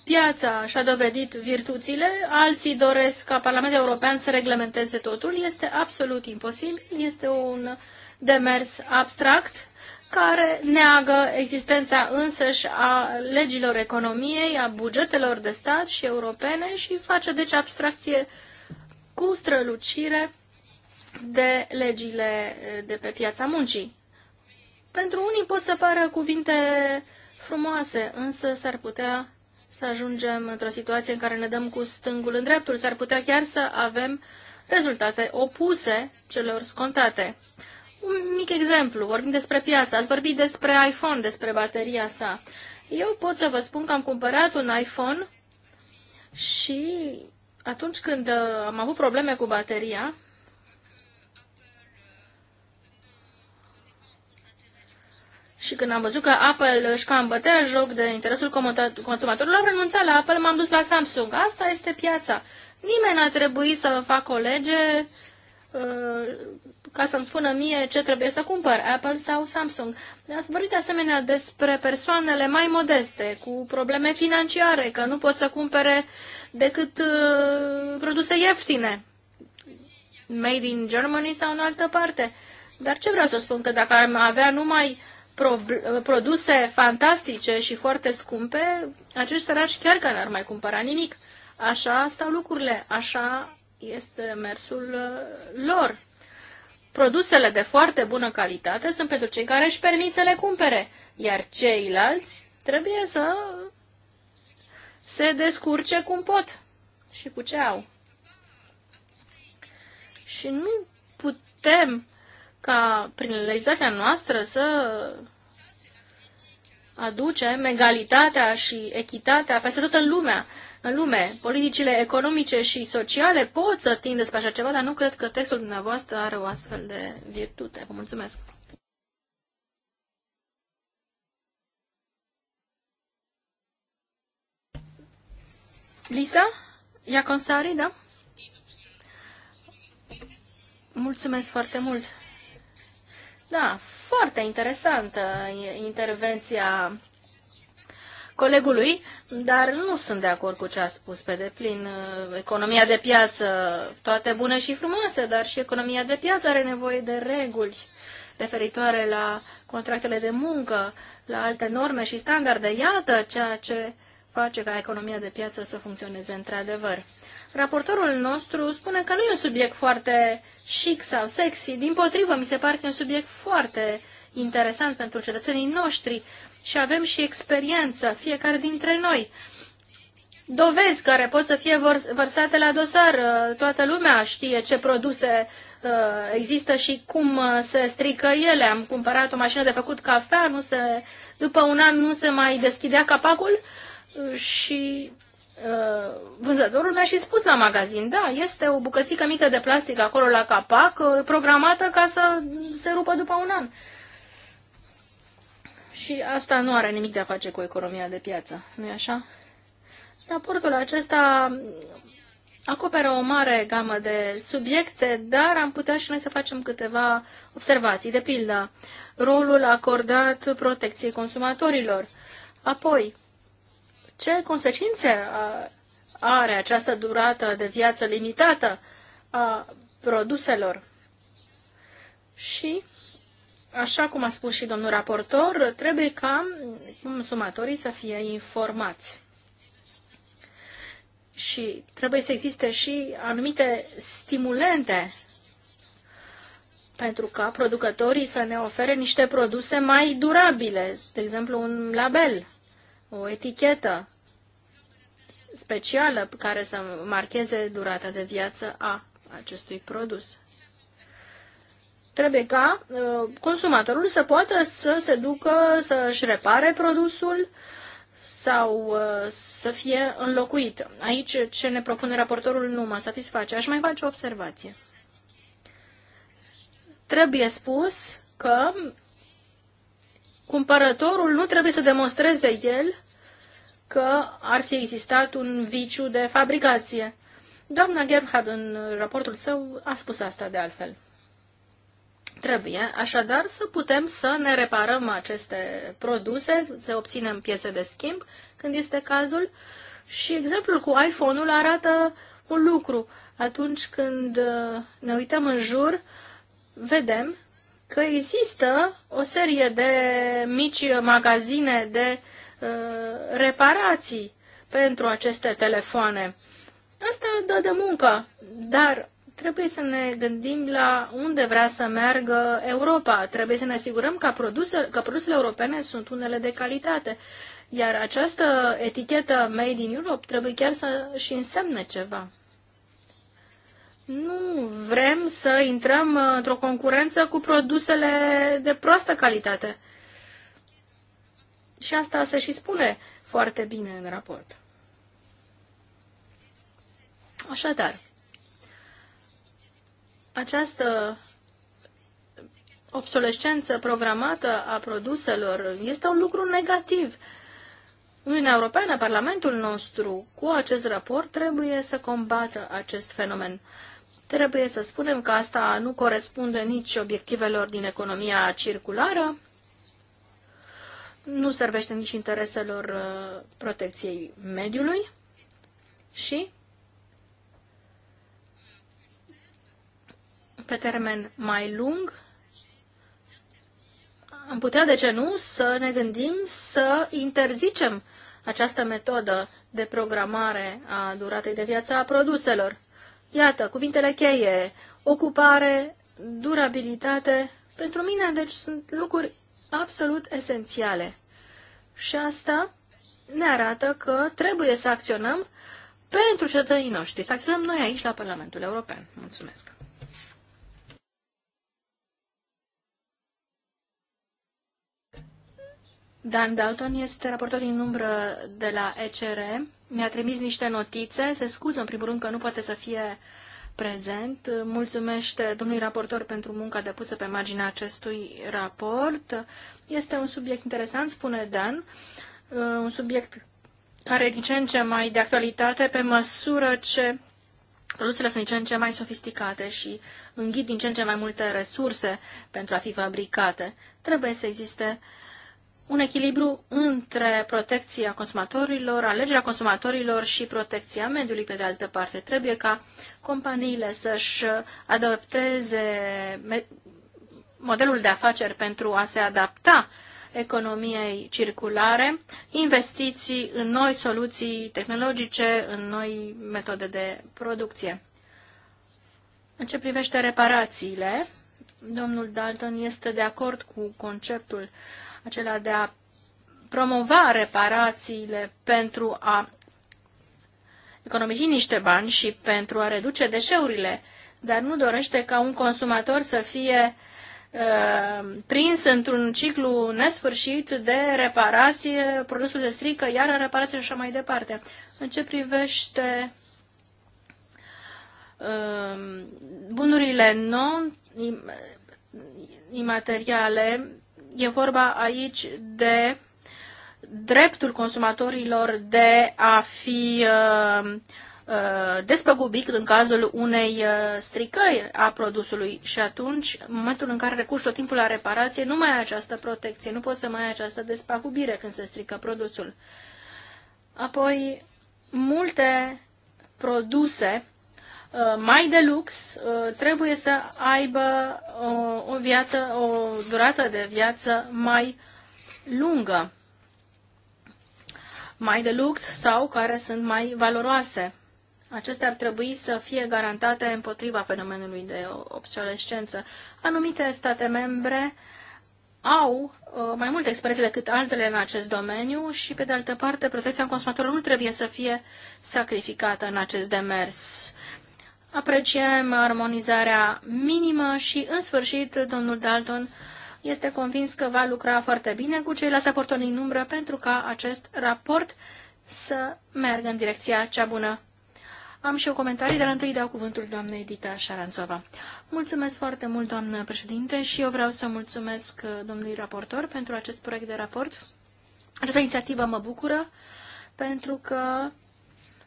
piața și-a dovedit virtuțile, alții doresc ca Parlamentul European să reglementeze totul, este absolut imposibil, este un demers abstract care neagă existența însăși a legilor economiei, a bugetelor de stat și europene și face deci abstracție cu strălucire de legile de pe piața muncii. Pentru unii pot să pară cuvinte uh, frumoase, însă s-ar putea să ajungem într-o situație în care ne dăm cu stângul în dreptul. S-ar putea chiar să avem rezultate opuse celor scontate. Un mic exemplu, vorbim despre piață, ați vorbit despre iPhone, despre bateria sa. Eu pot să vă spun că am cumpărat un iPhone și atunci când uh, am avut probleme cu bateria, Și când am văzut că Apple își cam bătea joc de interesul consumatorilor, am renunțat la Apple, m-am dus la Samsung. Asta este piața. Nimeni n-a trebuit să facă o lege uh, ca să-mi spună mie ce trebuie să cumpăr, Apple sau Samsung. Ați vorbit asemenea despre persoanele mai modeste, cu probleme financiare, că nu pot să cumpere decât uh, produse ieftine, made in Germany sau în altă parte. Dar ce vreau să spun? Că dacă am avea numai pro, produse fantastice și foarte scumpe, acești săraci chiar că n-ar mai cumpăra nimic. Așa stau lucrurile, așa este mersul uh, lor. Produsele de foarte bună calitate sunt pentru cei care își permit să le cumpere, iar ceilalți trebuie să se descurce cum pot și cu ce au. Și nu putem ca prin legislația noastră să aducem egalitatea și echitatea peste toată lumea. În lume, politicile economice și sociale pot să tindă spre așa ceva, dar nu cred că textul dumneavoastră are o astfel de virtute. Vă mulțumesc! Lisa? Iaconsari, da? Mulțumesc foarte mult! Da, foarte interesantă intervenția colegului, dar nu sunt de acord cu ce a spus pe deplin. Uh, economia de piață, toate bune și frumoase, dar și economia de piață are nevoie de reguli referitoare la contractele de muncă, la alte norme și standarde. Iată ceea ce face ca economia de piață să funcționeze într-adevăr. Raportorul nostru spune că nu e un subiect foarte chic sau sexy. Din potrivă, mi se pare că e un subiect foarte interesant pentru cetățenii noștri și avem și experiență, fiecare dintre noi. Dovezi care pot să fie vărsate la dosar. Uh, toată lumea știe ce produse uh, există și cum uh, se strică ele. Am cumpărat o mașină de făcut cafea, nu se, după un an nu se mai deschidea capacul și Uh, vânzătorul mi-a și spus la magazin, da, este o bucățică mică de plastic acolo la capac, uh, programată ca să se rupă după un an. Și asta nu are nimic de a face cu economia de piață, nu-i așa? Raportul acesta acoperă o mare gamă de subiecte, dar am putea și noi să facem câteva observații. De pildă, rolul acordat protecției consumatorilor. Apoi, ce consecințe are această durată de viață limitată a produselor. Și, așa cum a spus și domnul raportor, trebuie ca consumatorii să fie informați. Și trebuie să existe și anumite stimulente pentru ca producătorii să ne ofere niște produse mai durabile, de exemplu un label o etichetă specială care să marcheze durata de viață a acestui produs. Trebuie ca uh, consumatorul să poată să se ducă să-și repare produsul sau uh, să fie înlocuit. Aici ce ne propune raportorul nu mă satisface. Aș mai face o observație. Trebuie spus că cumpărătorul nu trebuie să demonstreze el că ar fi existat un viciu de fabricație. Doamna Gerhard, în raportul său, a spus asta de altfel. Trebuie, așadar, să putem să ne reparăm aceste produse, să obținem piese de schimb când este cazul. Și exemplul cu iPhone-ul arată un lucru. Atunci când uh, ne uităm în jur, vedem că există o serie de mici magazine de uh, reparații pentru aceste telefoane. Asta dă de muncă, dar trebuie să ne gândim la unde vrea să meargă Europa. Trebuie să ne asigurăm că, produse, că produsele europene sunt unele de calitate. Iar această etichetă Made in Europe trebuie chiar să și însemne ceva nu vrem să intrăm uh, într-o concurență cu produsele de proastă calitate. Și asta se și spune foarte bine în raport. Așadar, această obsolescență programată a produselor este un lucru negativ. Uniunea Europeană, Parlamentul nostru, cu acest raport trebuie să combată acest fenomen. Trebuie să spunem că asta nu corespunde nici obiectivelor din economia circulară, nu servește nici intereselor uh, protecției mediului și, pe termen mai lung, am putea, de ce nu, să ne gândim să interzicem această metodă de programare a duratei de viață a produselor. Iată, cuvintele cheie, ocupare, durabilitate, pentru mine, deci, sunt lucruri absolut esențiale. Și asta ne arată că trebuie să acționăm pentru cetățenii noștri, să acționăm noi aici la Parlamentul European. Mulțumesc! Dan Dalton este raportor din umbră de la ECR mi-a trimis niște notițe, se scuză în primul rând că nu poate să fie prezent. Mulțumește domnului raportor pentru munca depusă pe marginea acestui raport. Este un subiect interesant, spune Dan, uh, un subiect care e din ce în ce mai de actualitate pe măsură ce produsele sunt din ce în ce mai sofisticate și înghit din ce în ce mai multe resurse pentru a fi fabricate. Trebuie să existe uh, un echilibru între protecția consumatorilor, alegerea consumatorilor și protecția mediului, pe de altă parte. Trebuie ca companiile să-și adapteze modelul de afaceri pentru a se adapta economiei circulare, investiții în noi soluții tehnologice, în noi metode de producție. În ce privește reparațiile, domnul Dalton este de acord cu conceptul uh, acela de a promova reparațiile pentru a economisi niște bani și pentru a reduce deșeurile, dar nu dorește ca un consumator să fie uh, prins într-un ciclu nesfârșit de reparație, produsul se strică, iar reparație și așa mai departe. În ce privește uh, bunurile non imateriale, E vorba aici de dreptul consumatorilor de a fi uh, uh, despăgubit în cazul unei uh, stricări a produsului și atunci, în momentul în care recurs tot timpul la reparație, nu mai ai această protecție, nu poți să mai ai această despăgubire când se strică produsul. Apoi, multe produse Uh, mai de lux uh, trebuie să aibă o, uh, o viață, o durată de viață mai lungă, mai de lux sau care sunt mai valoroase. Acestea ar trebui să fie garantate împotriva fenomenului de obsolescență. Anumite state membre au mai multe experiențe decât altele în acest domeniu și, pe de altă parte, protecția consumatorului nu trebuie să fie sacrificată în acest demers. Apreciem armonizarea minimă și, în sfârșit, domnul Dalton este convins că va lucra foarte bine cu ceilalți raportori din umbră pentru ca acest raport să meargă în direcția cea bună. Am și eu comentarii, dar întâi dau cuvântul doamnei Edita Șaranțova. Mulțumesc foarte mult, doamnă președinte, și eu vreau să mulțumesc uh, domnului raportor pentru acest proiect de raport. Această inițiativă mă bucură pentru că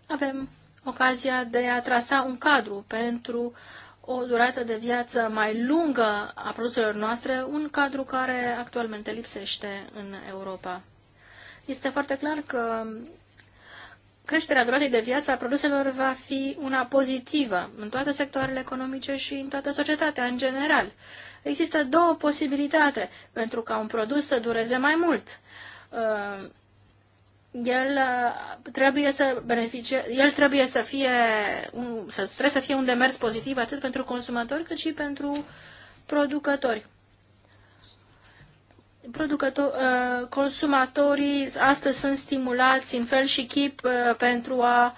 avem ocazia de a trasa un cadru pentru o durată de viață mai lungă a produselor noastre, un cadru care actualmente lipsește în Europa. Este foarte clar că creșterea duratei de viață a produselor va fi una pozitivă în toate sectoarele economice și în toată societatea în general. Există două posibilitate pentru ca un produs să dureze mai mult. Uh, el uh, trebuie să beneficie, el trebuie să fie, un, să, trebuie să fie un demers pozitiv atât pentru consumatori cât și pentru producători. Producător, uh, consumatorii astăzi sunt stimulați în fel și chip uh, pentru a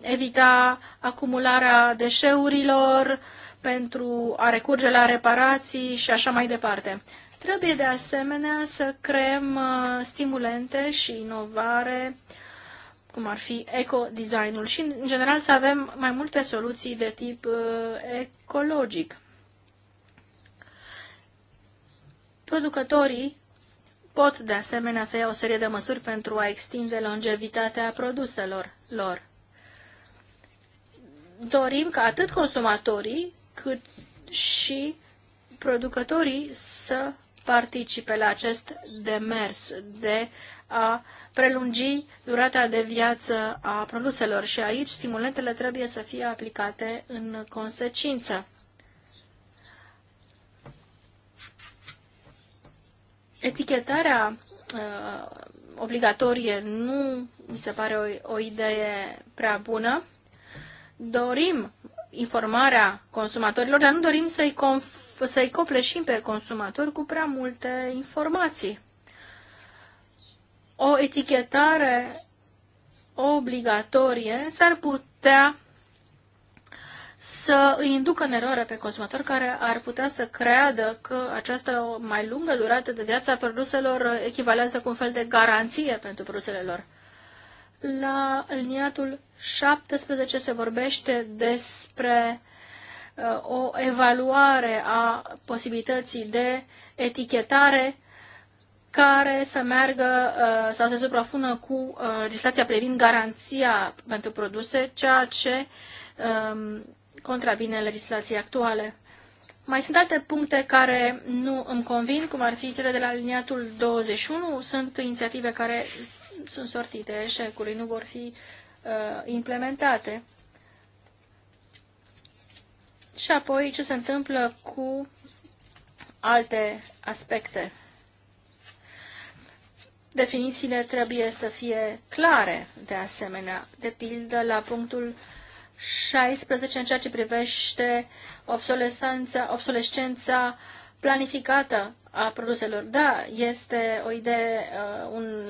evita acumularea deșeurilor, pentru a recurge la reparații și așa mai departe. Trebuie de asemenea să creăm uh, stimulente și inovare, cum ar fi eco-designul și, în general, să avem mai multe soluții de tip uh, ecologic. Producătorii pot, de asemenea, să ia o serie de măsuri pentru a extinde longevitatea produselor lor. Dorim ca atât consumatorii cât și producătorii să participe la acest demers de a prelungi durata de viață a produselor și aici stimulentele trebuie să fie aplicate în consecință. Etichetarea uh, obligatorie nu mi se pare o, o idee prea bună. Dorim informarea consumatorilor, dar nu dorim să-i, conf- să-i copleșim pe consumatori cu prea multe informații. O etichetare obligatorie s-ar putea să îi inducă în eroare pe consumator care ar putea să creadă că această mai lungă durată de viață a produselor echivalează cu un fel de garanție pentru produsele lor la liniatul 17 se vorbește despre uh, o evaluare a posibilității de etichetare care să meargă uh, sau să se suprapună cu uh, legislația privind garanția pentru produse, ceea ce um, contravine legislației actuale. Mai sunt alte puncte care nu îmi convin, cum ar fi cele de la aliniatul 21. Sunt inițiative care sunt sortite eșecului, nu vor fi uh, implementate. Și apoi ce se întâmplă cu alte aspecte. Definițiile trebuie să fie clare, de asemenea. De pildă, la punctul 16, în ceea ce privește obsolescența, obsolescența uh, planificată a produselor. Da, este o idee, uh, un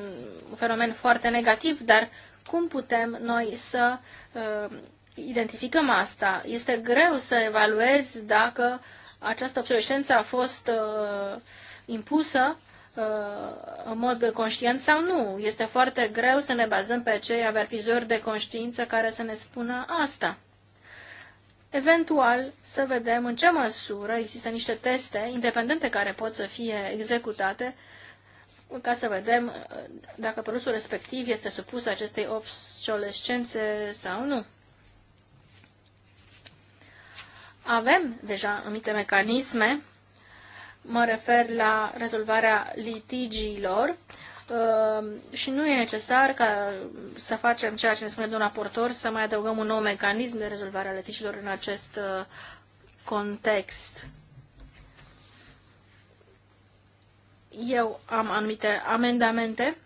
fenomen foarte negativ, dar cum putem noi să uh, identificăm asta? Este greu să evaluezi dacă această obsolescență a fost uh, impusă în mod conștient sau nu. Este foarte greu să ne bazăm pe cei avertizori de conștiință care să ne spună asta eventual să vedem în ce măsură există niște teste independente care pot să fie executate ca să vedem uh, dacă produsul respectiv este supus acestei obsolescențe sau nu. Avem deja anumite mecanisme, mă refer la rezolvarea litigiilor, uh, Ehm, și nu e necesar ca să facem ceea ce ne spune domnul raportor, să mai adăugăm un nou mecanism de rezolvare a leticilor în acest uh, context. Eu am anumite amendamente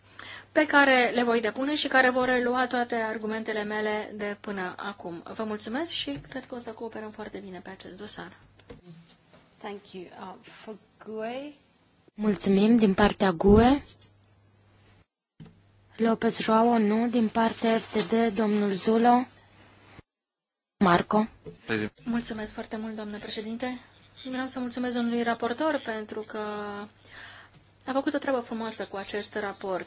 pe care le voi depune și care vor relua toate argumentele mele de până acum. Vă mulțumesc și cred că o să cooperăm foarte bine pe acest dosar. Thank you. Uh, for GUE... Mulțumim din partea GUE. Lopez Joao, nu. Din partea FTD, domnul Zulo. Marco. Mulțumesc foarte mult, domnule președinte. Vreau să mulțumesc domnului raportor pentru că a făcut o treabă frumoasă cu acest raport.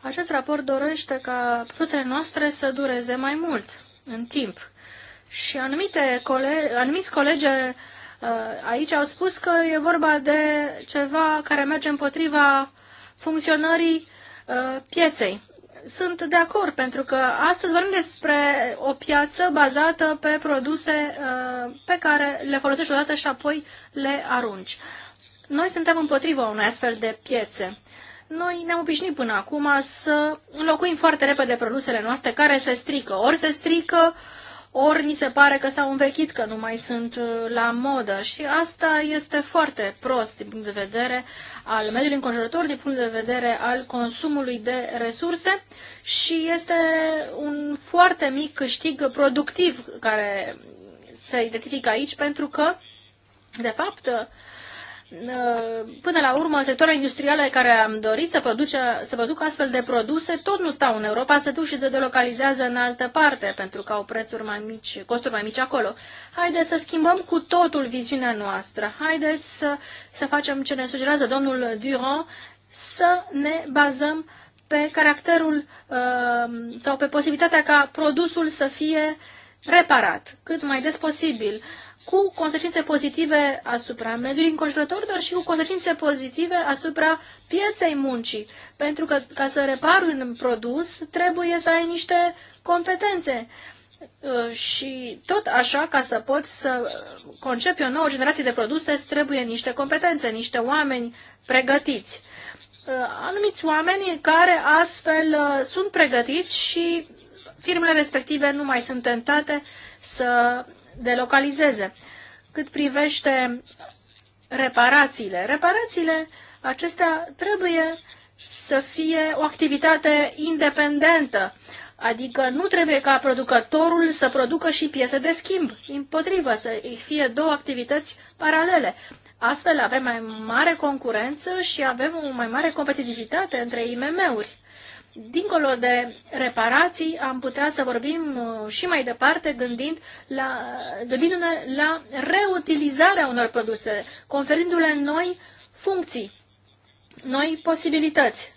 Acest raport dorește ca produsele noastre să dureze mai mult în timp. Și anumite colegi, anumiți colegi uh, aici au spus că e vorba de ceva care merge împotriva funcționării Uh, pieței. Sunt de acord, pentru că astăzi vorbim despre o piață bazată pe produse uh, pe care le folosești odată și apoi le arunci. Noi suntem împotriva unei astfel de piețe. Noi ne-am obișnuit până acum să înlocuim foarte repede produsele noastre care se strică. Ori se strică uh, ori ni se pare că s-au învechit, că nu mai sunt uh, la modă și asta este foarte prost din punct de vedere al mediului înconjurător, din punct de vedere al consumului de resurse și este un foarte mic câștig productiv care se identifică aici pentru că, de fapt, Uh, până la urmă, sectoarele industriale care am dorit să, produce, să producă astfel de produse tot nu stau în Europa, se duc și se delocalizează în altă parte pentru că au prețuri mai mici, costuri mai mici acolo. Haideți să schimbăm cu totul viziunea noastră. Haideți să, să facem ce ne sugerează domnul Durand, să ne bazăm pe caracterul uh, sau pe posibilitatea ca produsul să fie reparat cât mai des posibil cu consecințe pozitive asupra mediului înconjurător, dar și cu consecințe pozitive asupra pieței muncii. Pentru că ca să repar un produs, trebuie să ai niște competențe. Uh, și tot așa, ca să poți să concepi o nouă generație de produse, trebuie niște competențe, niște oameni pregătiți. Uh, anumiți oameni care astfel uh, sunt pregătiți și firmele respective nu mai sunt tentate să de localizeze. Cât privește reparațiile, reparațiile acestea trebuie să fie o activitate independentă, adică nu trebuie ca producătorul să producă și piese de schimb, împotrivă să fie două activități paralele. Astfel avem mai mare concurență și avem o mai mare competitivitate între IMM-uri dincolo de reparații, am putea să vorbim uh, și mai departe gândind la, gândindu-ne la reutilizarea unor produse, conferindu-le noi funcții, noi posibilități.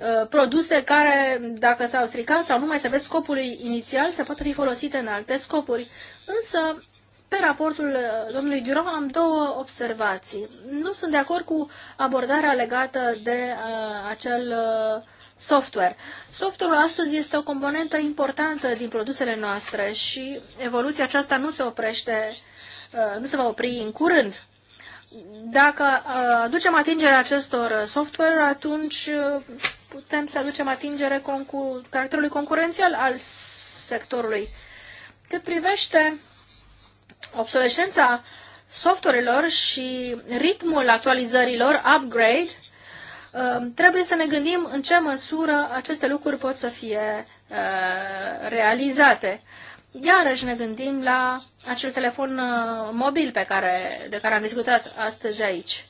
Uh, produse care, dacă s-au stricat sau nu mai vezi scopul inițial, se pot fi folosite în alte scopuri. Însă, pe raportul uh, domnului Duro am două observații. Nu sunt de acord cu abordarea legată de uh, acel uh, software. Software-ul astăzi este o componentă importantă din produsele noastre și evoluția aceasta nu se oprește, uh, nu se va opri în curând. Dacă uh, aducem atingerea acestor software, atunci uh, putem să aducem atingere concu- caracterului concurențial al sectorului. Cât privește obsolescența softwarelor și ritmul actualizărilor, upgrade, Um, trebuie să ne gândim în ce măsură aceste lucruri pot să fie uh, realizate. Iarăși ne gândim la acel telefon uh, mobil pe care, de care am discutat astăzi aici.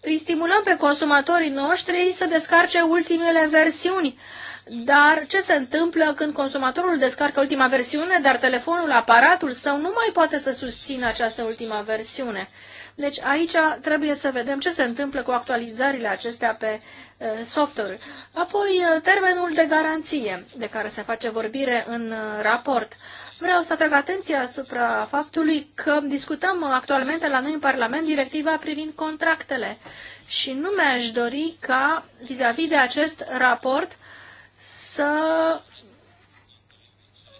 Îi stimulăm pe consumatorii noștri să descarce ultimele versiuni. Dar ce se întâmplă când consumatorul descarcă ultima versiune, dar telefonul, aparatul său nu mai poate să susțină această ultima versiune? Deci aici trebuie să vedem ce se întâmplă cu actualizările acestea pe eh, software. Apoi, eh, termenul de garanție de care se face vorbire în eh, raport. Vreau să atrag atenția asupra faptului că discutăm actualmente la noi în Parlament directiva privind contractele și nu mi-aș dori ca, vis-a-vis -vis de acest raport, să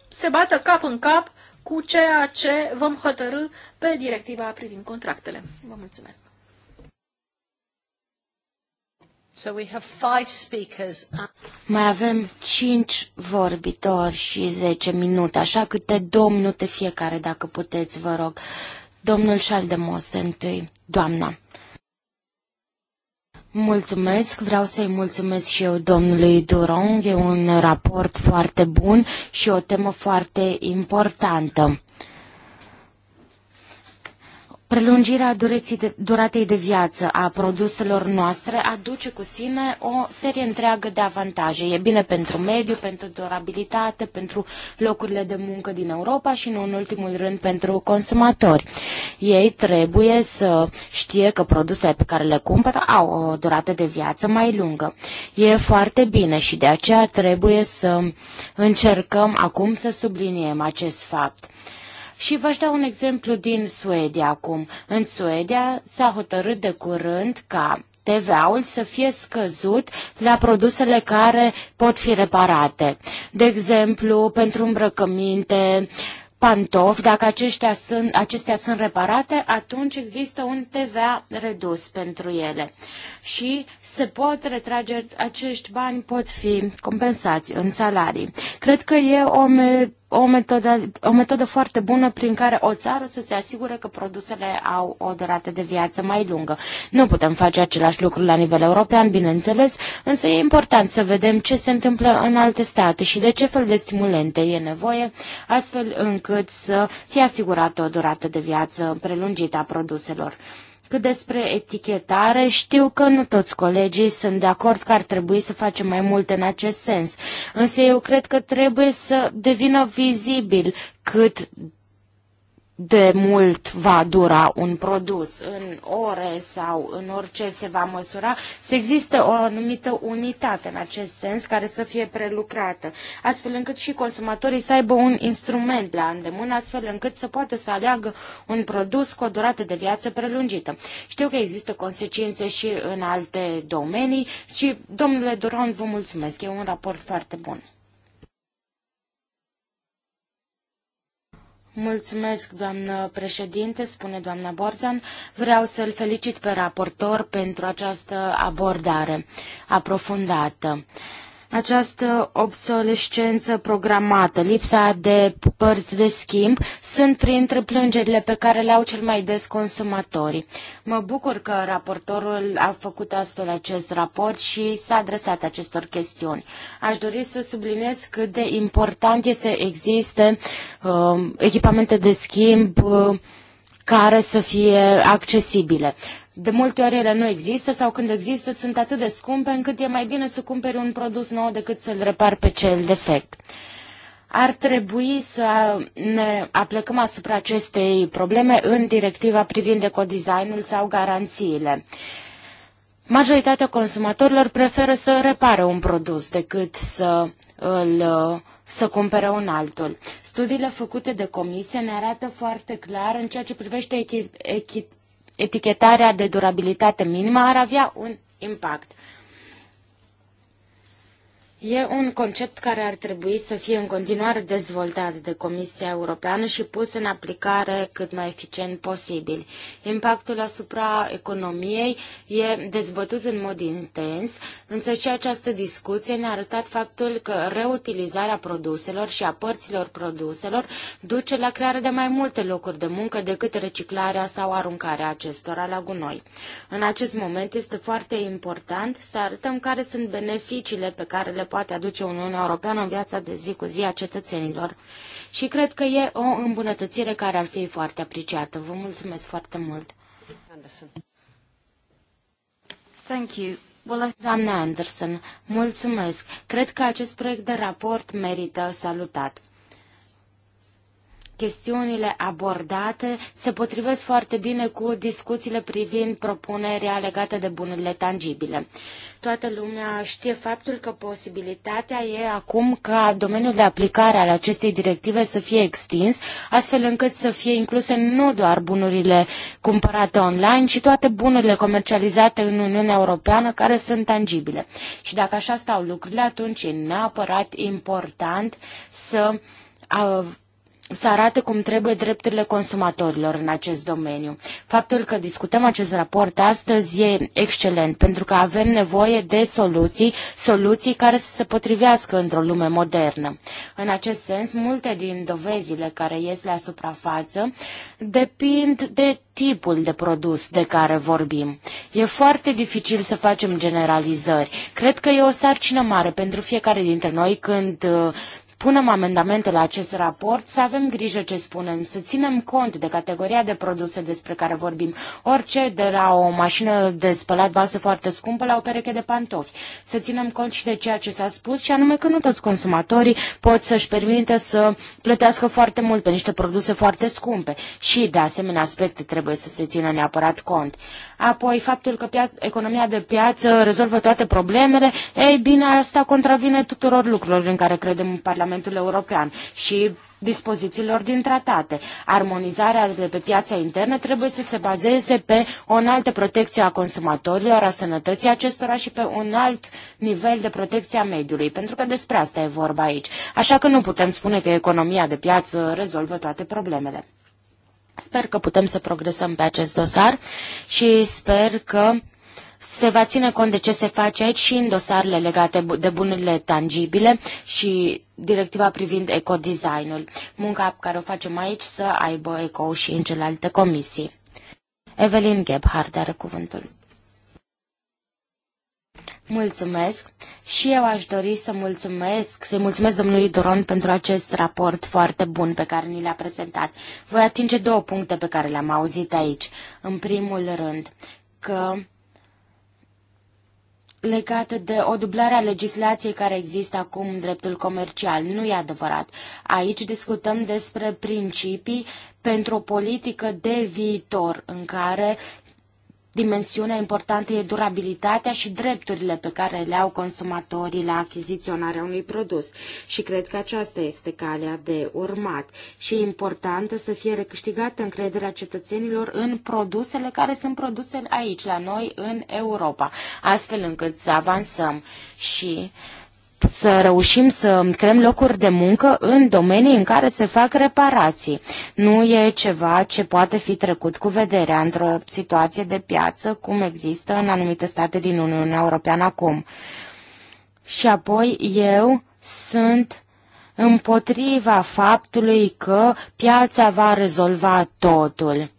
se bată cap în cap cu ceea ce vom hotărâ pe directiva privind contractele. Vă mulțumesc! So we have five speakers. Mai avem cinci vorbitori și zece minute, așa câte două minute fiecare, dacă puteți, vă rog. Domnul Șaldemos, întâi, doamna. Mulțumesc, vreau să-i mulțumesc și eu domnului Durong, e un raport foarte bun și o temă foarte importantă. Prelungirea de, duratei de viață a produselor noastre aduce cu sine o serie întreagă de avantaje. E bine pentru mediu, pentru durabilitate, pentru locurile de muncă din Europa și, nu în ultimul rând, pentru consumatori. Ei trebuie să știe că produsele pe care le cumpără au o durată de viață mai lungă. E foarte bine și de aceea trebuie să încercăm acum să subliniem acest fapt. Și vă dau un exemplu din Suedia acum. În Suedia s-a hotărât de curând ca TVA-ul să fie scăzut la produsele care pot fi reparate. De exemplu, pentru îmbrăcăminte, pantofi, dacă aceștia sunt, acestea sunt reparate, atunci există un TVA redus pentru ele. Și se pot retrage, acești bani pot fi compensați în salarii. Cred că e o me- o metodă, o metodă foarte bună prin care o țară să se asigure că produsele au o durată de viață mai lungă. Nu putem face același lucru la nivel european, bineînțeles, însă e important să vedem ce se întâmplă în alte state și de ce fel de stimulente e nevoie, astfel încât să fie asigurată o durată de viață prelungită a produselor. Cât despre etichetare, știu că nu toți colegii sunt de acord că ar trebui să facem mai mult în acest sens, însă eu cred că trebuie să devină vizibil cât de mult va dura un produs, în ore sau în orice se va măsura, să există o anumită unitate în acest sens care să fie prelucrată, astfel încât și consumatorii să aibă un instrument la îndemână, astfel încât să poată să aleagă un produs cu o durată de viață prelungită. Știu că există consecințe și în alte domenii și, domnule Duran, vă mulțumesc, e un raport foarte bun. Mulțumesc, doamnă președinte, spune doamna Borzan. Vreau să-l felicit pe raportor pentru această abordare aprofundată. Această obsolescență programată, lipsa de părți de schimb, sunt printre plângerile pe care le au cel mai des consumatorii. Mă bucur că raportorul a făcut astfel acest raport și s-a adresat acestor chestiuni. Aș dori să subliniez cât de important este să existe uh, echipamente de schimb uh, care să fie accesibile. De multe ori ele nu există sau când există sunt atât de scumpe încât e mai bine să cumperi un produs nou decât să-l repar pe cel defect. Ar trebui să ne aplecăm asupra acestei probleme în directiva privind ecodesignul sau garanțiile. Majoritatea consumatorilor preferă să repare un produs decât să îl să cumpere un altul. Studiile făcute de comisie ne arată foarte clar în ceea ce privește echi, echi, etichetarea de durabilitate minimă ar avea un impact. E un concept care ar trebui să fie în continuare dezvoltat de Comisia Europeană și pus în aplicare cât mai eficient posibil. Impactul asupra economiei e dezbătut în mod intens, însă și această discuție ne-a arătat faptul că reutilizarea produselor și a părților produselor duce la crearea de mai multe locuri de muncă decât reciclarea sau aruncarea acestora la gunoi. În acest moment este foarte important să arătăm care sunt beneficiile pe care le poate aduce Uniunea Europeană în viața de zi cu zi a cetățenilor. Și cred că e o îmbunătățire care ar fi foarte apreciată. Vă mulțumesc foarte mult. Thank you. Well, Doamna Anderson, mulțumesc. Cred că acest proiect de raport merită salutat chestiunile abordate se potrivesc foarte bine cu discuțiile privind propunerea legată de bunurile tangibile. Toată lumea știe faptul că posibilitatea e acum ca domeniul de aplicare al acestei directive să fie extins, astfel încât să fie incluse nu doar bunurile cumpărate online, ci toate bunurile comercializate în Uniunea Europeană care sunt tangibile. Și dacă așa stau lucrurile, atunci e neapărat important să să arate cum trebuie drepturile consumatorilor în acest domeniu. Faptul că discutăm acest raport astăzi e excelent, pentru că avem nevoie de soluții, soluții care să se potrivească într-o lume modernă. În acest sens, multe din dovezile care ies la suprafață depind de tipul de produs de care vorbim. E foarte dificil să facem generalizări. Cred că e o sarcină mare pentru fiecare dintre noi când uh, punem amendamente la acest raport, să avem grijă ce spunem, să ținem cont de categoria de produse despre care vorbim. Orice, de la o mașină de spălat vasă foarte scumpă la o pereche de pantofi. Să ținem cont și de ceea ce s-a spus și anume că nu toți consumatorii pot să-și permite să plătească foarte mult pe niște produse foarte scumpe și de asemenea aspecte trebuie să se țină neapărat cont. Apoi, faptul că economia de piață rezolvă toate problemele, ei bine, asta contravine tuturor lucrurilor în care credem în Parlament Parlamentul European și dispozițiilor din tratate. Armonizarea de pe piața internă trebuie să se bazeze pe o înaltă protecție a consumatorilor, a sănătății acestora și pe un alt nivel de protecție a mediului, pentru că despre asta e vorba aici. Așa că nu putem spune că economia de piață rezolvă toate problemele. Sper că putem să progresăm pe acest dosar și sper că se va ține cont de ce se face aici și în dosarele legate de bunurile tangibile și directiva privind ecodesignul. Munca care o facem aici să aibă eco și în celelalte comisii. Evelyn Gebhard are cuvântul. Mulțumesc și eu aș dori să mulțumesc, să-i mulțumesc domnului Doron pentru acest raport foarte bun pe care ni l-a prezentat. Voi atinge două puncte pe care le-am auzit aici. În primul rând, că legată de o dublare a legislației care există acum în dreptul comercial. Nu e adevărat. Aici discutăm despre principii pentru o politică de viitor în care dimensiunea importantă e durabilitatea și drepturile pe care le au consumatorii la achiziționarea unui produs. Și cred că aceasta este calea de urmat. Și e importantă să fie recâștigată încrederea cetățenilor în produsele care sunt produse aici, la noi, în Europa, astfel încât să avansăm. Și uh, să reușim să creăm locuri de muncă în domenii în care se fac reparații. Nu e ceva ce poate fi trecut cu vederea într-o situație de piață cum există în anumite state din Uniunea Europeană acum. Și apoi eu sunt împotriva faptului că piața va rezolva totul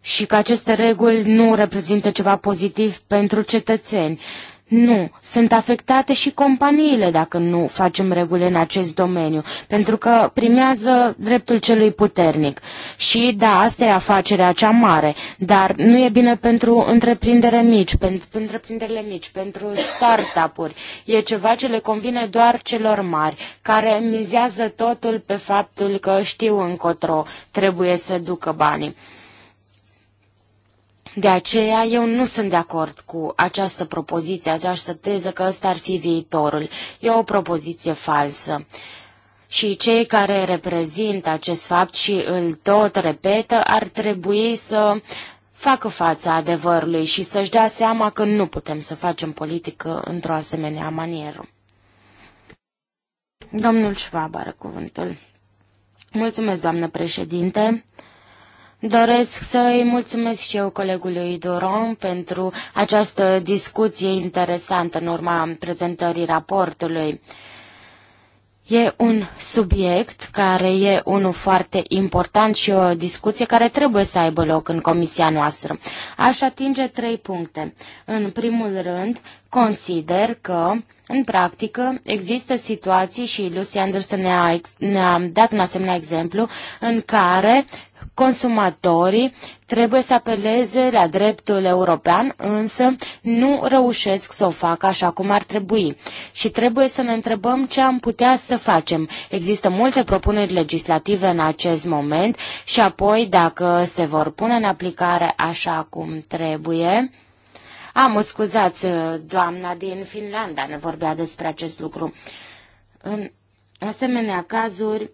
și că aceste reguli nu reprezintă ceva pozitiv pentru cetățeni. Nu, sunt afectate și companiile dacă nu facem reguli în acest domeniu, pentru că primează dreptul celui puternic. Și da, asta e afacerea cea mare, dar nu e bine pentru întreprindere mici, pentru întreprinderile mici, pentru startup-uri. E ceva ce le convine doar celor mari, care mizează totul pe faptul că știu încotro trebuie să ducă banii. De aceea eu nu sunt de acord cu această propoziție, această teză că ăsta ar fi viitorul. E o propoziție falsă. Și cei care reprezintă acest fapt și îl tot repetă ar trebui să facă fața adevărului și să-și dea seama că nu putem să facem politică într-o asemenea manieră. Domnul Șvab are cuvântul. Mulțumesc, doamnă președinte. Doresc să îi mulțumesc și eu colegului Doron pentru această discuție interesantă în urma prezentării raportului. E un subiect care e unul foarte important și o discuție care trebuie să aibă loc în comisia noastră. Aș atinge trei puncte. În primul rând, Consider că, în practică, există situații și Lucy Anderson ne-a, ne dat un asemenea exemplu în care consumatorii trebuie să apeleze la dreptul european, însă nu reușesc să o facă așa cum ar trebui. Și trebuie să ne întrebăm ce am putea să facem. Există multe propuneri legislative în acest moment și apoi dacă se vor pune în aplicare așa cum trebuie, am, scuzați, uh, doamna din Finlanda ne vorbea despre acest lucru. În asemenea cazuri,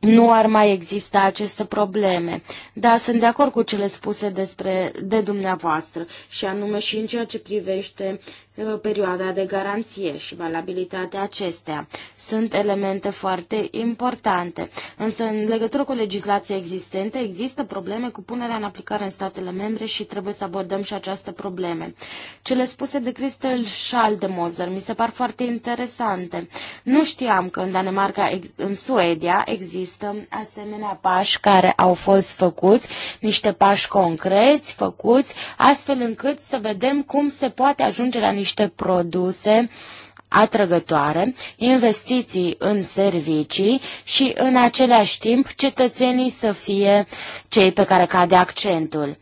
nu ar mai exista aceste probleme. Dar sunt de acord cu cele spuse despre, de dumneavoastră și anume și în ceea ce privește Uh, perioada de garanție și valabilitatea acestea. Sunt elemente foarte importante, însă în legătură cu legislația existentă există probleme cu punerea în aplicare în statele membre și trebuie să abordăm și această probleme. Cele spuse de Crystal Schaldemoser mi se par foarte interesante. Nu știam că în Danemarca, în Suedia, există asemenea pași care au fost făcuți, niște pași concreți făcuți, astfel încât să vedem cum se poate ajunge la niște produse atrăgătoare, investiții în servicii și în același timp cetățenii să fie cei pe care cade accentul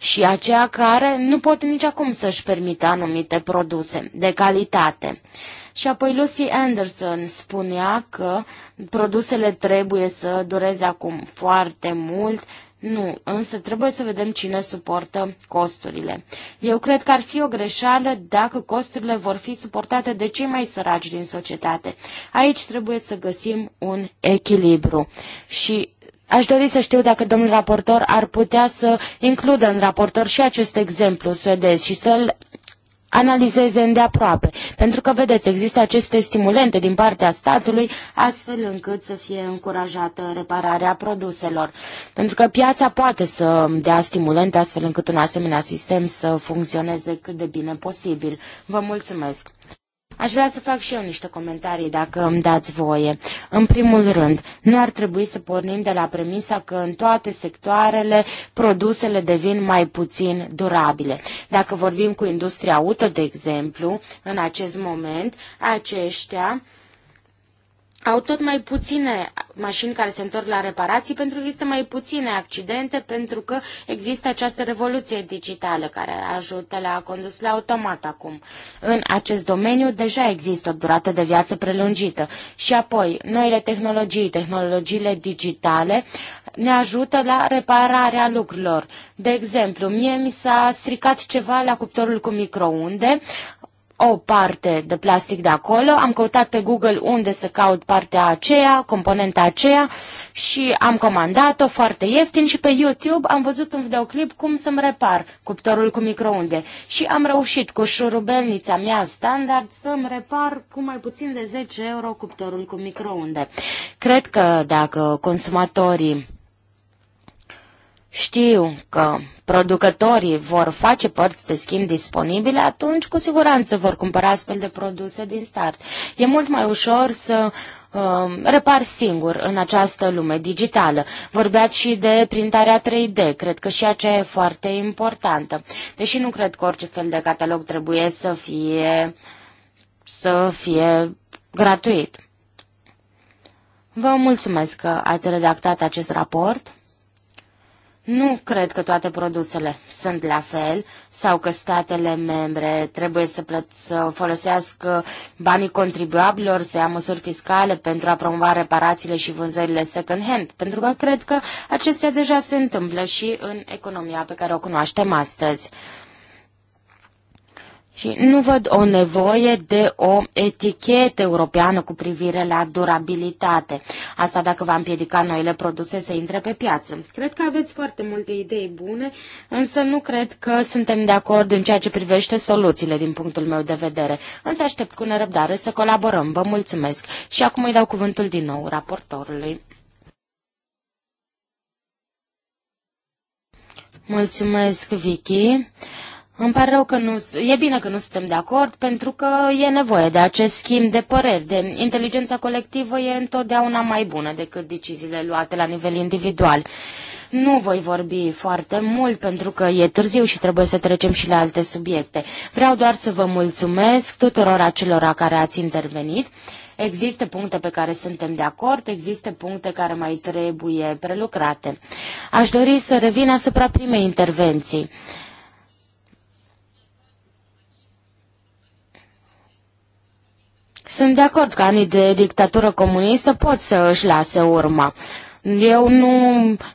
și aceia care nu pot nici acum să-și permită anumite produse de calitate. Și apoi Lucy Anderson spunea că produsele trebuie să dureze acum foarte mult nu, însă trebuie să vedem cine suportă costurile. Eu cred că ar fi o greșeală dacă costurile vor fi suportate de cei mai săraci din societate. Aici trebuie să găsim un echilibru și Aș dori să știu dacă domnul raportor ar putea să includă în raportor și acest exemplu suedez și să-l analizeze îndeaproape. Pentru că, vedeți, există aceste stimulente din partea statului, astfel încât să fie încurajată repararea produselor. Pentru că piața poate să dea stimulente, astfel încât un asemenea sistem să funcționeze cât de bine posibil. Vă mulțumesc! Aș vrea să fac și eu niște comentarii, dacă îmi dați voie. În primul rând, nu ar trebui să pornim de la premisa că în toate sectoarele produsele devin mai puțin durabile. Dacă vorbim cu industria auto, de exemplu, în acest moment, aceștia au tot mai puține mașini care se întorc la reparații pentru că există mai puține accidente, pentru că există această revoluție digitală care ajută la condus la automat acum. În acest domeniu deja există o durată de viață prelungită. Și apoi, noile tehnologii, tehnologiile digitale, ne ajută la repararea lucrurilor. De exemplu, mie mi s-a stricat ceva la cuptorul cu microunde, o parte de plastic de acolo, am căutat pe Google unde să caut partea aceea, componenta aceea și am comandat-o foarte ieftin și pe YouTube am văzut un videoclip cum să-mi repar cuptorul cu microunde și am reușit cu șurubelnița mea standard să-mi repar cu mai puțin de 10 euro cuptorul cu microunde. Cred că dacă consumatorii știu că producătorii vor face părți de schimb disponibile, atunci cu siguranță vor cumpăra astfel de produse din start. E mult mai ușor să uh, um, repar singur în această lume digitală. Vorbeați și de printarea 3D, cred că și aceea e foarte importantă. Deși nu cred că orice fel de catalog trebuie să fie, să fie gratuit. Vă mulțumesc că ați redactat acest raport. Nu cred că toate produsele sunt la fel sau că statele membre trebuie să, plăt- să folosească banii contribuabilor, să ia măsuri fiscale pentru a promova reparațiile și vânzările second-hand, pentru că cred că acestea deja se întâmplă și în economia pe care o cunoaștem astăzi. Și nu văd o nevoie de o etichetă europeană cu privire la durabilitate. Asta dacă va împiedica noile produse să intre pe piață. Cred că aveți foarte multe idei bune, însă nu cred că suntem de acord în ceea ce privește soluțiile din punctul meu de vedere. Însă aștept cu nerăbdare să colaborăm. Vă mulțumesc. Și acum îi dau cuvântul din nou raportorului. Mulțumesc, Vicky. Îmi pare rău că nu... E bine că nu suntem de acord, pentru că e nevoie de acest schimb de păreri. De inteligența colectivă e întotdeauna mai bună decât deciziile luate la nivel individual. Nu voi vorbi foarte mult pentru că e târziu și trebuie să trecem și la alte subiecte. Vreau doar să vă mulțumesc tuturor acelora care ați intervenit. Există puncte pe care suntem de acord, există puncte care mai trebuie prelucrate. Aș dori să revin asupra primei intervenții. Uh, Sunt de acord că anii de dictatură comunistă pot să își lase urma. Eu nu,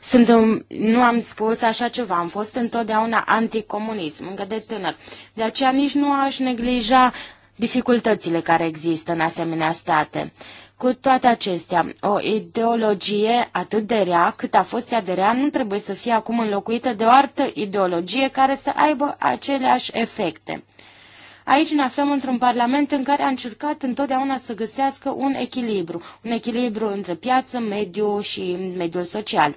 sunt, nu am spus așa ceva, am fost întotdeauna anticomunism, încă de tânăr. De aceea nici nu aș neglija dificultățile care există în asemenea state. Cu toate acestea, o ideologie atât de rea cât a fost ea de rea nu trebuie să fie acum înlocuită de o altă ideologie care să aibă aceleași efecte. Aici ne aflăm într-un parlament în care a încercat întotdeauna să găsească un echilibru, un echilibru între piață, mediu și mediul social.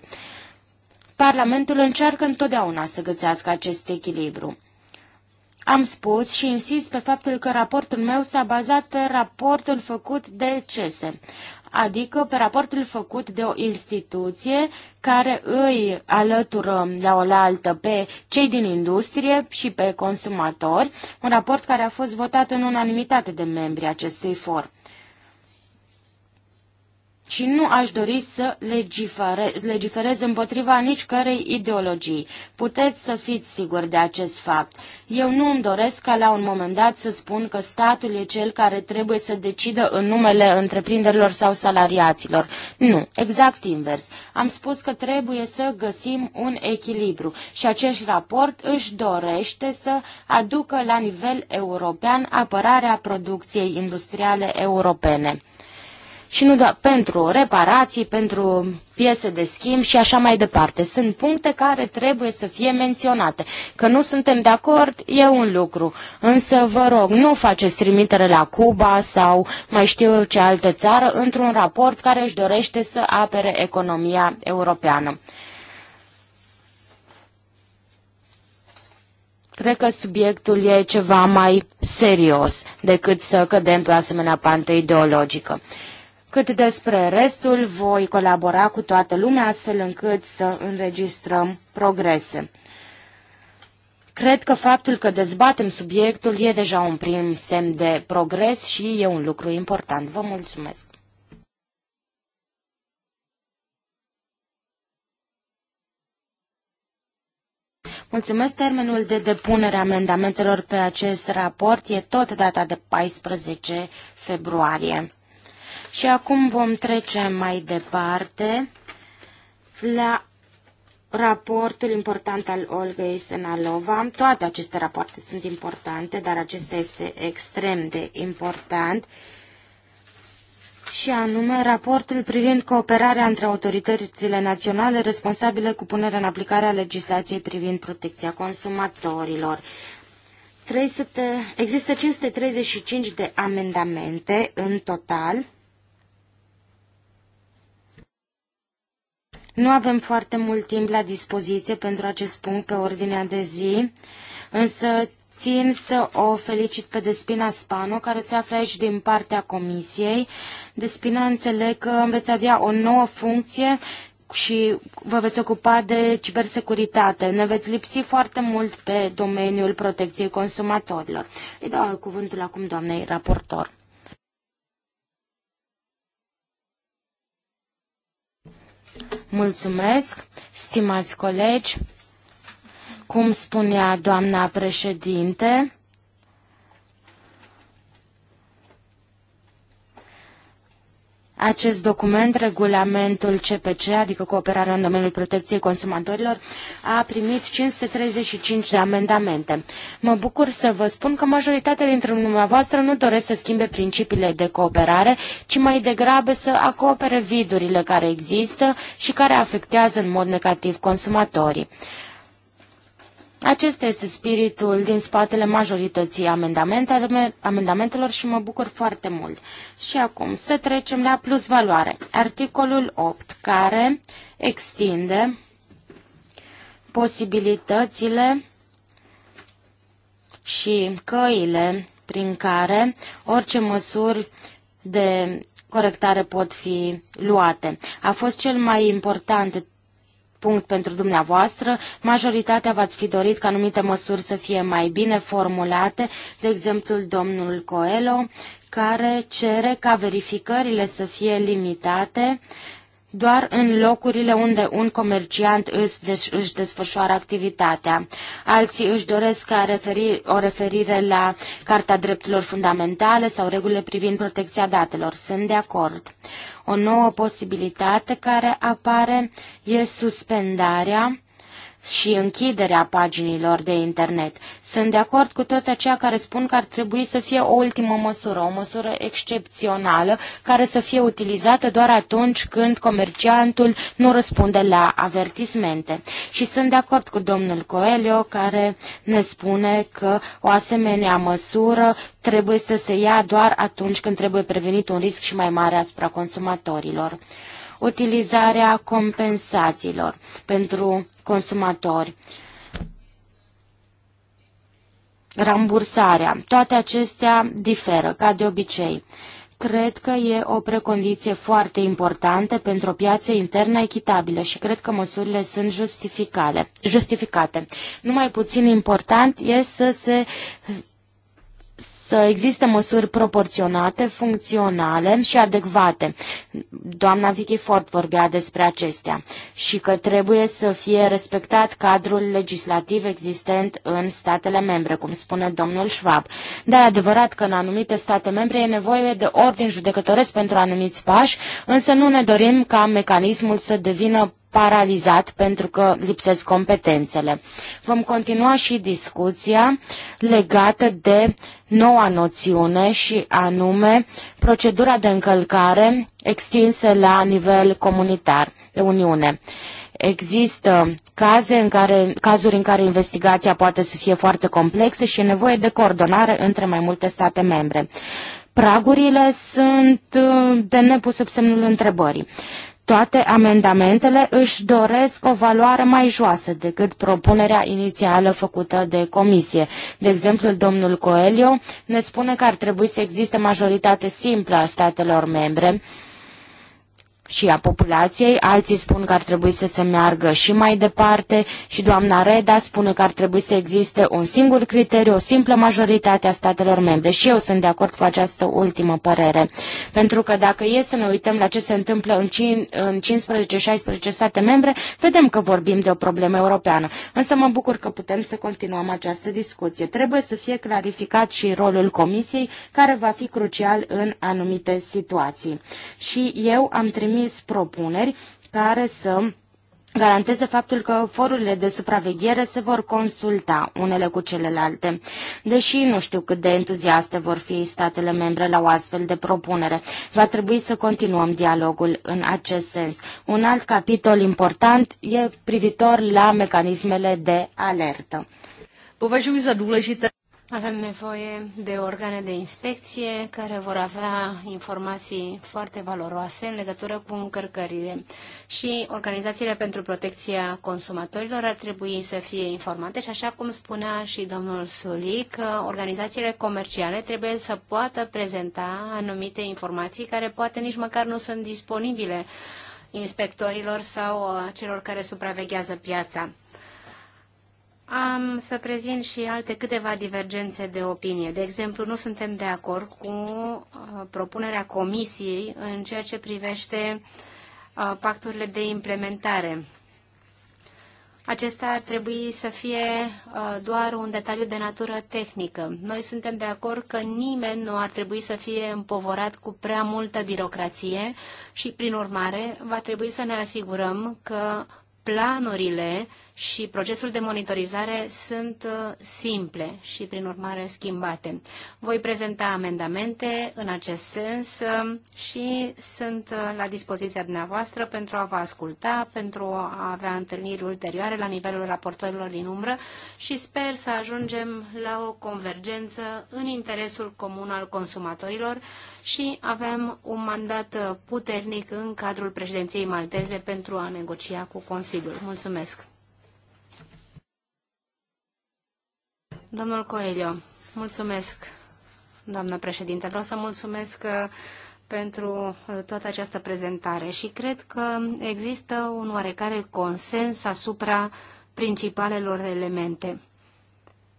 Parlamentul încearcă întotdeauna să găsească acest echilibru. Am spus și insist pe faptul că raportul meu s-a bazat pe raportul făcut de CESE adică pe raportul făcut de o instituție care îi alătură la oaltă pe cei din industrie și pe consumatori, un raport care a fost votat în unanimitate de membrii acestui for și nu aș dori să legifere, legiferez împotriva nicicărei ideologii. Puteți să fiți siguri de acest fapt. Eu nu îmi doresc ca la un moment dat să spun că statul e cel care trebuie să decidă în numele întreprinderilor sau salariaților. Nu, exact invers. Am spus că trebuie să găsim un echilibru și acest raport își dorește să aducă la nivel european apărarea producției industriale europene și nu doar pentru reparații, pentru piese de schimb și așa mai departe. Sunt puncte care trebuie să fie menționate. Că nu suntem de acord e un lucru, însă vă rog, nu faceți trimitere la Cuba sau mai știu eu ce altă țară într-un raport care își dorește să apere economia europeană. Cred că subiectul e ceva mai serios decât să cădem pe o asemenea pantă ideologică. Cât despre restul, voi colabora cu toată lumea astfel încât să înregistrăm progrese. Cred că faptul că dezbatem subiectul e deja un prim semn de progres și e un lucru important. Vă mulțumesc! Mulțumesc. Termenul de depunere a amendamentelor pe acest raport e tot data de 14 februarie. Și acum vom trece mai departe la raportul important al Olgei Senalova. Toate aceste rapoarte sunt importante, dar acesta este extrem de important și anume raportul privind cooperarea între autoritățile naționale responsabile cu punerea în aplicare a legislației privind protecția consumatorilor. 300, există 535 de amendamente în total Nu avem foarte mult timp la dispoziție pentru acest punct pe ordinea de zi, însă țin să o felicit pe Despina Spano, care se află aici din partea comisiei. Despina, înțeleg că veți avea o nouă funcție și vă veți ocupa de cibersecuritate. Ne veți lipsi foarte mult pe domeniul protecției consumatorilor. Îi dau cuvântul acum doamnei raportor. Mulțumesc, stimați colegi. Cum spunea doamna președinte, acest document, regulamentul CPC, adică cooperarea în domeniul protecției consumatorilor, a primit 535 de amendamente. Mă bucur să vă spun că majoritatea dintre dumneavoastră nu doresc să schimbe principiile de cooperare, ci mai degrabă să acopere vidurile care există și care afectează în mod negativ consumatorii. Acesta este spiritul din spatele majorității amendamentelor și mă bucur foarte mult. Și acum să trecem la plus valoare. Articolul 8, care extinde posibilitățile și căile prin care orice măsuri de corectare pot fi luate. A fost cel mai important punct pentru dumneavoastră. Majoritatea v-ați fi dorit ca anumite măsuri să fie mai bine formulate, de exemplu domnul Coelho, care cere ca verificările să fie limitate doar în locurile unde un comerciant își desfășoară activitatea. Alții își doresc ca referi, o referire la Carta Drepturilor Fundamentale sau regulile privind protecția datelor. Sunt de acord. O nouă posibilitate care apare e suspendarea și închiderea paginilor de internet. Sunt de acord cu toți aceia care spun că ar trebui să fie o ultimă măsură, o măsură excepțională, care să fie utilizată doar atunci când comerciantul nu răspunde la avertismente. Și sunt de acord cu domnul Coelho, care ne spune că o asemenea măsură trebuie să se ia doar atunci când trebuie prevenit un risc și mai mare asupra consumatorilor utilizarea compensațiilor pentru consumatori, rambursarea. Toate acestea diferă, ca de obicei. Cred că e o precondiție foarte importantă pentru o piață internă echitabilă și cred că măsurile sunt justificate. justificate. Numai puțin important e să se să existe măsuri proporționate, funcționale și adecvate. Doamna Vicky Ford vorbea despre acestea și că trebuie să fie respectat cadrul legislativ existent în statele membre, cum spune domnul Schwab. Dar e adevărat că în anumite state membre e nevoie de ordin judecătoresc pentru anumiți pași, însă nu ne dorim ca mecanismul să devină paralizat pentru că lipsesc competențele. Vom continua și discuția legată de noua noțiune și anume procedura de încălcare extinsă la nivel comunitar de Uniune. Există caze în care, cazuri în care investigația poate să fie foarte complexă și e nevoie de coordonare între mai multe state membre pragurile sunt uh, de nepus sub semnul întrebării. Toate amendamentele își doresc o valoare mai joasă decât propunerea inițială făcută de comisie. De exemplu, domnul Coelho ne spune că ar trebui să existe majoritate simplă a statelor membre și a populației, alții spun că ar trebui să se meargă și mai departe și doamna Reda spune că ar trebui să existe un singur criteriu, o simplă majoritate a statelor membre și eu sunt de acord cu această ultimă părere. Pentru că dacă e să ne uităm la ce se întâmplă în, în 15-16 state membre, vedem că vorbim de o problemă europeană. Însă mă bucur că putem să continuăm această discuție. Trebuie să fie clarificat și rolul comisiei, care va fi crucial în anumite situații. Și eu am trimis trimis propuneri care să garanteze faptul că forurile de supraveghere se vor consulta unele cu celelalte. Deși nu știu cât de entuziaste vor fi statele membre la o astfel de propunere, va trebui să continuăm dialogul în acest sens. Un alt capitol important e privitor la mecanismele de alertă. Považuji za důležité avem nevoie de organe de inspecție care vor avea informații foarte valoroase în legătură cu încărcările și organizațiile pentru protecția consumatorilor ar trebui să fie informate și așa cum spunea și domnul Sulic, organizațiile comerciale trebuie să poată prezenta anumite informații care poate nici măcar nu sunt disponibile inspectorilor sau uh, celor care supraveghează piața. Am să prezint și alte câteva divergențe de opinie. De exemplu, nu suntem de acord cu uh, propunerea Comisiei în ceea ce privește uh, pacturile de implementare. Acesta ar trebui să fie uh, doar un detaliu de natură tehnică. Noi suntem de acord că nimeni nu ar trebui să fie împovorat cu prea multă birocrație și, prin urmare, va trebui să ne asigurăm că planurile uh, și procesul de monitorizare sunt uh, simple și, prin urmare, schimbate. Voi prezenta amendamente în acest sens um, și sunt uh, la dispoziția dumneavoastră pentru a vă asculta, pentru a avea întâlniri ulterioare la nivelul raportorilor din umbră și sper să ajungem la o convergență în interesul comun al consumatorilor și avem un mandat uh, puternic în cadrul președinției malteze pentru a negocia cu Consiliul. Mulțumesc! Domnul Coelho, mulțumesc, doamnă președinte. Vreau să mulțumesc uh, pentru uh, toată această prezentare și cred că există un oarecare consens asupra principalelor elemente.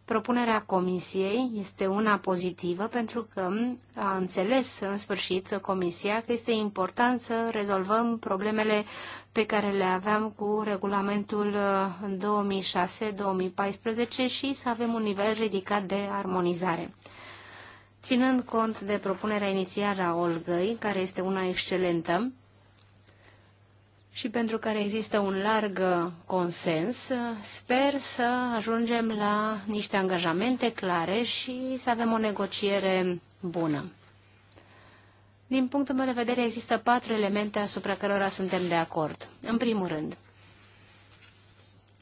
Propunerea comisiei este una pozitivă pentru că a înțeles în sfârșit comisia că este important să rezolvăm problemele pe care le aveam cu regulamentul 2006-2014 uh, și să avem un nivel ridicat de armonizare. Ținând cont de propunerea inițială a Olgăi, care este una excelentă, și pentru care există un larg uh, consens, uh, sper să ajungem la niște angajamente clare și să avem o negociere bună. Din punctul meu de vedere, există patru elemente asupra cărora suntem de acord. În primul rând,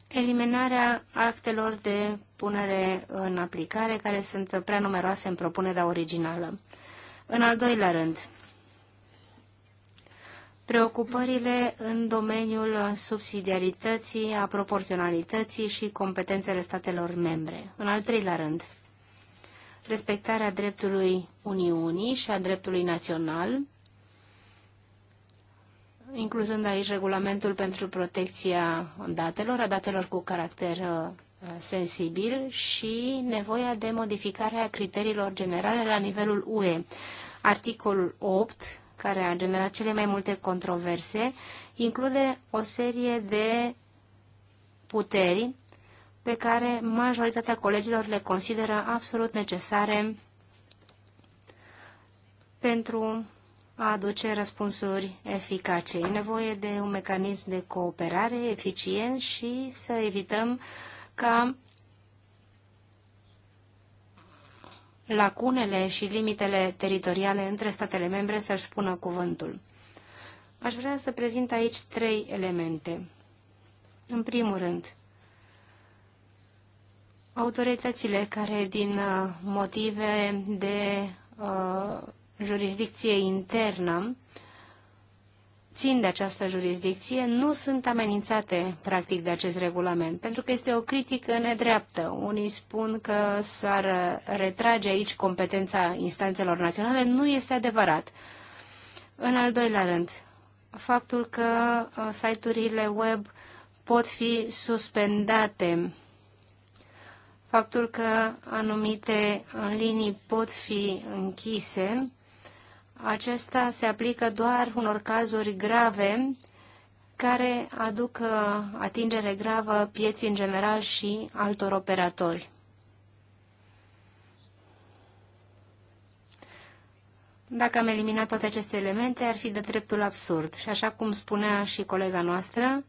eliminarea actelor de punere în aplicare, care sunt prea numeroase în propunerea originală. În al doilea rând, preocupările în domeniul subsidiarității, a proporționalității și competențele statelor membre. În al treilea rând, respectarea dreptului Uniunii și a dreptului național, incluzând aici regulamentul pentru protecția datelor, a datelor cu caracter uh, sensibil și nevoia de modificare a criteriilor generale la nivelul UE. Articolul 8 care a generat cele mai multe controverse, include o serie de puteri pe care majoritatea colegilor le consideră absolut necesare pentru a aduce răspunsuri eficace. E nevoie de un mecanism de cooperare eficient și să evităm ca lacunele și limitele teritoriale între statele membre să-și spună cuvântul. Aș vrea să prezint aici trei elemente. În primul rând, autoritățile care din uh, motive de uh, jurisdicție internă uh, țin de această jurisdicție nu sunt amenințate practic de acest regulament, pentru că este o critică nedreaptă. Unii spun că s-ar retrage aici competența instanțelor naționale, nu este adevărat. În al doilea rând, faptul că uh, site-urile web pot fi suspendate, faptul că anumite linii pot fi închise, acesta se aplică doar unor cazuri grave care aduc uh, atingere gravă pieții în general și altor operatori. Dacă am eliminat toate aceste elemente, ar fi de dreptul absurd. Și așa cum spunea și colega noastră,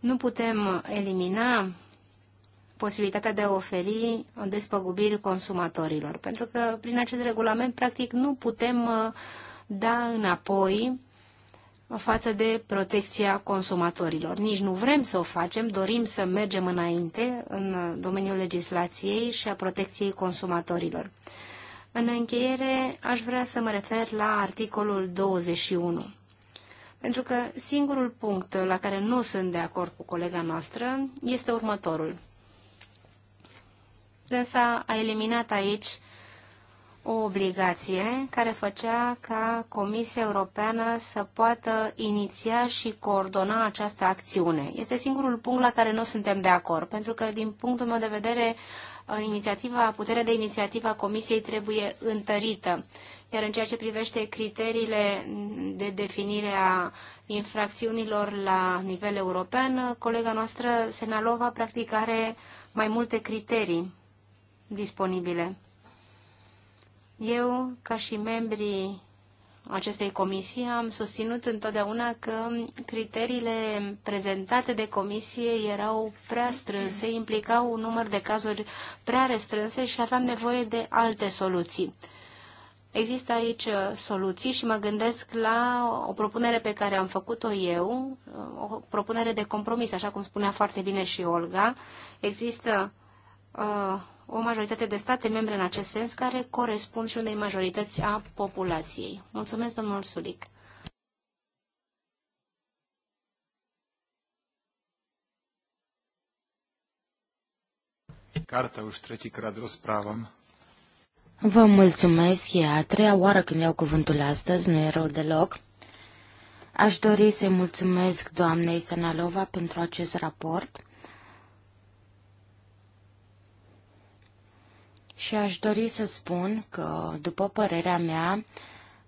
nu putem elimina posibilitatea de a oferi despăgubiri consumatorilor. Pentru că prin acest regulament, practic, nu putem uh, da înapoi față de protecția consumatorilor. Nici nu vrem să o facem, dorim să mergem înainte în domeniul legislației și a protecției consumatorilor. În încheiere, aș vrea să mă refer la articolul 21. Pentru că singurul punct la care nu sunt de acord cu colega noastră este următorul. Dânsa a eliminat aici o obligație care făcea ca Comisia Europeană să poată iniția și coordona această acțiune. Este singurul punct la care nu suntem de acord, pentru că, din punctul meu de vedere, uh, inițiativa, puterea de inițiativă a Comisiei trebuie întărită. Iar în ceea ce privește criteriile de definire a infracțiunilor la nivel european, colega noastră Senalova practic are mai multe criterii disponibile. Eu, ca și membrii acestei comisii, am susținut întotdeauna că criteriile prezentate de comisie erau prea strânse, implicau un număr de cazuri prea restrânse și aveam nevoie de alte soluții. Există aici uh, soluții și mă gândesc la o propunere pe care am făcut-o eu, uh, o propunere de compromis, așa cum spunea foarte bine și Olga. Există uh, o majoritate de state membre în acest sens, care corespund și unei majorități a populației. Mulțumesc, domnul Sulic. Carta už tretíkrát rozprávam. Vă mulțumesc, e a treia oară când iau cuvântul astăzi, nu e rău deloc. Aș dori să-i mulțumesc doamnei Sanalova pentru acest raport. Și aș dori să spun că, după părerea mea,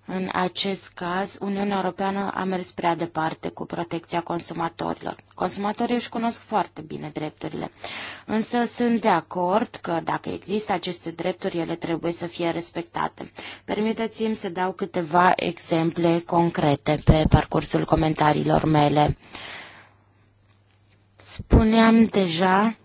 în acest caz, Uniunea Europeană a mers prea departe cu protecția consumatorilor. Consumatorii își cunosc foarte bine drepturile, însă sunt de acord că dacă există aceste drepturi, ele trebuie să fie respectate. Permiteți-mi să dau câteva exemple concrete pe parcursul comentariilor mele. Spuneam deja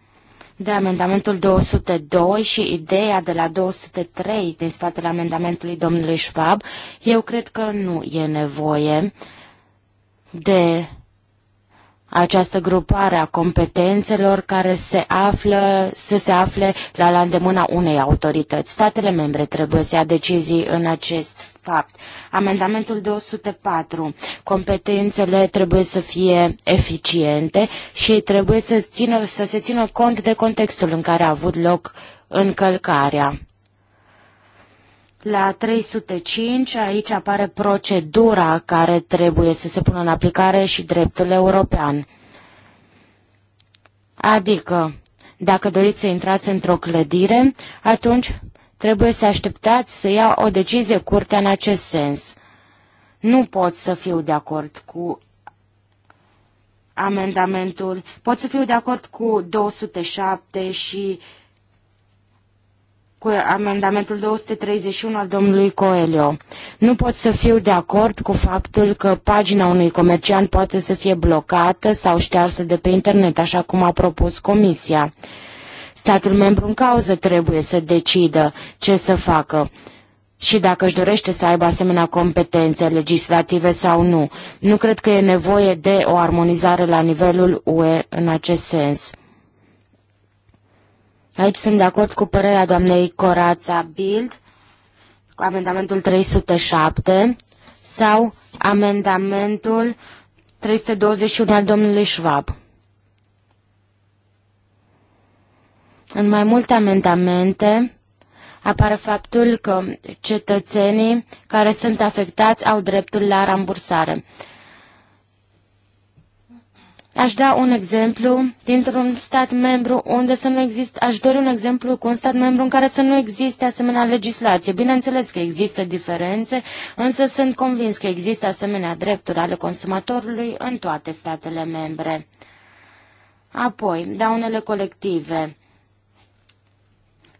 de amendamentul 202 și ideea de la 203 din spatele amendamentului domnului Schwab, eu cred că nu e nevoie de această grupare a competențelor care se află, să se afle la, la îndemâna unei autorități. Statele membre trebuie să ia decizii în acest fapt. Amendamentul 204. Competențele trebuie să fie eficiente și trebuie să, țină, să se țină cont de contextul în care a avut loc încălcarea. La 305, aici apare procedura care trebuie să se pună în aplicare și dreptul european. Adică, dacă doriți să intrați într-o clădire, atunci Trebuie să așteptați să ia o decizie curtea în acest sens. Nu pot să fiu de acord cu amendamentul. Pot să fiu de acord cu 207 și cu amendamentul 231 al domnului Coelho. Nu pot să fiu de acord cu faptul că pagina unui comerciant poate să fie blocată sau ștearsă de pe internet, așa cum a propus Comisia. Statul membru în cauză trebuie să decidă ce să facă și dacă își dorește să aibă asemenea competențe legislative sau nu. Nu cred că e nevoie de o armonizare la nivelul UE în acest sens. Aici sunt de acord cu părerea doamnei Corața Bild, cu amendamentul 307 sau amendamentul 321 al domnului Schwab. În mai multe amendamente apare faptul că cetățenii care sunt afectați au dreptul la rambursare. Aș da un exemplu dintr-un stat membru unde să nu există, aș dori un exemplu cu un stat membru în care să nu existe asemenea legislație. Bineînțeles că există diferențe, însă sunt convins că există asemenea drepturi ale consumatorului în toate statele membre. Apoi, daunele colective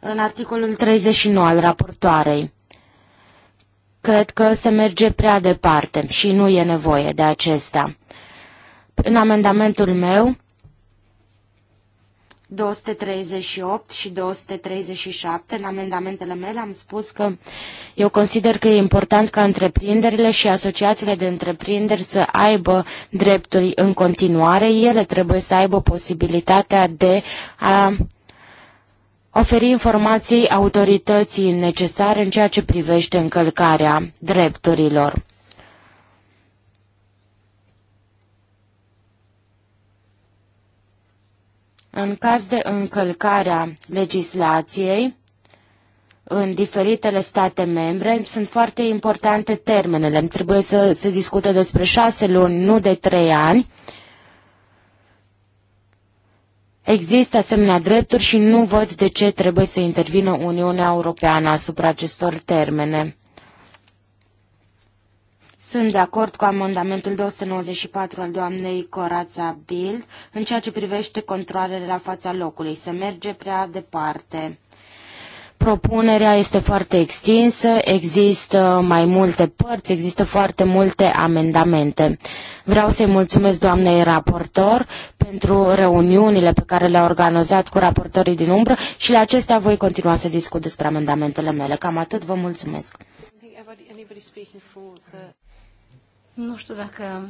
în articolul 39 al raportoarei. Cred că se merge prea departe și nu e nevoie de acesta. În amendamentul meu, 238 și 237, în amendamentele mele am spus că eu consider că e important ca întreprinderile și asociațiile de întreprinderi să aibă drepturi în continuare. Ele trebuie să aibă posibilitatea de a oferi informații autorității necesare în ceea ce privește încălcarea drepturilor. În caz de încălcarea legislației, în diferitele state membre sunt foarte importante termenele. Trebuie să se discute despre șase luni, nu de trei ani. Există asemenea drepturi și nu văd de ce trebuie să intervină Uniunea Europeană asupra acestor termene. Sunt de acord cu amendamentul 294 al doamnei Corața Bild în ceea ce privește controlele la fața locului. Se merge prea departe. Propunerea este foarte extinsă, există mai multe părți, există foarte multe amendamente. Vreau să-i mulțumesc doamnei raportor pentru reuniunile pe care le-a organizat cu raportorii din umbră și la acestea voi continua să discut despre amendamentele mele. Cam atât, vă mulțumesc. Nu știu dacă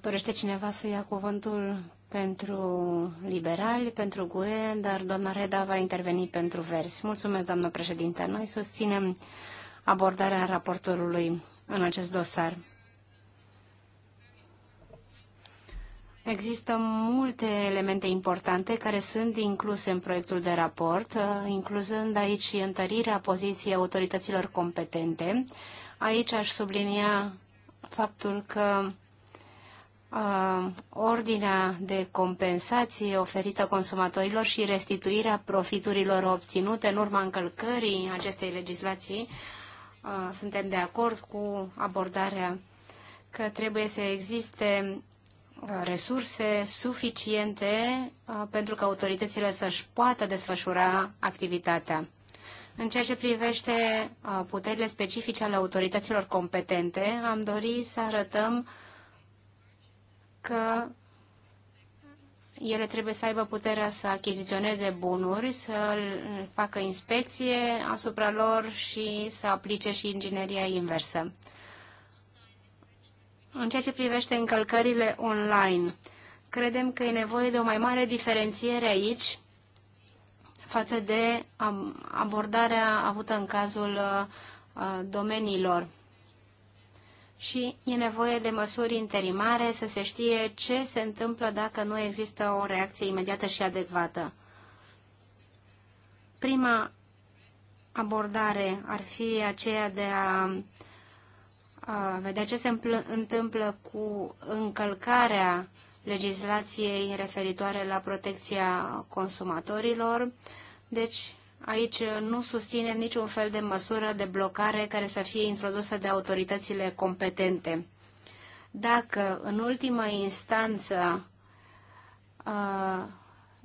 Dorește cineva să ia cuvântul pentru liberali, pentru GUE, dar doamna Reda va interveni pentru versi. Mulțumesc, doamnă președinte. Noi susținem abordarea raportorului în acest dosar. Există multe elemente importante care sunt incluse în proiectul de raport, incluzând aici întărirea poziției autorităților competente. Aici aș sublinia faptul că ordinea de compensație oferită consumatorilor și restituirea profiturilor obținute în urma încălcării acestei legislații. Suntem de acord cu abordarea că trebuie să existe resurse suficiente pentru că autoritățile să-și poată desfășura activitatea. În ceea ce privește puterile specifice ale autorităților competente, am dorit să arătăm uh, că ele trebuie să aibă puterea să achiziționeze bunuri, să facă inspecție asupra lor și să aplice și ingineria inversă. În ceea ce privește încălcările online, credem că e nevoie de o mai mare diferențiere aici față de abordarea avută în cazul uh, domeniilor și e nevoie de măsuri interimare să se știe ce se întâmplă dacă nu există o reacție imediată și adecvată. Prima abordare ar fi aceea de a, vedea ce se întâmplă cu încălcarea legislației referitoare la protecția consumatorilor. Deci, Aici nu susținem niciun fel de măsură de blocare care să fie introdusă de autoritățile competente. Dacă în ultima instanță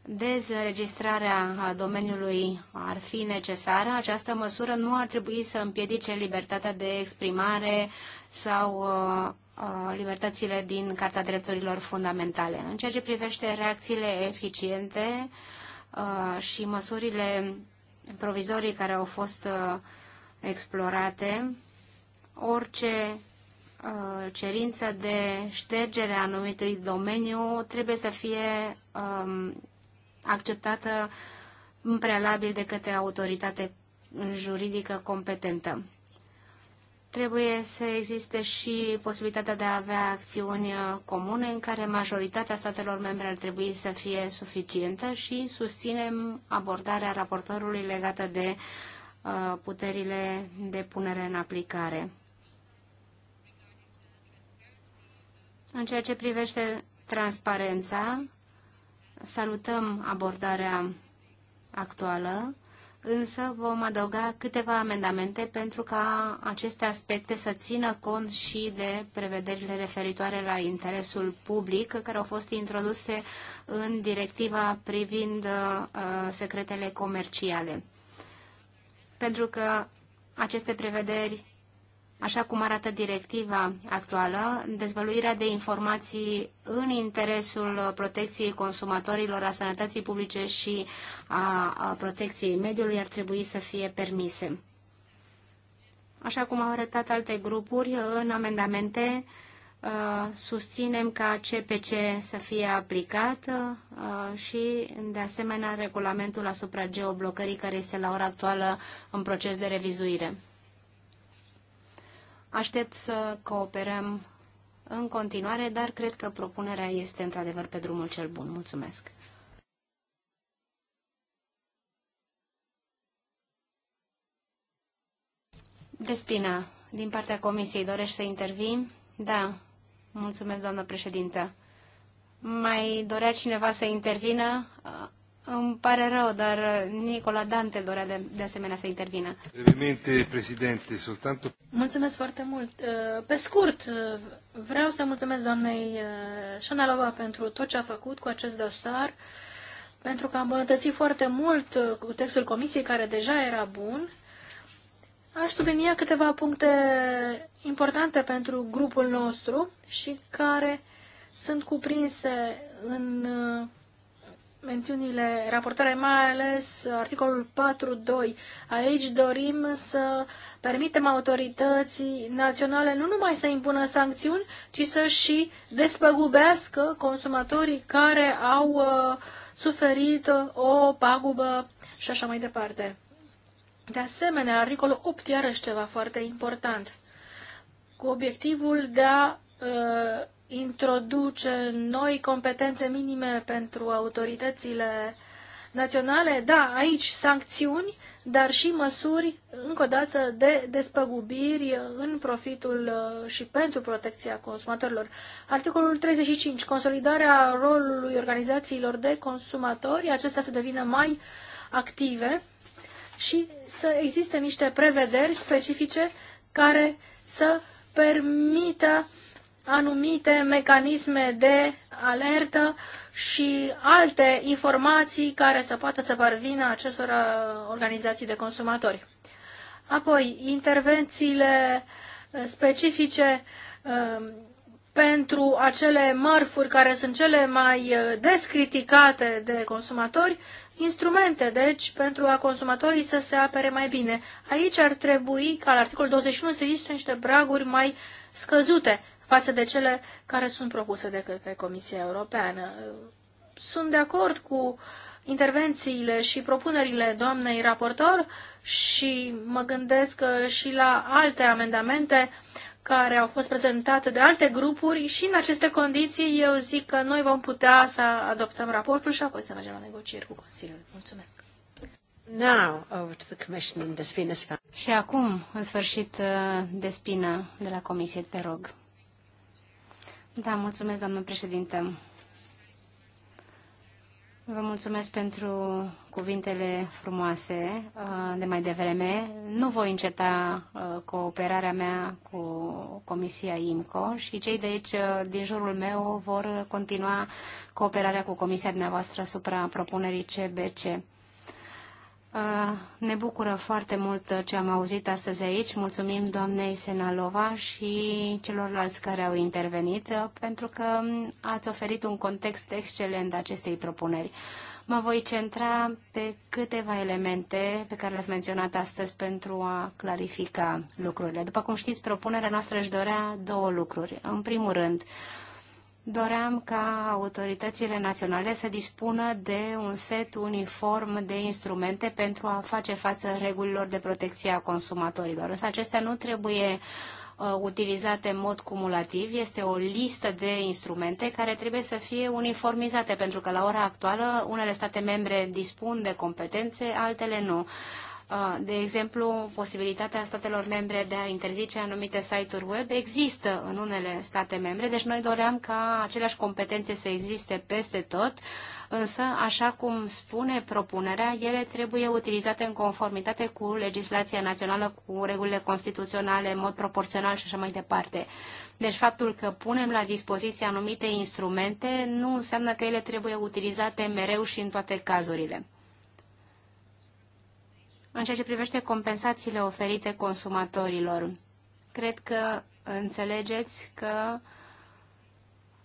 dezregistrarea domeniului ar fi necesară, această măsură nu ar trebui să împiedice libertatea de exprimare sau libertățile din Carta Drepturilor Fundamentale. În ceea ce privește reacțiile eficiente și măsurile provizorii care au fost uh, explorate, orice uh, cerință de ștergere a anumitui domeniu trebuie să fie um, acceptată în prealabil de către autoritate juridică competentă. Trebuie să existe și posibilitatea de a avea acțiuni uh, comune în care majoritatea statelor membre ar trebui să fie suficientă și susținem abordarea raportorului legată de uh, puterile de punere în aplicare. În ceea ce privește transparența, salutăm abordarea actuală însă vom adăuga câteva amendamente pentru ca aceste aspecte să țină cont și de prevederile referitoare la interesul public care au fost introduse în directiva privind uh, secretele comerciale. Pentru că aceste prevederi Așa cum arată directiva actuală, dezvăluirea de informații în interesul protecției consumatorilor, a sănătății publice și a protecției mediului ar trebui să fie permise. Așa cum au arătat alte grupuri în amendamente, susținem ca CPC să fie aplicat și, de asemenea, regulamentul asupra geoblocării care este la ora actuală în proces de revizuire. Aștept să cooperăm în continuare, dar cred că propunerea este într-adevăr pe drumul cel bun. Mulțumesc! Despina, din partea Comisiei, dorești să intervii? Da. Mulțumesc, doamnă președintă. Mai dorea cineva să intervină? Îmi pare rău, dar uh, Nicola Dante dorea de, de asemenea să intervină. Brevemente, președinte, soltanto... Mulțumesc foarte mult. Uh, pe scurt, uh, vreau să mulțumesc doamnei Șanalova pentru tot ce a făcut cu acest dosar, pentru că a îmbunătățit foarte mult cu textul comisiei, care deja era bun. Aș sublinia câteva puncte importante pentru grupul nostru și care sunt cuprinse în mențiunile raportare, mai ales articolul 4.2. Aici dorim să permitem autorității naționale nu numai să impună sancțiuni, ci să și despăgubească consumatorii care au uh, suferit uh, o pagubă și așa mai departe. De asemenea, articolul 8 iarăși ceva foarte important, cu obiectivul de a uh, introduce noi competențe minime pentru autoritățile naționale, da, aici sancțiuni, dar și măsuri, încă o dată, de despăgubiri în profitul uh, și pentru protecția consumatorilor. Articolul 35. Consolidarea rolului organizațiilor de consumatori, acestea să devină mai active și să existe niște prevederi specifice care să permită uh, anumite mecanisme de alertă și alte informații care să poată să parvină acestor uh, organizații de consumatori. Apoi, intervențiile uh, specifice uh, pentru acele mărfuri care sunt cele mai descriticate de consumatori, instrumente, deci, pentru a consumatorii să se apere mai bine. Aici ar trebui ca la articolul 21 să existe niște braguri mai scăzute față de cele care sunt propuse de către Comisia Europeană. Sunt de acord cu intervențiile și propunerile doamnei raportor și mă gândesc și la alte amendamente care au fost prezentate de alte grupuri și în aceste condiții eu zic că noi vom putea să adoptăm raportul și apoi să mergem la negocieri cu Consiliul. Mulțumesc! Now, over to the commission, Despina. Și acum, în sfârșit, Despina de la Comisie, te rog. Da, mulțumesc, doamnă președinte. Vă mulțumesc pentru cuvintele frumoase uh, de mai devreme. Nu voi înceta uh, cooperarea mea cu Comisia IMCO și cei de aici, uh, din jurul meu, vor continua cooperarea cu Comisia dumneavoastră asupra propunerii CBC. Uh, ne bucură foarte mult uh, ce am auzit astăzi aici. Mulțumim doamnei Senalova și celorlalți care au intervenit, uh, pentru că um, ați oferit un context excelent acestei propuneri. Mă voi centra pe câteva elemente pe care le-ați menționat astăzi pentru a clarifica lucrurile. După cum știți, propunerea noastră își dorea două lucruri. În primul rând, doream ca autoritățile naționale să dispună de un set uniform de instrumente pentru a face față regulilor de protecție a consumatorilor. Însă acestea nu trebuie uh, utilizate în mod cumulativ. Este o listă de instrumente care trebuie să fie uniformizate, pentru că la ora actuală unele state membre dispun de competențe, altele nu. Uh, de exemplu, posibilitatea statelor membre de a interzice anumite site-uri web există în unele state membre, deci noi doream ca aceleași competențe să existe peste tot, însă, așa cum spune propunerea, ele trebuie utilizate în conformitate cu legislația națională, cu regulile constituționale, în mod proporțional și așa mai departe. Deci faptul că punem la dispoziție anumite instrumente nu înseamnă că ele trebuie utilizate mereu și în toate cazurile. În ceea ce privește compensațiile oferite consumatorilor, cred că înțelegeți că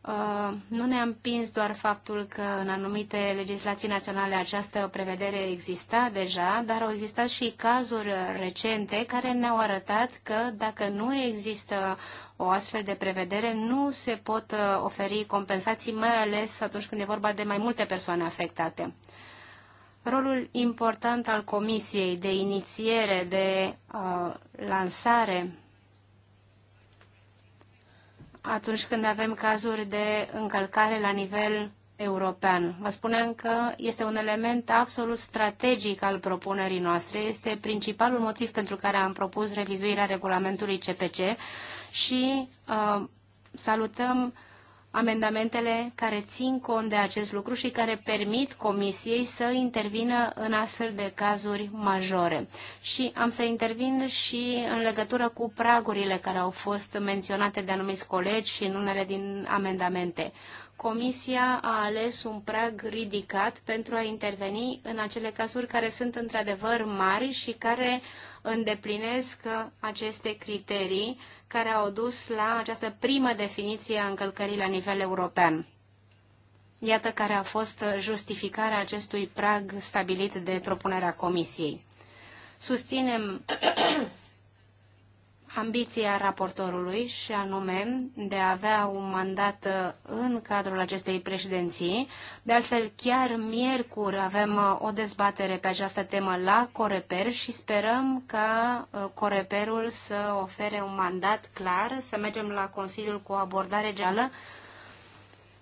uh, nu ne-a împins doar faptul că în anumite legislații naționale această prevedere exista deja, dar au existat și cazuri recente care ne-au arătat că dacă nu există o astfel de prevedere, nu se pot uh, oferi compensații, mai ales atunci când e vorba de mai multe persoane afectate rolul important al Comisiei de inițiere, de uh, lansare, atunci când avem cazuri de încălcare la nivel european. Vă spunem că este un element absolut strategic al propunerii noastre. Este principalul motiv pentru care am propus revizuirea regulamentului CPC și uh, salutăm amendamentele care țin cont de acest lucru și care permit Comisiei să intervină în astfel de cazuri majore. Și am să intervin și în legătură cu pragurile care au fost menționate de anumiți colegi și în unele din amendamente. Comisia a ales un prag ridicat pentru a interveni în acele cazuri care sunt într-adevăr mari și care îndeplinesc aceste criterii care au dus la această primă definiție a încălcării la nivel european. Iată care a fost justificarea acestui prag stabilit de propunerea Comisiei. Susținem ambiția raportorului și anume de a avea un mandat uh, în cadrul acestei președinții. De altfel, chiar miercuri avem uh, o dezbatere pe această temă la Coreper și sperăm ca uh, Coreperul să ofere un mandat clar, să mergem la Consiliul cu o abordare generală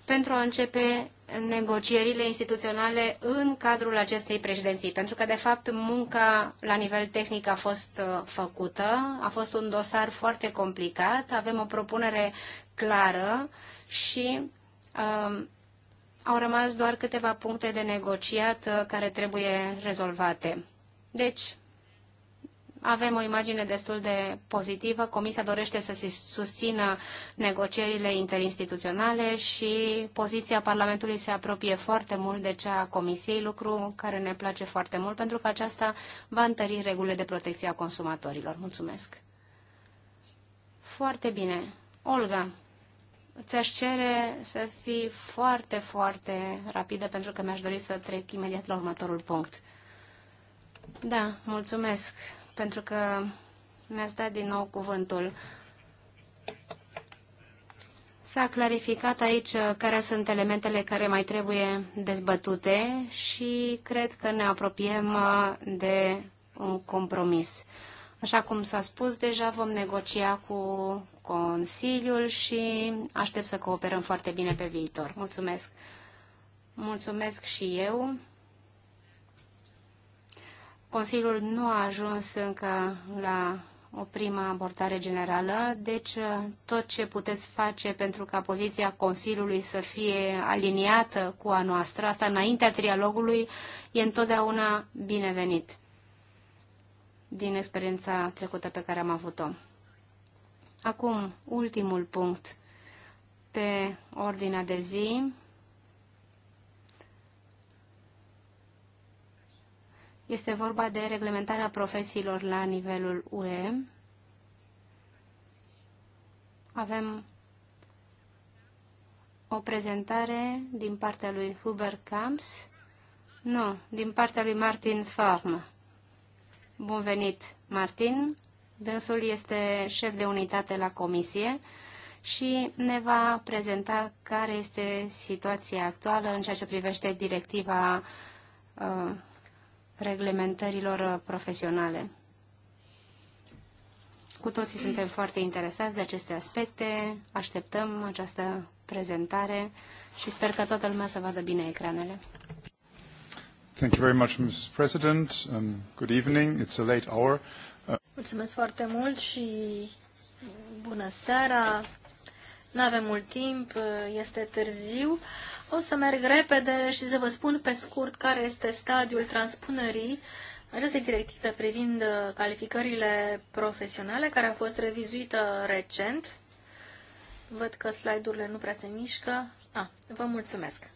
pentru a începe negocierile instituționale în cadrul acestei președinții, pentru că, de fapt, munca la nivel tehnic a fost uh, făcută, a fost un dosar foarte complicat, avem o propunere clară și uh, au rămas doar câteva puncte de negociat uh, care trebuie rezolvate. Deci, avem o imagine destul de pozitivă. Comisia dorește să se susțină negocierile interinstituționale și poziția Parlamentului se apropie foarte mult de cea a Comisiei, lucru care ne place foarte mult pentru că aceasta va întări regulile de protecție a consumatorilor. Mulțumesc! Foarte bine. Olga, ți-aș cere să fii foarte, foarte rapidă pentru că mi-aș dori să trec imediat la următorul punct. Da, mulțumesc pentru că mi a dat din nou cuvântul. S-a clarificat aici uh, care sunt elementele care mai trebuie dezbătute și cred că ne apropiem uh, de un compromis. Așa cum s-a spus deja, vom negocia cu Consiliul și aștept să cooperăm foarte bine pe viitor. Mulțumesc! Mulțumesc și eu! Consiliul nu a ajuns încă la o prima abordare generală, deci uh, tot ce puteți face pentru ca poziția Consiliului să fie aliniată cu a noastră, asta înaintea trialogului, e întotdeauna binevenit din experiența trecută pe care am avut-o. Acum, ultimul punct pe ordinea de zi, Este vorba de reglementarea profesiilor la nivelul UE. Avem o prezentare din partea lui Huber Camps, nu, din partea lui Martin Farm. Bun venit, Martin! Dânsul este șef de unitate la comisie și ne va prezenta care este situația actuală în ceea ce privește directiva uh, reglementărilor uh, profesionale. Cu toții suntem foarte interesați de aceste aspecte, așteptăm această prezentare și sper că toată lumea să vadă bine ecranele. Thank you very much, Mrs. President. Um, good evening. It's a late hour. Uh... Mulțumesc foarte mult și bună seara. Nu avem mult timp, este târziu. O să merg repede și să vă spun pe scurt care este stadiul transpunerii acestei directive privind uh, calificările profesionale, care a fost revizuită recent. Văd că slide-urile nu prea se mișcă. A, vă mulțumesc.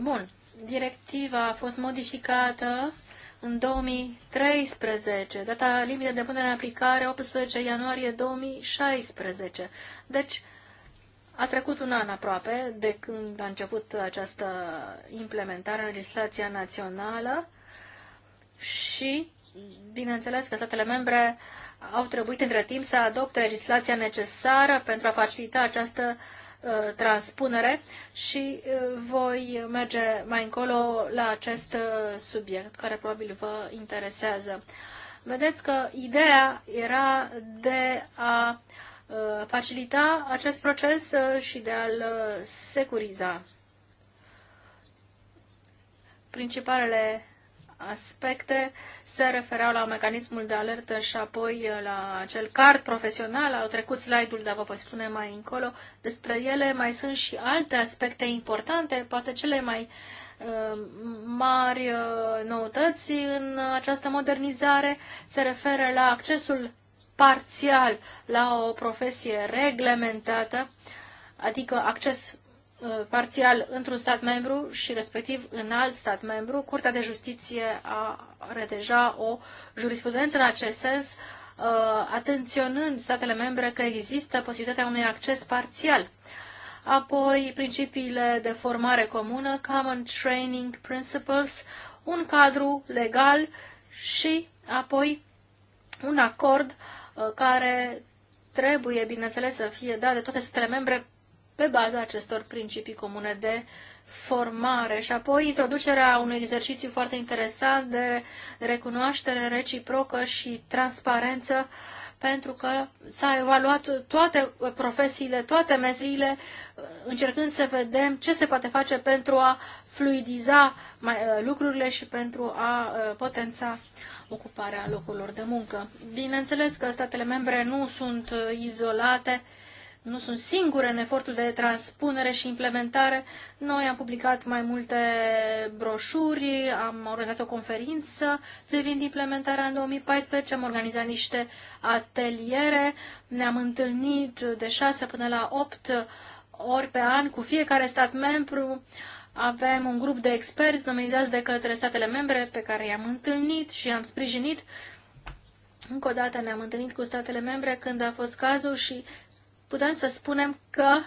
Bun, directiva a fost modificată în 2013, data limită de punere în aplicare 18 ianuarie 2016. Deci, a trecut un an aproape de când a început această implementare în legislația națională și, bineînțeles, că statele membre au trebuit între timp să adopte legislația necesară pentru a facilita această uh, transpunere și uh, voi merge mai încolo la acest uh, subiect care probabil vă interesează. Vedeți că ideea era de a uh, Uh, facilita acest proces uh, și de a-l uh, securiza. Principalele aspecte se refereau la mecanismul de alertă și apoi la acel card profesional. Au trecut slide-ul, dar vă voi spune mai încolo despre ele. Mai sunt și alte aspecte importante, poate cele mai mari noutăți în această modernizare se referă la accesul parțial la o profesie reglementată, adică acces uh, parțial într-un stat membru și respectiv în alt stat membru. Curtea de Justiție are deja o jurisprudență în acest sens, uh, atenționând statele membre că există posibilitatea unui acces parțial. Apoi, principiile de formare comună, Common Training Principles, un cadru legal și apoi un acord uh, Uh, care trebuie, bineînțeles, să fie dat de toate statele membre pe baza acestor principii comune de formare și apoi introducerea unui exercițiu foarte interesant de recunoaștere reciprocă și transparență pentru că s-a evaluat toate profesiile, toate meziile, uh, încercând să vedem ce se poate face pentru a fluidiza mai, uh, lucrurile și pentru a potența ocuparea locurilor de muncă. Bineînțeles că statele membre nu sunt izolate, nu sunt singure în efortul de transpunere și implementare. Noi am publicat mai multe broșuri, am organizat o conferință privind implementarea în 2014, am organizat niște ateliere, ne-am întâlnit de 6 până la 8 ori pe an cu fiecare stat membru, avem un grup de experți nominizați de către statele membre pe care i-am întâlnit și i-am sprijinit. Încă o dată ne-am întâlnit cu statele membre când a fost cazul și putem să spunem că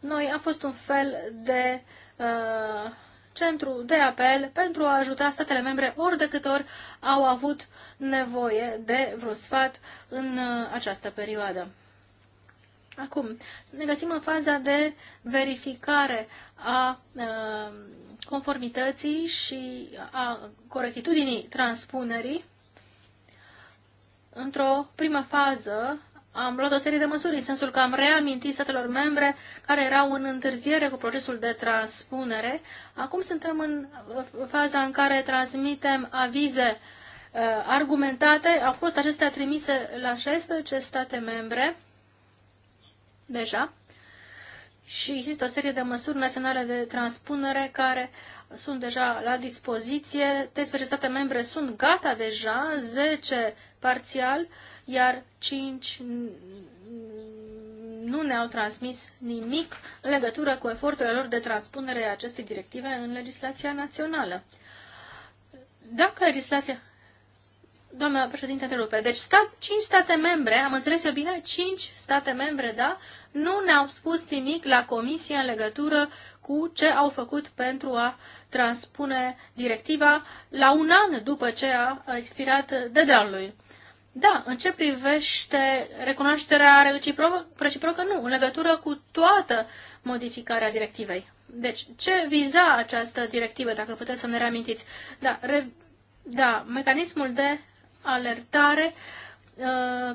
noi am fost un fel de uh, centru de apel pentru a ajuta statele membre ori de câte ori au avut nevoie de vreo sfat în uh, această perioadă. Acum, ne găsim în faza de verificare a conformității și a corectitudinii transpunerii. Într-o primă fază am luat o serie de măsuri, în sensul că am reamintit statelor membre care erau în întârziere cu procesul de transpunere. Acum suntem în faza în care transmitem avize uh, argumentate. Au fost acestea trimise la 16 state membre deja și există o serie de măsuri naționale de transpunere care sunt deja la dispoziție. 13 state membre sunt gata deja, 10 parțial, iar 5 nu ne-au transmis nimic în legătură cu eforturile lor de transpunere a acestei directive în legislația națională. Dacă legislația Doamna președinte, întrerupe. Deci, stat, cinci state membre, am înțeles eu bine, cinci state membre, da, nu ne-au spus nimic la comisie în legătură cu ce au făcut pentru a transpune directiva la un an după ce a expirat deadline-ul. Da, în ce privește recunoașterea reciprocă, reciprocă, nu, în legătură cu toată modificarea directivei. Deci, ce viza această directivă, dacă puteți să ne reamintiți? Da, re, da mecanismul de alertare, uh,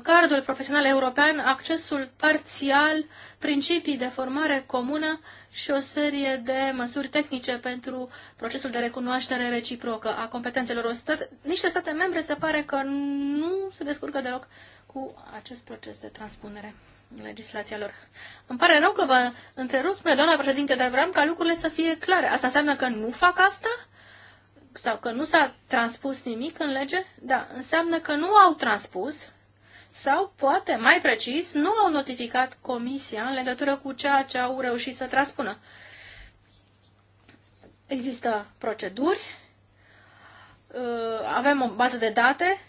cardul profesional european, accesul parțial, principii de formare comună și o serie de măsuri tehnice pentru procesul de recunoaștere reciprocă a competențelor. Niște state membre se pare că nu se descurcă deloc cu acest proces de transpunere în legislația lor. Îmi pare rău că vă întrerup, spune doamna președinte, dar vreau ca lucrurile să fie clare. Asta înseamnă că nu fac asta? sau că nu s-a transpus nimic în lege, da, înseamnă că nu au transpus sau, poate, mai precis, nu au notificat comisia în legătură cu ceea ce au reușit să transpună. Există proceduri, uh, avem o bază de date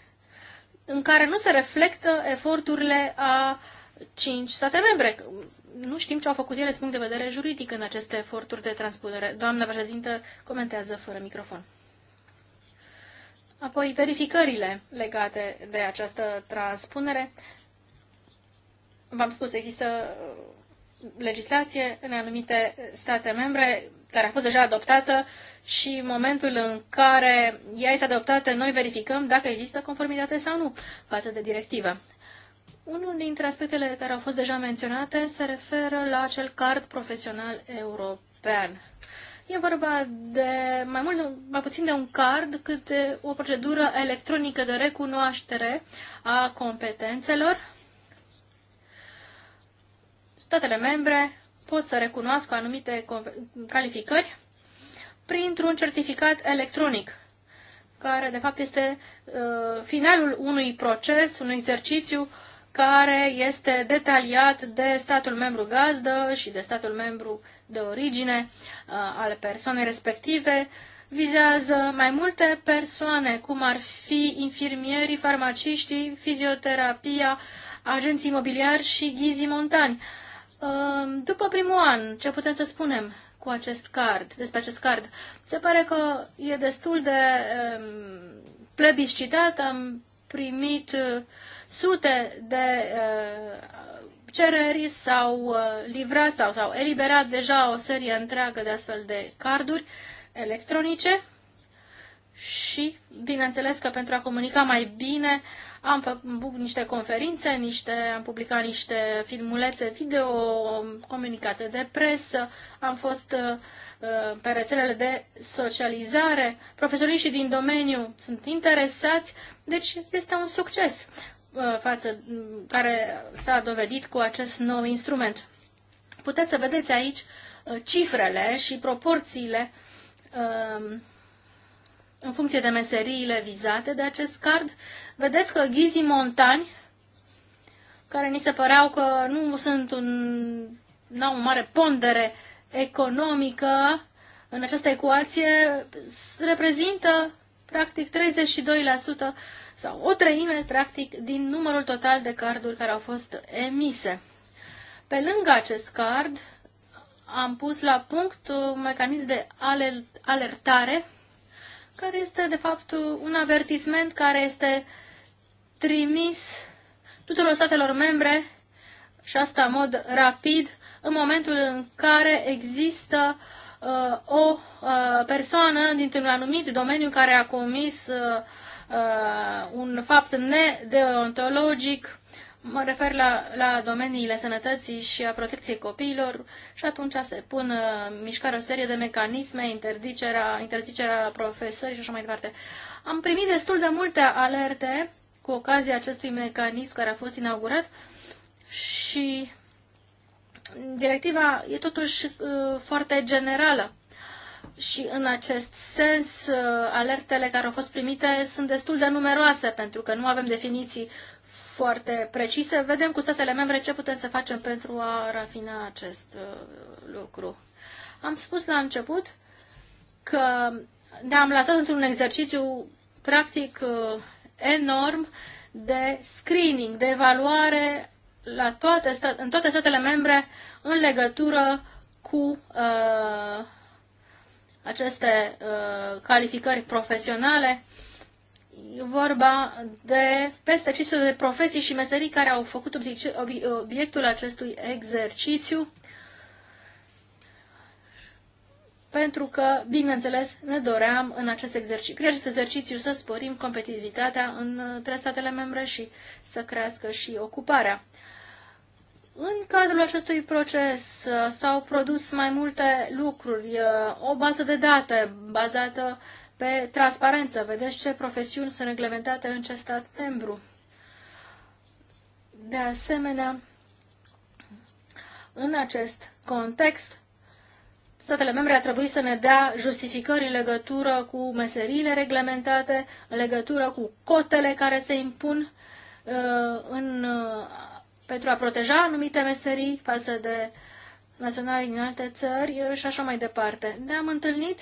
în care nu se reflectă eforturile a cinci state membre. Nu știm ce au făcut ele din punct de vedere juridic în aceste eforturi de transpunere. Doamna președintă comentează fără microfon. Apoi verificările legate de această transpunere. V-am spus, există uh, legislație în anumite state membre care a fost deja adoptată și în momentul în care ea este adoptată, noi verificăm dacă există conformitate sau nu față de directivă. Unul dintre aspectele care au fost deja menționate se referă la acel card profesional european. E vorba de mai, mult, mai puțin de un card cât de o procedură electronică de recunoaștere a competențelor. Statele membre pot să recunoască anumite calificări printr-un certificat electronic, care de fapt este uh, finalul unui proces, unui exercițiu uh, care este detaliat de statul membru gazdă și de statul membru de origine uh, ale persoanei respective. Vizează mai multe persoane, cum ar fi infirmierii, farmaciștii, fizioterapia, agenții imobiliari și ghizii montani. Uh, după primul an, ce putem să spunem cu acest card, despre acest card? Se pare că e destul de um, plebiscitat. Am primit uh, sute de uh, cereri s-au uh, livrat sau s-au eliberat deja o serie întreagă de astfel de carduri electronice și, bineînțeles că pentru a comunica mai bine, am făcut niște conferințe, niște, am publicat niște filmulețe video, um, comunicate de presă, am fost uh, uh, pe rețelele de socializare, profesorii și din domeniu sunt interesați, deci este un succes. Uh, față, care s-a dovedit cu acest nou instrument. Puteți să vedeți aici uh, cifrele și proporțiile um, în funcție de meseriile vizate de acest card. Vedeți că ghizii montani, care ni se păreau că nu sunt un, au o mare pondere economică în această ecuație, reprezintă practic 32% sau o treime, practic, din numărul total de carduri care au fost emise. Pe lângă acest card, am pus la punct un mecanism de alertare, care este, de fapt, un avertisment care este trimis tuturor statelor membre și asta în mod rapid, în momentul în care există uh, o uh, persoană dintr-un anumit domeniu care a comis uh, Uh, un fapt nedeontologic, mă refer la, la domeniile sănătății și a protecției copiilor și atunci se pun uh, mișcare o serie de mecanisme, interzicerea, interzicerea profesării și așa mai departe. Am primit destul de multe alerte cu ocazia acestui mecanism care a fost inaugurat și directiva e totuși uh, foarte generală și în acest sens, uh, alertele care au fost primite sunt destul de numeroase, pentru că nu avem definiții foarte precise. Vedem cu statele membre ce putem să facem pentru a rafina acest uh, lucru. Am spus la început că ne-am lăsat într-un exercițiu practic uh, enorm de screening, de evaluare la toate stat- în toate statele membre în legătură cu uh, aceste uh, calificări profesionale. E vorba de peste 500 de profesii și meserii care au făcut obiectul acestui exercițiu pentru că, bineînțeles, ne doream în acest exercițiu, prin acest exercițiu să sporim competitivitatea între statele membre și să crească și ocuparea. În cadrul acestui proces uh, s-au produs mai multe lucruri, uh, o bază de date bazată pe transparență, vedeți ce profesiuni sunt reglementate în ce stat membru. De asemenea, în acest context, statele membre ar trebui să ne dea justificări în legătură cu meseriile reglementate, în legătură cu cotele care se impun uh, în pentru a proteja anumite meserii față de naționali din alte țări și așa mai departe. Ne-am întâlnit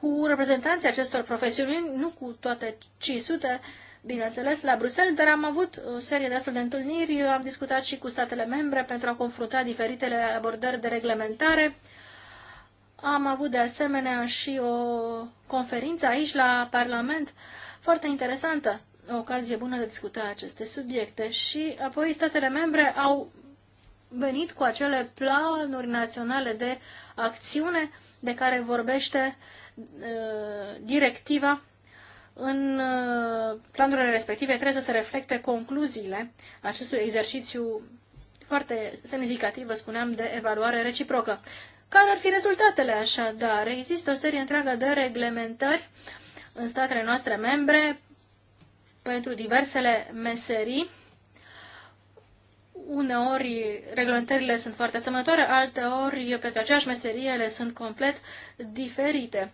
cu reprezentanții acestor profesiuni, nu cu toate 500, bineînțeles, la Bruxelles, dar am avut o serie de astfel de întâlniri, am discutat și cu statele membre pentru a confrunta diferitele abordări de reglementare. Am avut de asemenea și o conferință aici la Parlament foarte interesantă o ocazie bună de a discuta aceste subiecte și apoi statele membre au venit cu acele planuri naționale de acțiune de care vorbește uh, directiva. În uh, planurile respective trebuie să se reflecte concluziile acestui exercițiu foarte semnificativ, vă spuneam, de evaluare reciprocă. Care ar fi rezultatele așadar? Există o serie întreagă de reglementări în statele noastre membre pentru diversele meserii. Uneori reglementările sunt foarte asemănătoare, alteori pentru aceeași meserie ele sunt complet diferite.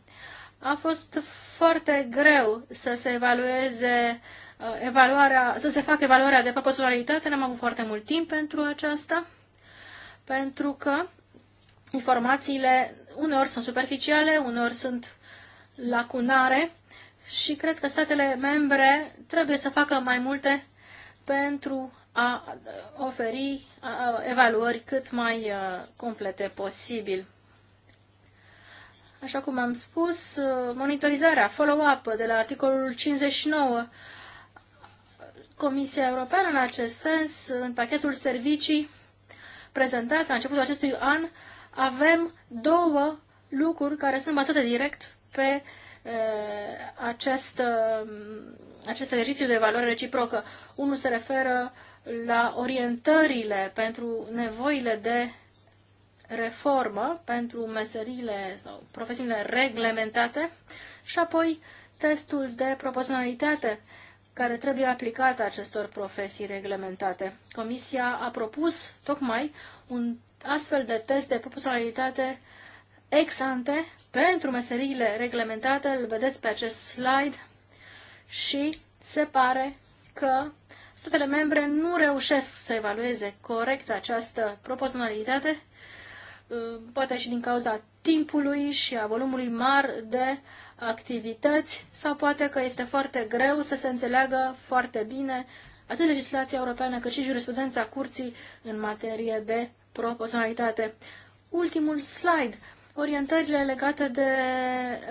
A fost foarte greu să se evalueze uh, evaluarea, să se facă evaluarea de proporționalitate, n-am avut foarte mult timp pentru aceasta, pentru că informațiile uneori sunt superficiale, uneori sunt lacunare și cred că statele membre trebuie să facă mai multe pentru a oferi evaluări cât mai complete posibil. Așa cum am spus, monitorizarea, follow-up de la articolul 59, Comisia Europeană în acest sens, în pachetul servicii prezentat la începutul acestui an, avem două lucruri care sunt bazate direct pe uh, Uh, acest, acest exercițiu de valoare reciprocă. Unul se referă la orientările pentru nevoile de reformă, pentru meserile sau profesiunile reglementate și apoi testul de proporționalitate care trebuie aplicat acestor profesii reglementate. Comisia a propus tocmai un astfel de test de proporționalitate uh, ex ante pentru meseriile reglementate, îl vedeți pe acest slide, și se pare că statele membre nu reușesc să evalueze corect această proporționalitate, uh, poate și din cauza timpului și a volumului mare de activități, sau poate că este foarte greu să se înțeleagă foarte bine atât legislația europeană cât și jurisprudența curții în materie de proporționalitate. Ultimul slide orientările legate de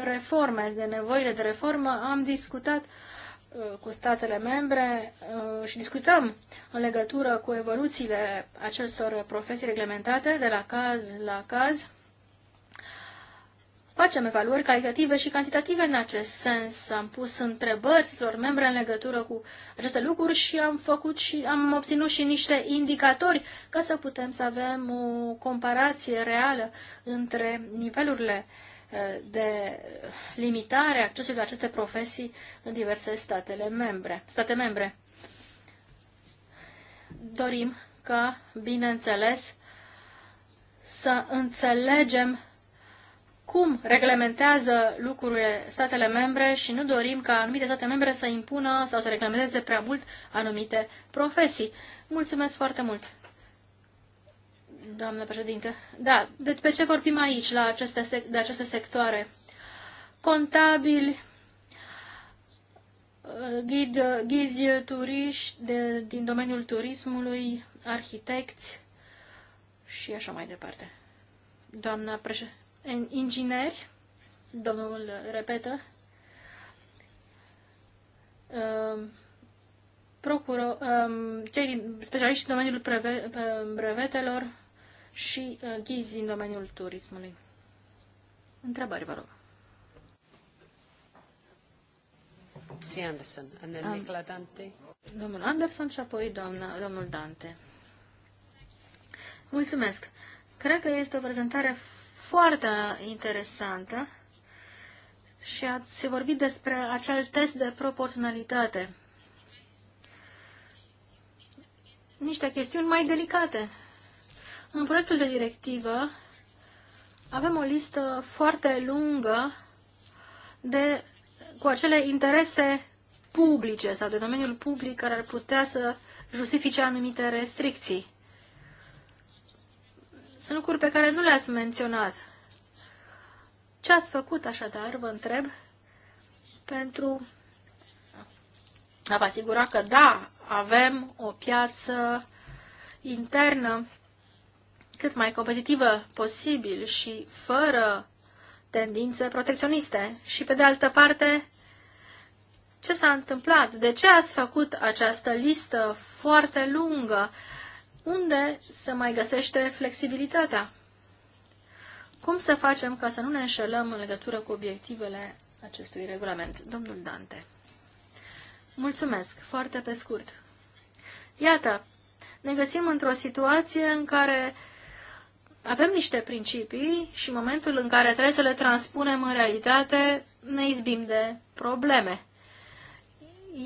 reforme, de nevoile de reformă, am discutat uh, cu statele membre uh, și discutăm în legătură cu evoluțiile acestor profesii reglementate de la caz la caz Facem evaluări calitative și cantitative în acest sens. Am pus întrebări celor membre în legătură cu aceste lucruri și am, făcut și am obținut și niște indicatori ca să putem să avem o comparație reală între nivelurile eh, de limitare a accesului la aceste profesii în diverse statele membre, state membre. Dorim ca, bineînțeles, să înțelegem cum reglementează lucrurile statele membre și nu dorim ca anumite state membre să impună sau să reglementeze prea mult anumite profesii. Mulțumesc foarte mult, doamnă președinte. Da, de deci pe ce vorbim aici, la aceste, de aceste sectoare? Contabili, ghid, ghizi turiști de, din domeniul turismului, arhitecți și așa mai departe. Doamna președinte ingineri, domnul repetă, um, um cei specialiști în domeniul um, brevetelor și uh, ghizi în domeniul turismului. Întrebări, vă rog. Si Anderson, and then Nicola Dante. Domnul Anderson și apoi doamna, domnul Dante. Mulțumesc. Cred că este o prezentare foarte interesantă și ați vorbit despre acel test de proporționalitate. Niște chestiuni mai delicate. În proiectul de directivă avem o listă foarte lungă de, cu acele interese publice sau de domeniul public care ar putea să justifice anumite restricții. Sunt lucruri pe care nu le-ați menționat. Ce ați făcut așadar, vă întreb, pentru a vă asigura că da, avem o piață internă cât mai competitivă posibil și fără tendințe protecționiste. Și pe de altă parte, ce s-a întâmplat? De ce ați făcut această listă foarte lungă? Unde se mai găsește flexibilitatea? Cum să facem ca să nu ne înșelăm în legătură cu obiectivele acestui regulament? Domnul Dante. Mulțumesc. Foarte pe scurt. Iată, ne găsim într-o situație în care avem niște principii și în momentul în care trebuie să le transpunem în realitate, ne izbim de probleme.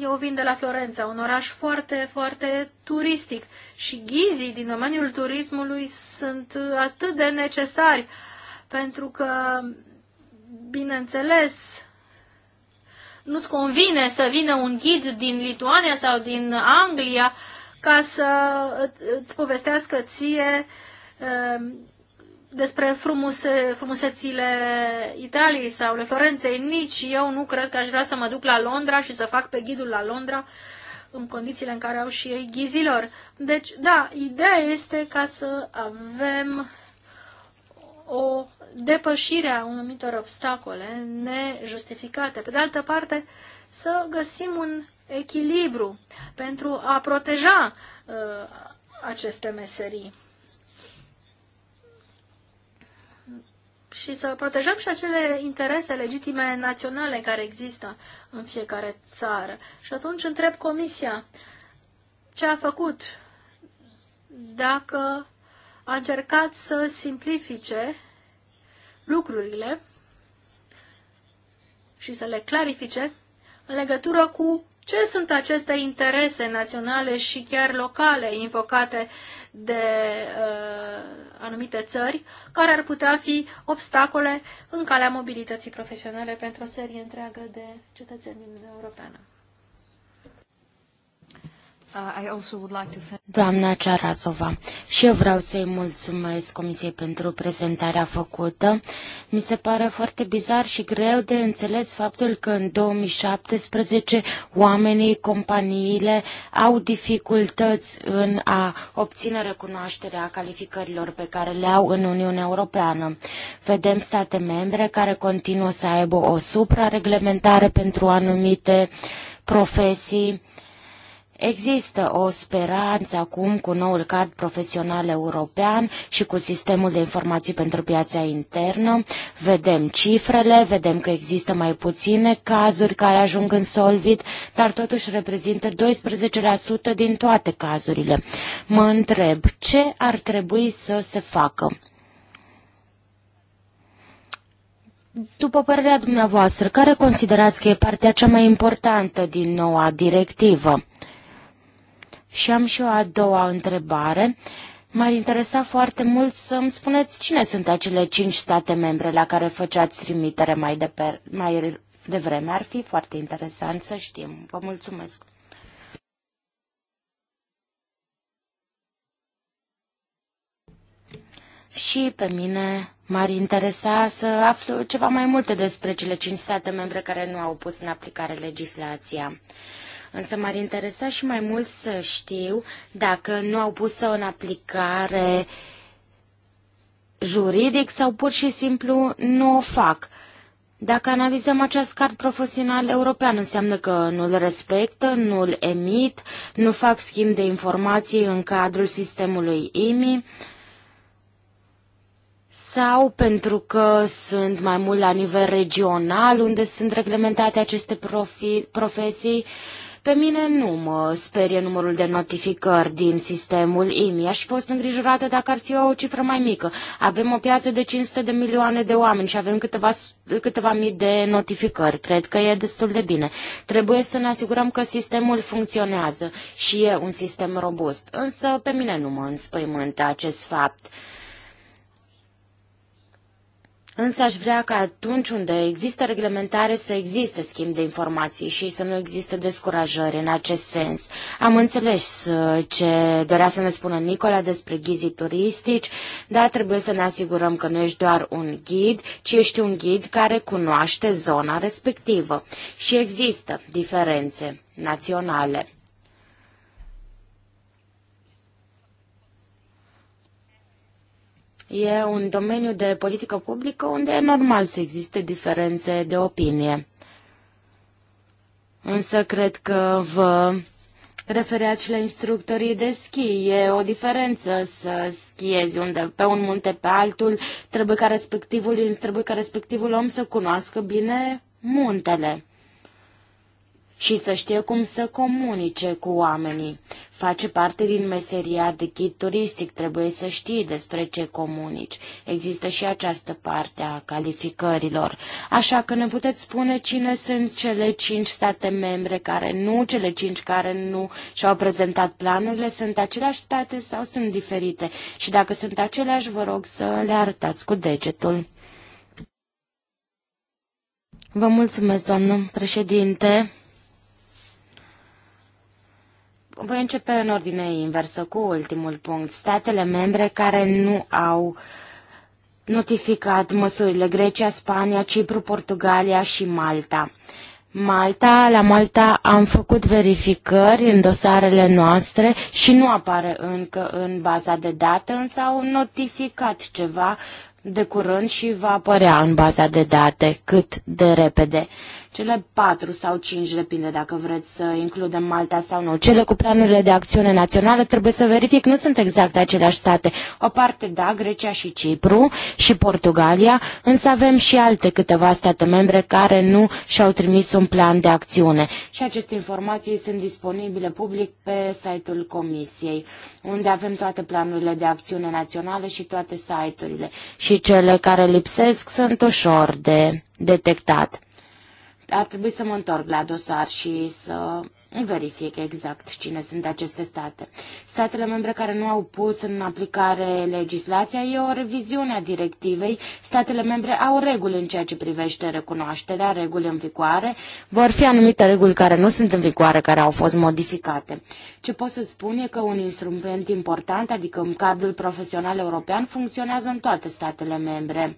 Eu vin de la Florența, un oraș foarte, foarte turistic și ghizii din domeniul turismului sunt atât de necesari pentru că, bineînțeles, nu-ți convine să vină un ghid din Lituania sau din Anglia ca să îți povestească ție despre frumuse, frumusețile Italiei sau le Florenței, nici eu nu cred că aș vrea să mă duc la Londra și să fac pe ghidul la Londra în condițiile în care au și ei ghizilor. Deci, da, ideea este ca să avem o depășire a anumitor obstacole nejustificate. Pe de altă parte, să găsim un echilibru pentru a proteja uh, aceste meserii. și să protejăm și acele interese legitime naționale care există în fiecare țară. Și atunci întreb Comisia ce a făcut, dacă a încercat să simplifice lucrurile și să le clarifice în legătură cu ce sunt aceste interese naționale și chiar locale invocate de uh, anumite țări care ar putea fi obstacole în calea mobilității profesionale pentru o serie întreagă de cetățeni din Uniunea Europeană. Uh, Doamna Cearazova, și eu vreau să-i mulțumesc Comisiei pentru prezentarea făcută. Mi se pare foarte bizar și greu de înțeles faptul că în 2017 oamenii, companiile au dificultăți în a obține recunoașterea calificărilor pe care le au în Uniunea Europeană. Vedem state membre care continuă să aibă o suprareglementare pentru anumite profesii, Există o speranță acum cu noul card profesional european și cu sistemul de informații pentru piața internă. Vedem cifrele, vedem că există mai puține cazuri care ajung în solvit, dar totuși reprezintă 12% din toate cazurile. Mă întreb ce ar trebui să se facă. După părerea dumneavoastră, care considerați că e partea cea mai importantă din noua directivă? Și am și o a doua întrebare. M-ar interesa foarte mult să-mi spuneți cine sunt acele cinci state membre la care făceați trimitere mai, de pe, mai devreme. Ar fi foarte interesant să știm. Vă mulțumesc! Și pe mine m-ar interesa să aflu ceva mai multe despre cele cinci state membre care nu au pus în aplicare legislația. Însă m-ar interesa și mai mult să știu dacă nu au pus-o în aplicare juridic sau pur și simplu nu o fac. Dacă analizăm acest card profesional european, înseamnă că nu-l respectă, nu-l emit, nu fac schimb de informații în cadrul sistemului IMI, sau pentru că sunt mai mult la nivel regional, unde sunt reglementate aceste profi, profesii, pe mine nu mă sperie numărul de notificări din sistemul IMI. Aș fi fost îngrijorată dacă ar fi o cifră mai mică. Avem o piață de 500 de milioane de oameni și avem câteva, câteva mii de notificări. Cred că e destul de bine. Trebuie să ne asigurăm că sistemul funcționează și e un sistem robust. Însă pe mine nu mă înspăimântă acest fapt. Însă aș vrea ca atunci unde există reglementare să existe schimb de informații și să nu existe descurajări în acest sens. Am înțeles uh, ce dorea să ne spună Nicola despre ghizii turistici, dar trebuie să ne asigurăm că nu ești doar un ghid, ci ești un ghid care cunoaște zona respectivă. Și există diferențe naționale. E un domeniu de politică publică unde e normal să existe diferențe de opinie. Însă cred că vă referiați și la instructorii de schi. E o diferență să schiezi unde pe un munte pe altul. Trebuie ca respectivul, trebuie ca respectivul om să cunoască bine muntele și să știe cum să comunice cu oamenii. Face parte din meseria de ghid turistic, trebuie să știi despre ce comunici. Există și această parte a calificărilor. Așa că ne puteți spune cine sunt cele cinci state membre care nu, cele cinci care nu și-au prezentat planurile, sunt aceleași state sau sunt diferite? Și dacă sunt aceleași, vă rog să le arătați cu degetul. Vă mulțumesc, doamnă președinte. Voi începe în ordine inversă cu ultimul punct. Statele membre care nu au notificat măsurile Grecia, Spania, Cipru, Portugalia și Malta. Malta, la Malta am făcut verificări în dosarele noastre și nu apare încă în baza de date, însă au notificat ceva de curând și va apărea în baza de date cât de repede cele patru sau cinci, depinde dacă vreți să includem Malta sau nu. Cele cu planurile de acțiune națională trebuie să verific, nu sunt exact aceleași state. O parte, da, Grecia și Cipru și Portugalia, însă avem și alte câteva state membre care nu și-au trimis un plan de acțiune. Și aceste informații sunt disponibile public pe site-ul Comisiei, unde avem toate planurile de acțiune națională și toate site-urile. Și cele care lipsesc sunt ușor de detectat. Ar trebui să mă întorc la dosar și să verific exact cine sunt aceste state. Statele membre care nu au pus în aplicare legislația e o reviziune a directivei. Statele membre au reguli în ceea ce privește recunoașterea, reguli în vigoare. Vor fi anumite reguli care nu sunt în vigoare, care au fost modificate. Ce pot să spun e că un instrument important, adică în cadrul profesional european, funcționează în toate statele membre.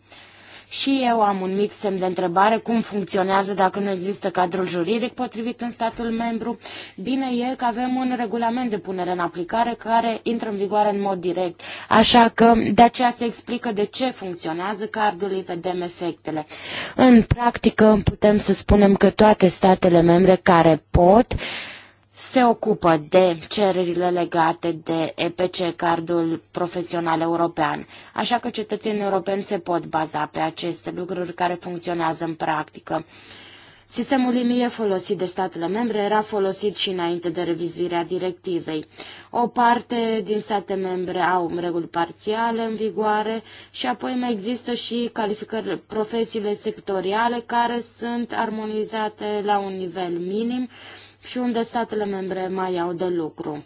Și eu am un mic semn de întrebare cum funcționează dacă nu există cadrul juridic potrivit în statul membru. Bine e că avem un regulament de punere în aplicare care intră în vigoare în mod direct. Așa că de aceea se explică de ce funcționează cardul îi vedem efectele. În practică putem să spunem că toate statele membre care pot uh, se ocupă de cererile legate de EPC, cardul profesional european. Așa că cetățenii europeni se pot baza pe aceste lucruri care funcționează în practică. Sistemul IMI folosit de statele membre era folosit și înainte de revizuirea directivei. O parte din state membre au reguli parțiale în vigoare și apoi mai există și calificări profesiile sectoriale care sunt armonizate la un nivel minim și unde statele membre mai au de lucru.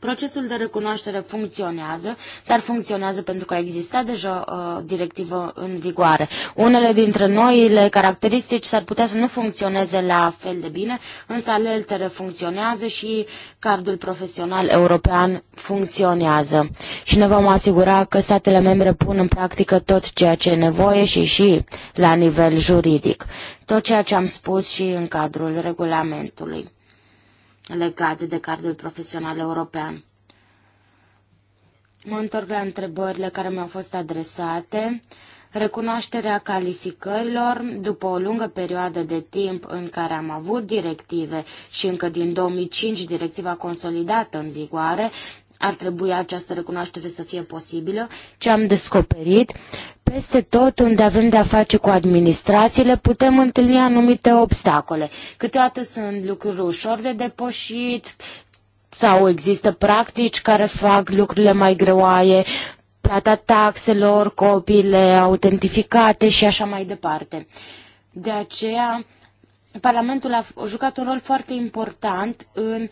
Procesul de recunoaștere funcționează, dar funcționează pentru că există deja o uh, directivă în vigoare. Unele dintre noile caracteristici s-ar putea să nu funcționeze la fel de bine, însă altele funcționează și cardul profesional european funcționează. Și ne vom asigura că statele membre pun în practică tot ceea ce e nevoie și și la nivel juridic. Tot ceea ce am spus și în cadrul regulamentului legate de cardul profesional european. Mă întorc la întrebările care mi-au fost adresate. Recunoașterea calificărilor după o lungă perioadă de timp în care am avut directive și încă din 2005 directiva consolidată în vigoare, ar trebui această recunoaștere să fie posibilă. Ce am descoperit? Peste tot unde avem de-a face cu administrațiile, putem întâlni anumite obstacole. Câteodată sunt lucruri ușor de depășit, sau există practici care fac lucrurile mai greoaie, plata taxelor, copiile autentificate și așa mai departe. De aceea, Parlamentul a jucat un rol foarte important în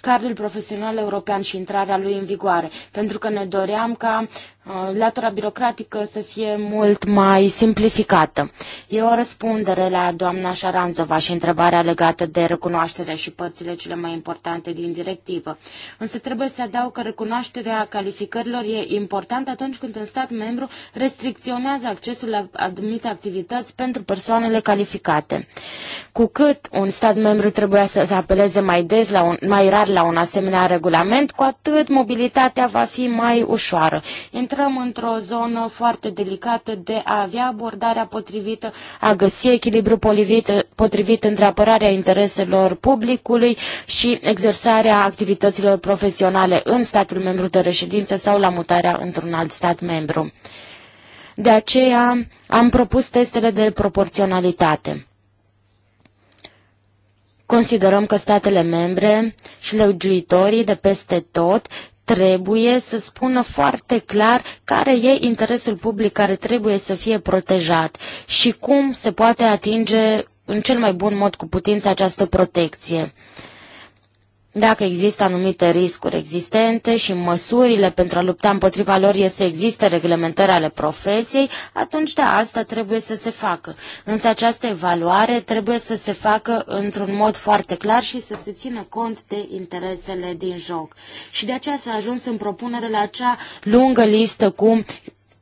cadrul profesional european și intrarea lui în vigoare, pentru că ne doream ca Uh, latura birocratică să fie mult mai simplificată. E o răspundere la doamna Șaranzova și întrebarea legată de recunoașterea și părțile cele mai importante din directivă. Însă trebuie să adaug că recunoașterea calificărilor e importantă atunci când un stat membru restricționează accesul la anumite activități pentru persoanele calificate. Cu cât un stat membru trebuie să, se apeleze mai des, la un, mai rar la un asemenea regulament, cu atât mobilitatea va fi mai ușoară. Între intrăm într-o zonă foarte delicată de a avea abordarea potrivită, a găsi echilibru potrivit, potrivit între apărarea intereselor publicului și exersarea activităților profesionale în statul membru de reședință sau la mutarea într-un alt stat membru. De aceea am propus testele de proporționalitate. Considerăm că statele membre și legiuitorii de peste tot trebuie să spună foarte clar care e interesul public care trebuie să fie protejat și cum se poate atinge în cel mai bun mod cu putință această protecție dacă există anumite riscuri existente și măsurile pentru a lupta împotriva lor este să existe reglementări ale profesiei, atunci da, asta trebuie să se facă. Însă această evaluare trebuie să se facă într-un mod foarte clar și să se țină cont de interesele din joc. Și de aceea s-a ajuns în propunere la acea lungă listă cu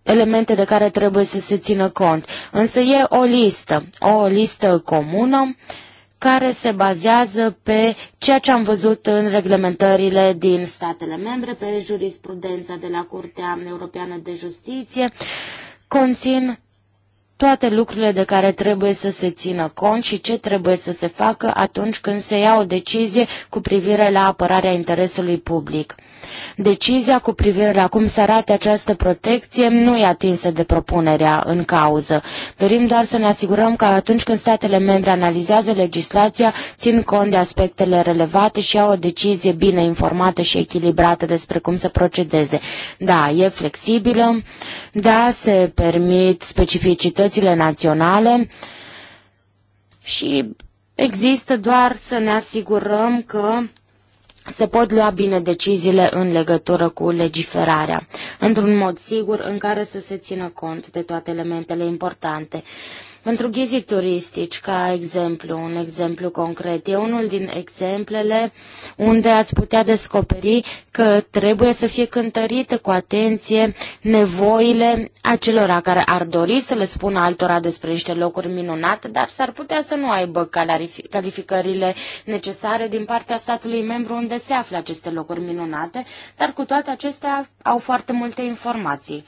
elemente de care trebuie să se țină cont. Însă e o listă, o listă comună, uh, care se bazează pe ceea ce am văzut în reglementările din statele membre, pe jurisprudența de la Curtea Europeană de Justiție, conțin toate lucrurile de care trebuie să se țină cont și ce trebuie să se facă atunci când se ia o decizie cu privire la apărarea interesului public. Decizia cu privire la cum să arate această protecție nu e atinsă de propunerea în cauză. Dorim doar să ne asigurăm că atunci când statele membre analizează legislația, țin cont de aspectele relevate și au o decizie bine informată și echilibrată despre cum să procedeze. Da, e flexibilă, da, se permit specificitățile naționale și există doar să ne asigurăm că se pot lua bine deciziile în legătură cu legiferarea, într-un mod sigur în care să se țină cont de toate elementele importante. Pentru ghizii turistici, ca exemplu, un exemplu concret, e unul din exemplele unde ați putea descoperi că trebuie să fie cântărite cu atenție nevoile acelora care ar dori să le spună altora despre niște locuri minunate, dar s-ar putea să nu aibă calificările necesare din partea statului membru unde se află aceste locuri minunate, dar cu toate acestea au foarte multe informații.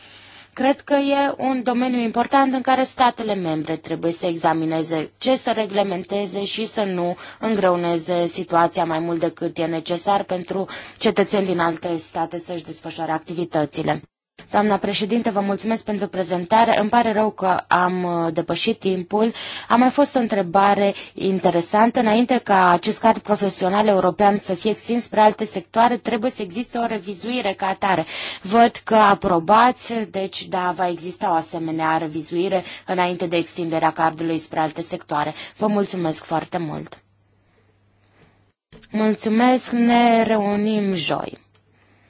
Cred că e un domeniu important în care statele membre trebuie să examineze ce să reglementeze și să nu îngreuneze situația mai mult decât e necesar pentru cetățeni din alte state să-și desfășoare activitățile. Doamna președinte, vă mulțumesc pentru prezentare. Îmi pare rău că am uh, depășit timpul. A mai fost o întrebare interesantă. Înainte ca acest card profesional european să fie extins spre alte sectoare, trebuie să existe o revizuire ca atare. Văd că aprobați, deci da, va exista o asemenea revizuire înainte de extinderea cardului spre alte sectoare. Vă mulțumesc foarte mult. Mulțumesc, ne reunim joi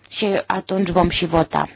și atunci vom și vota.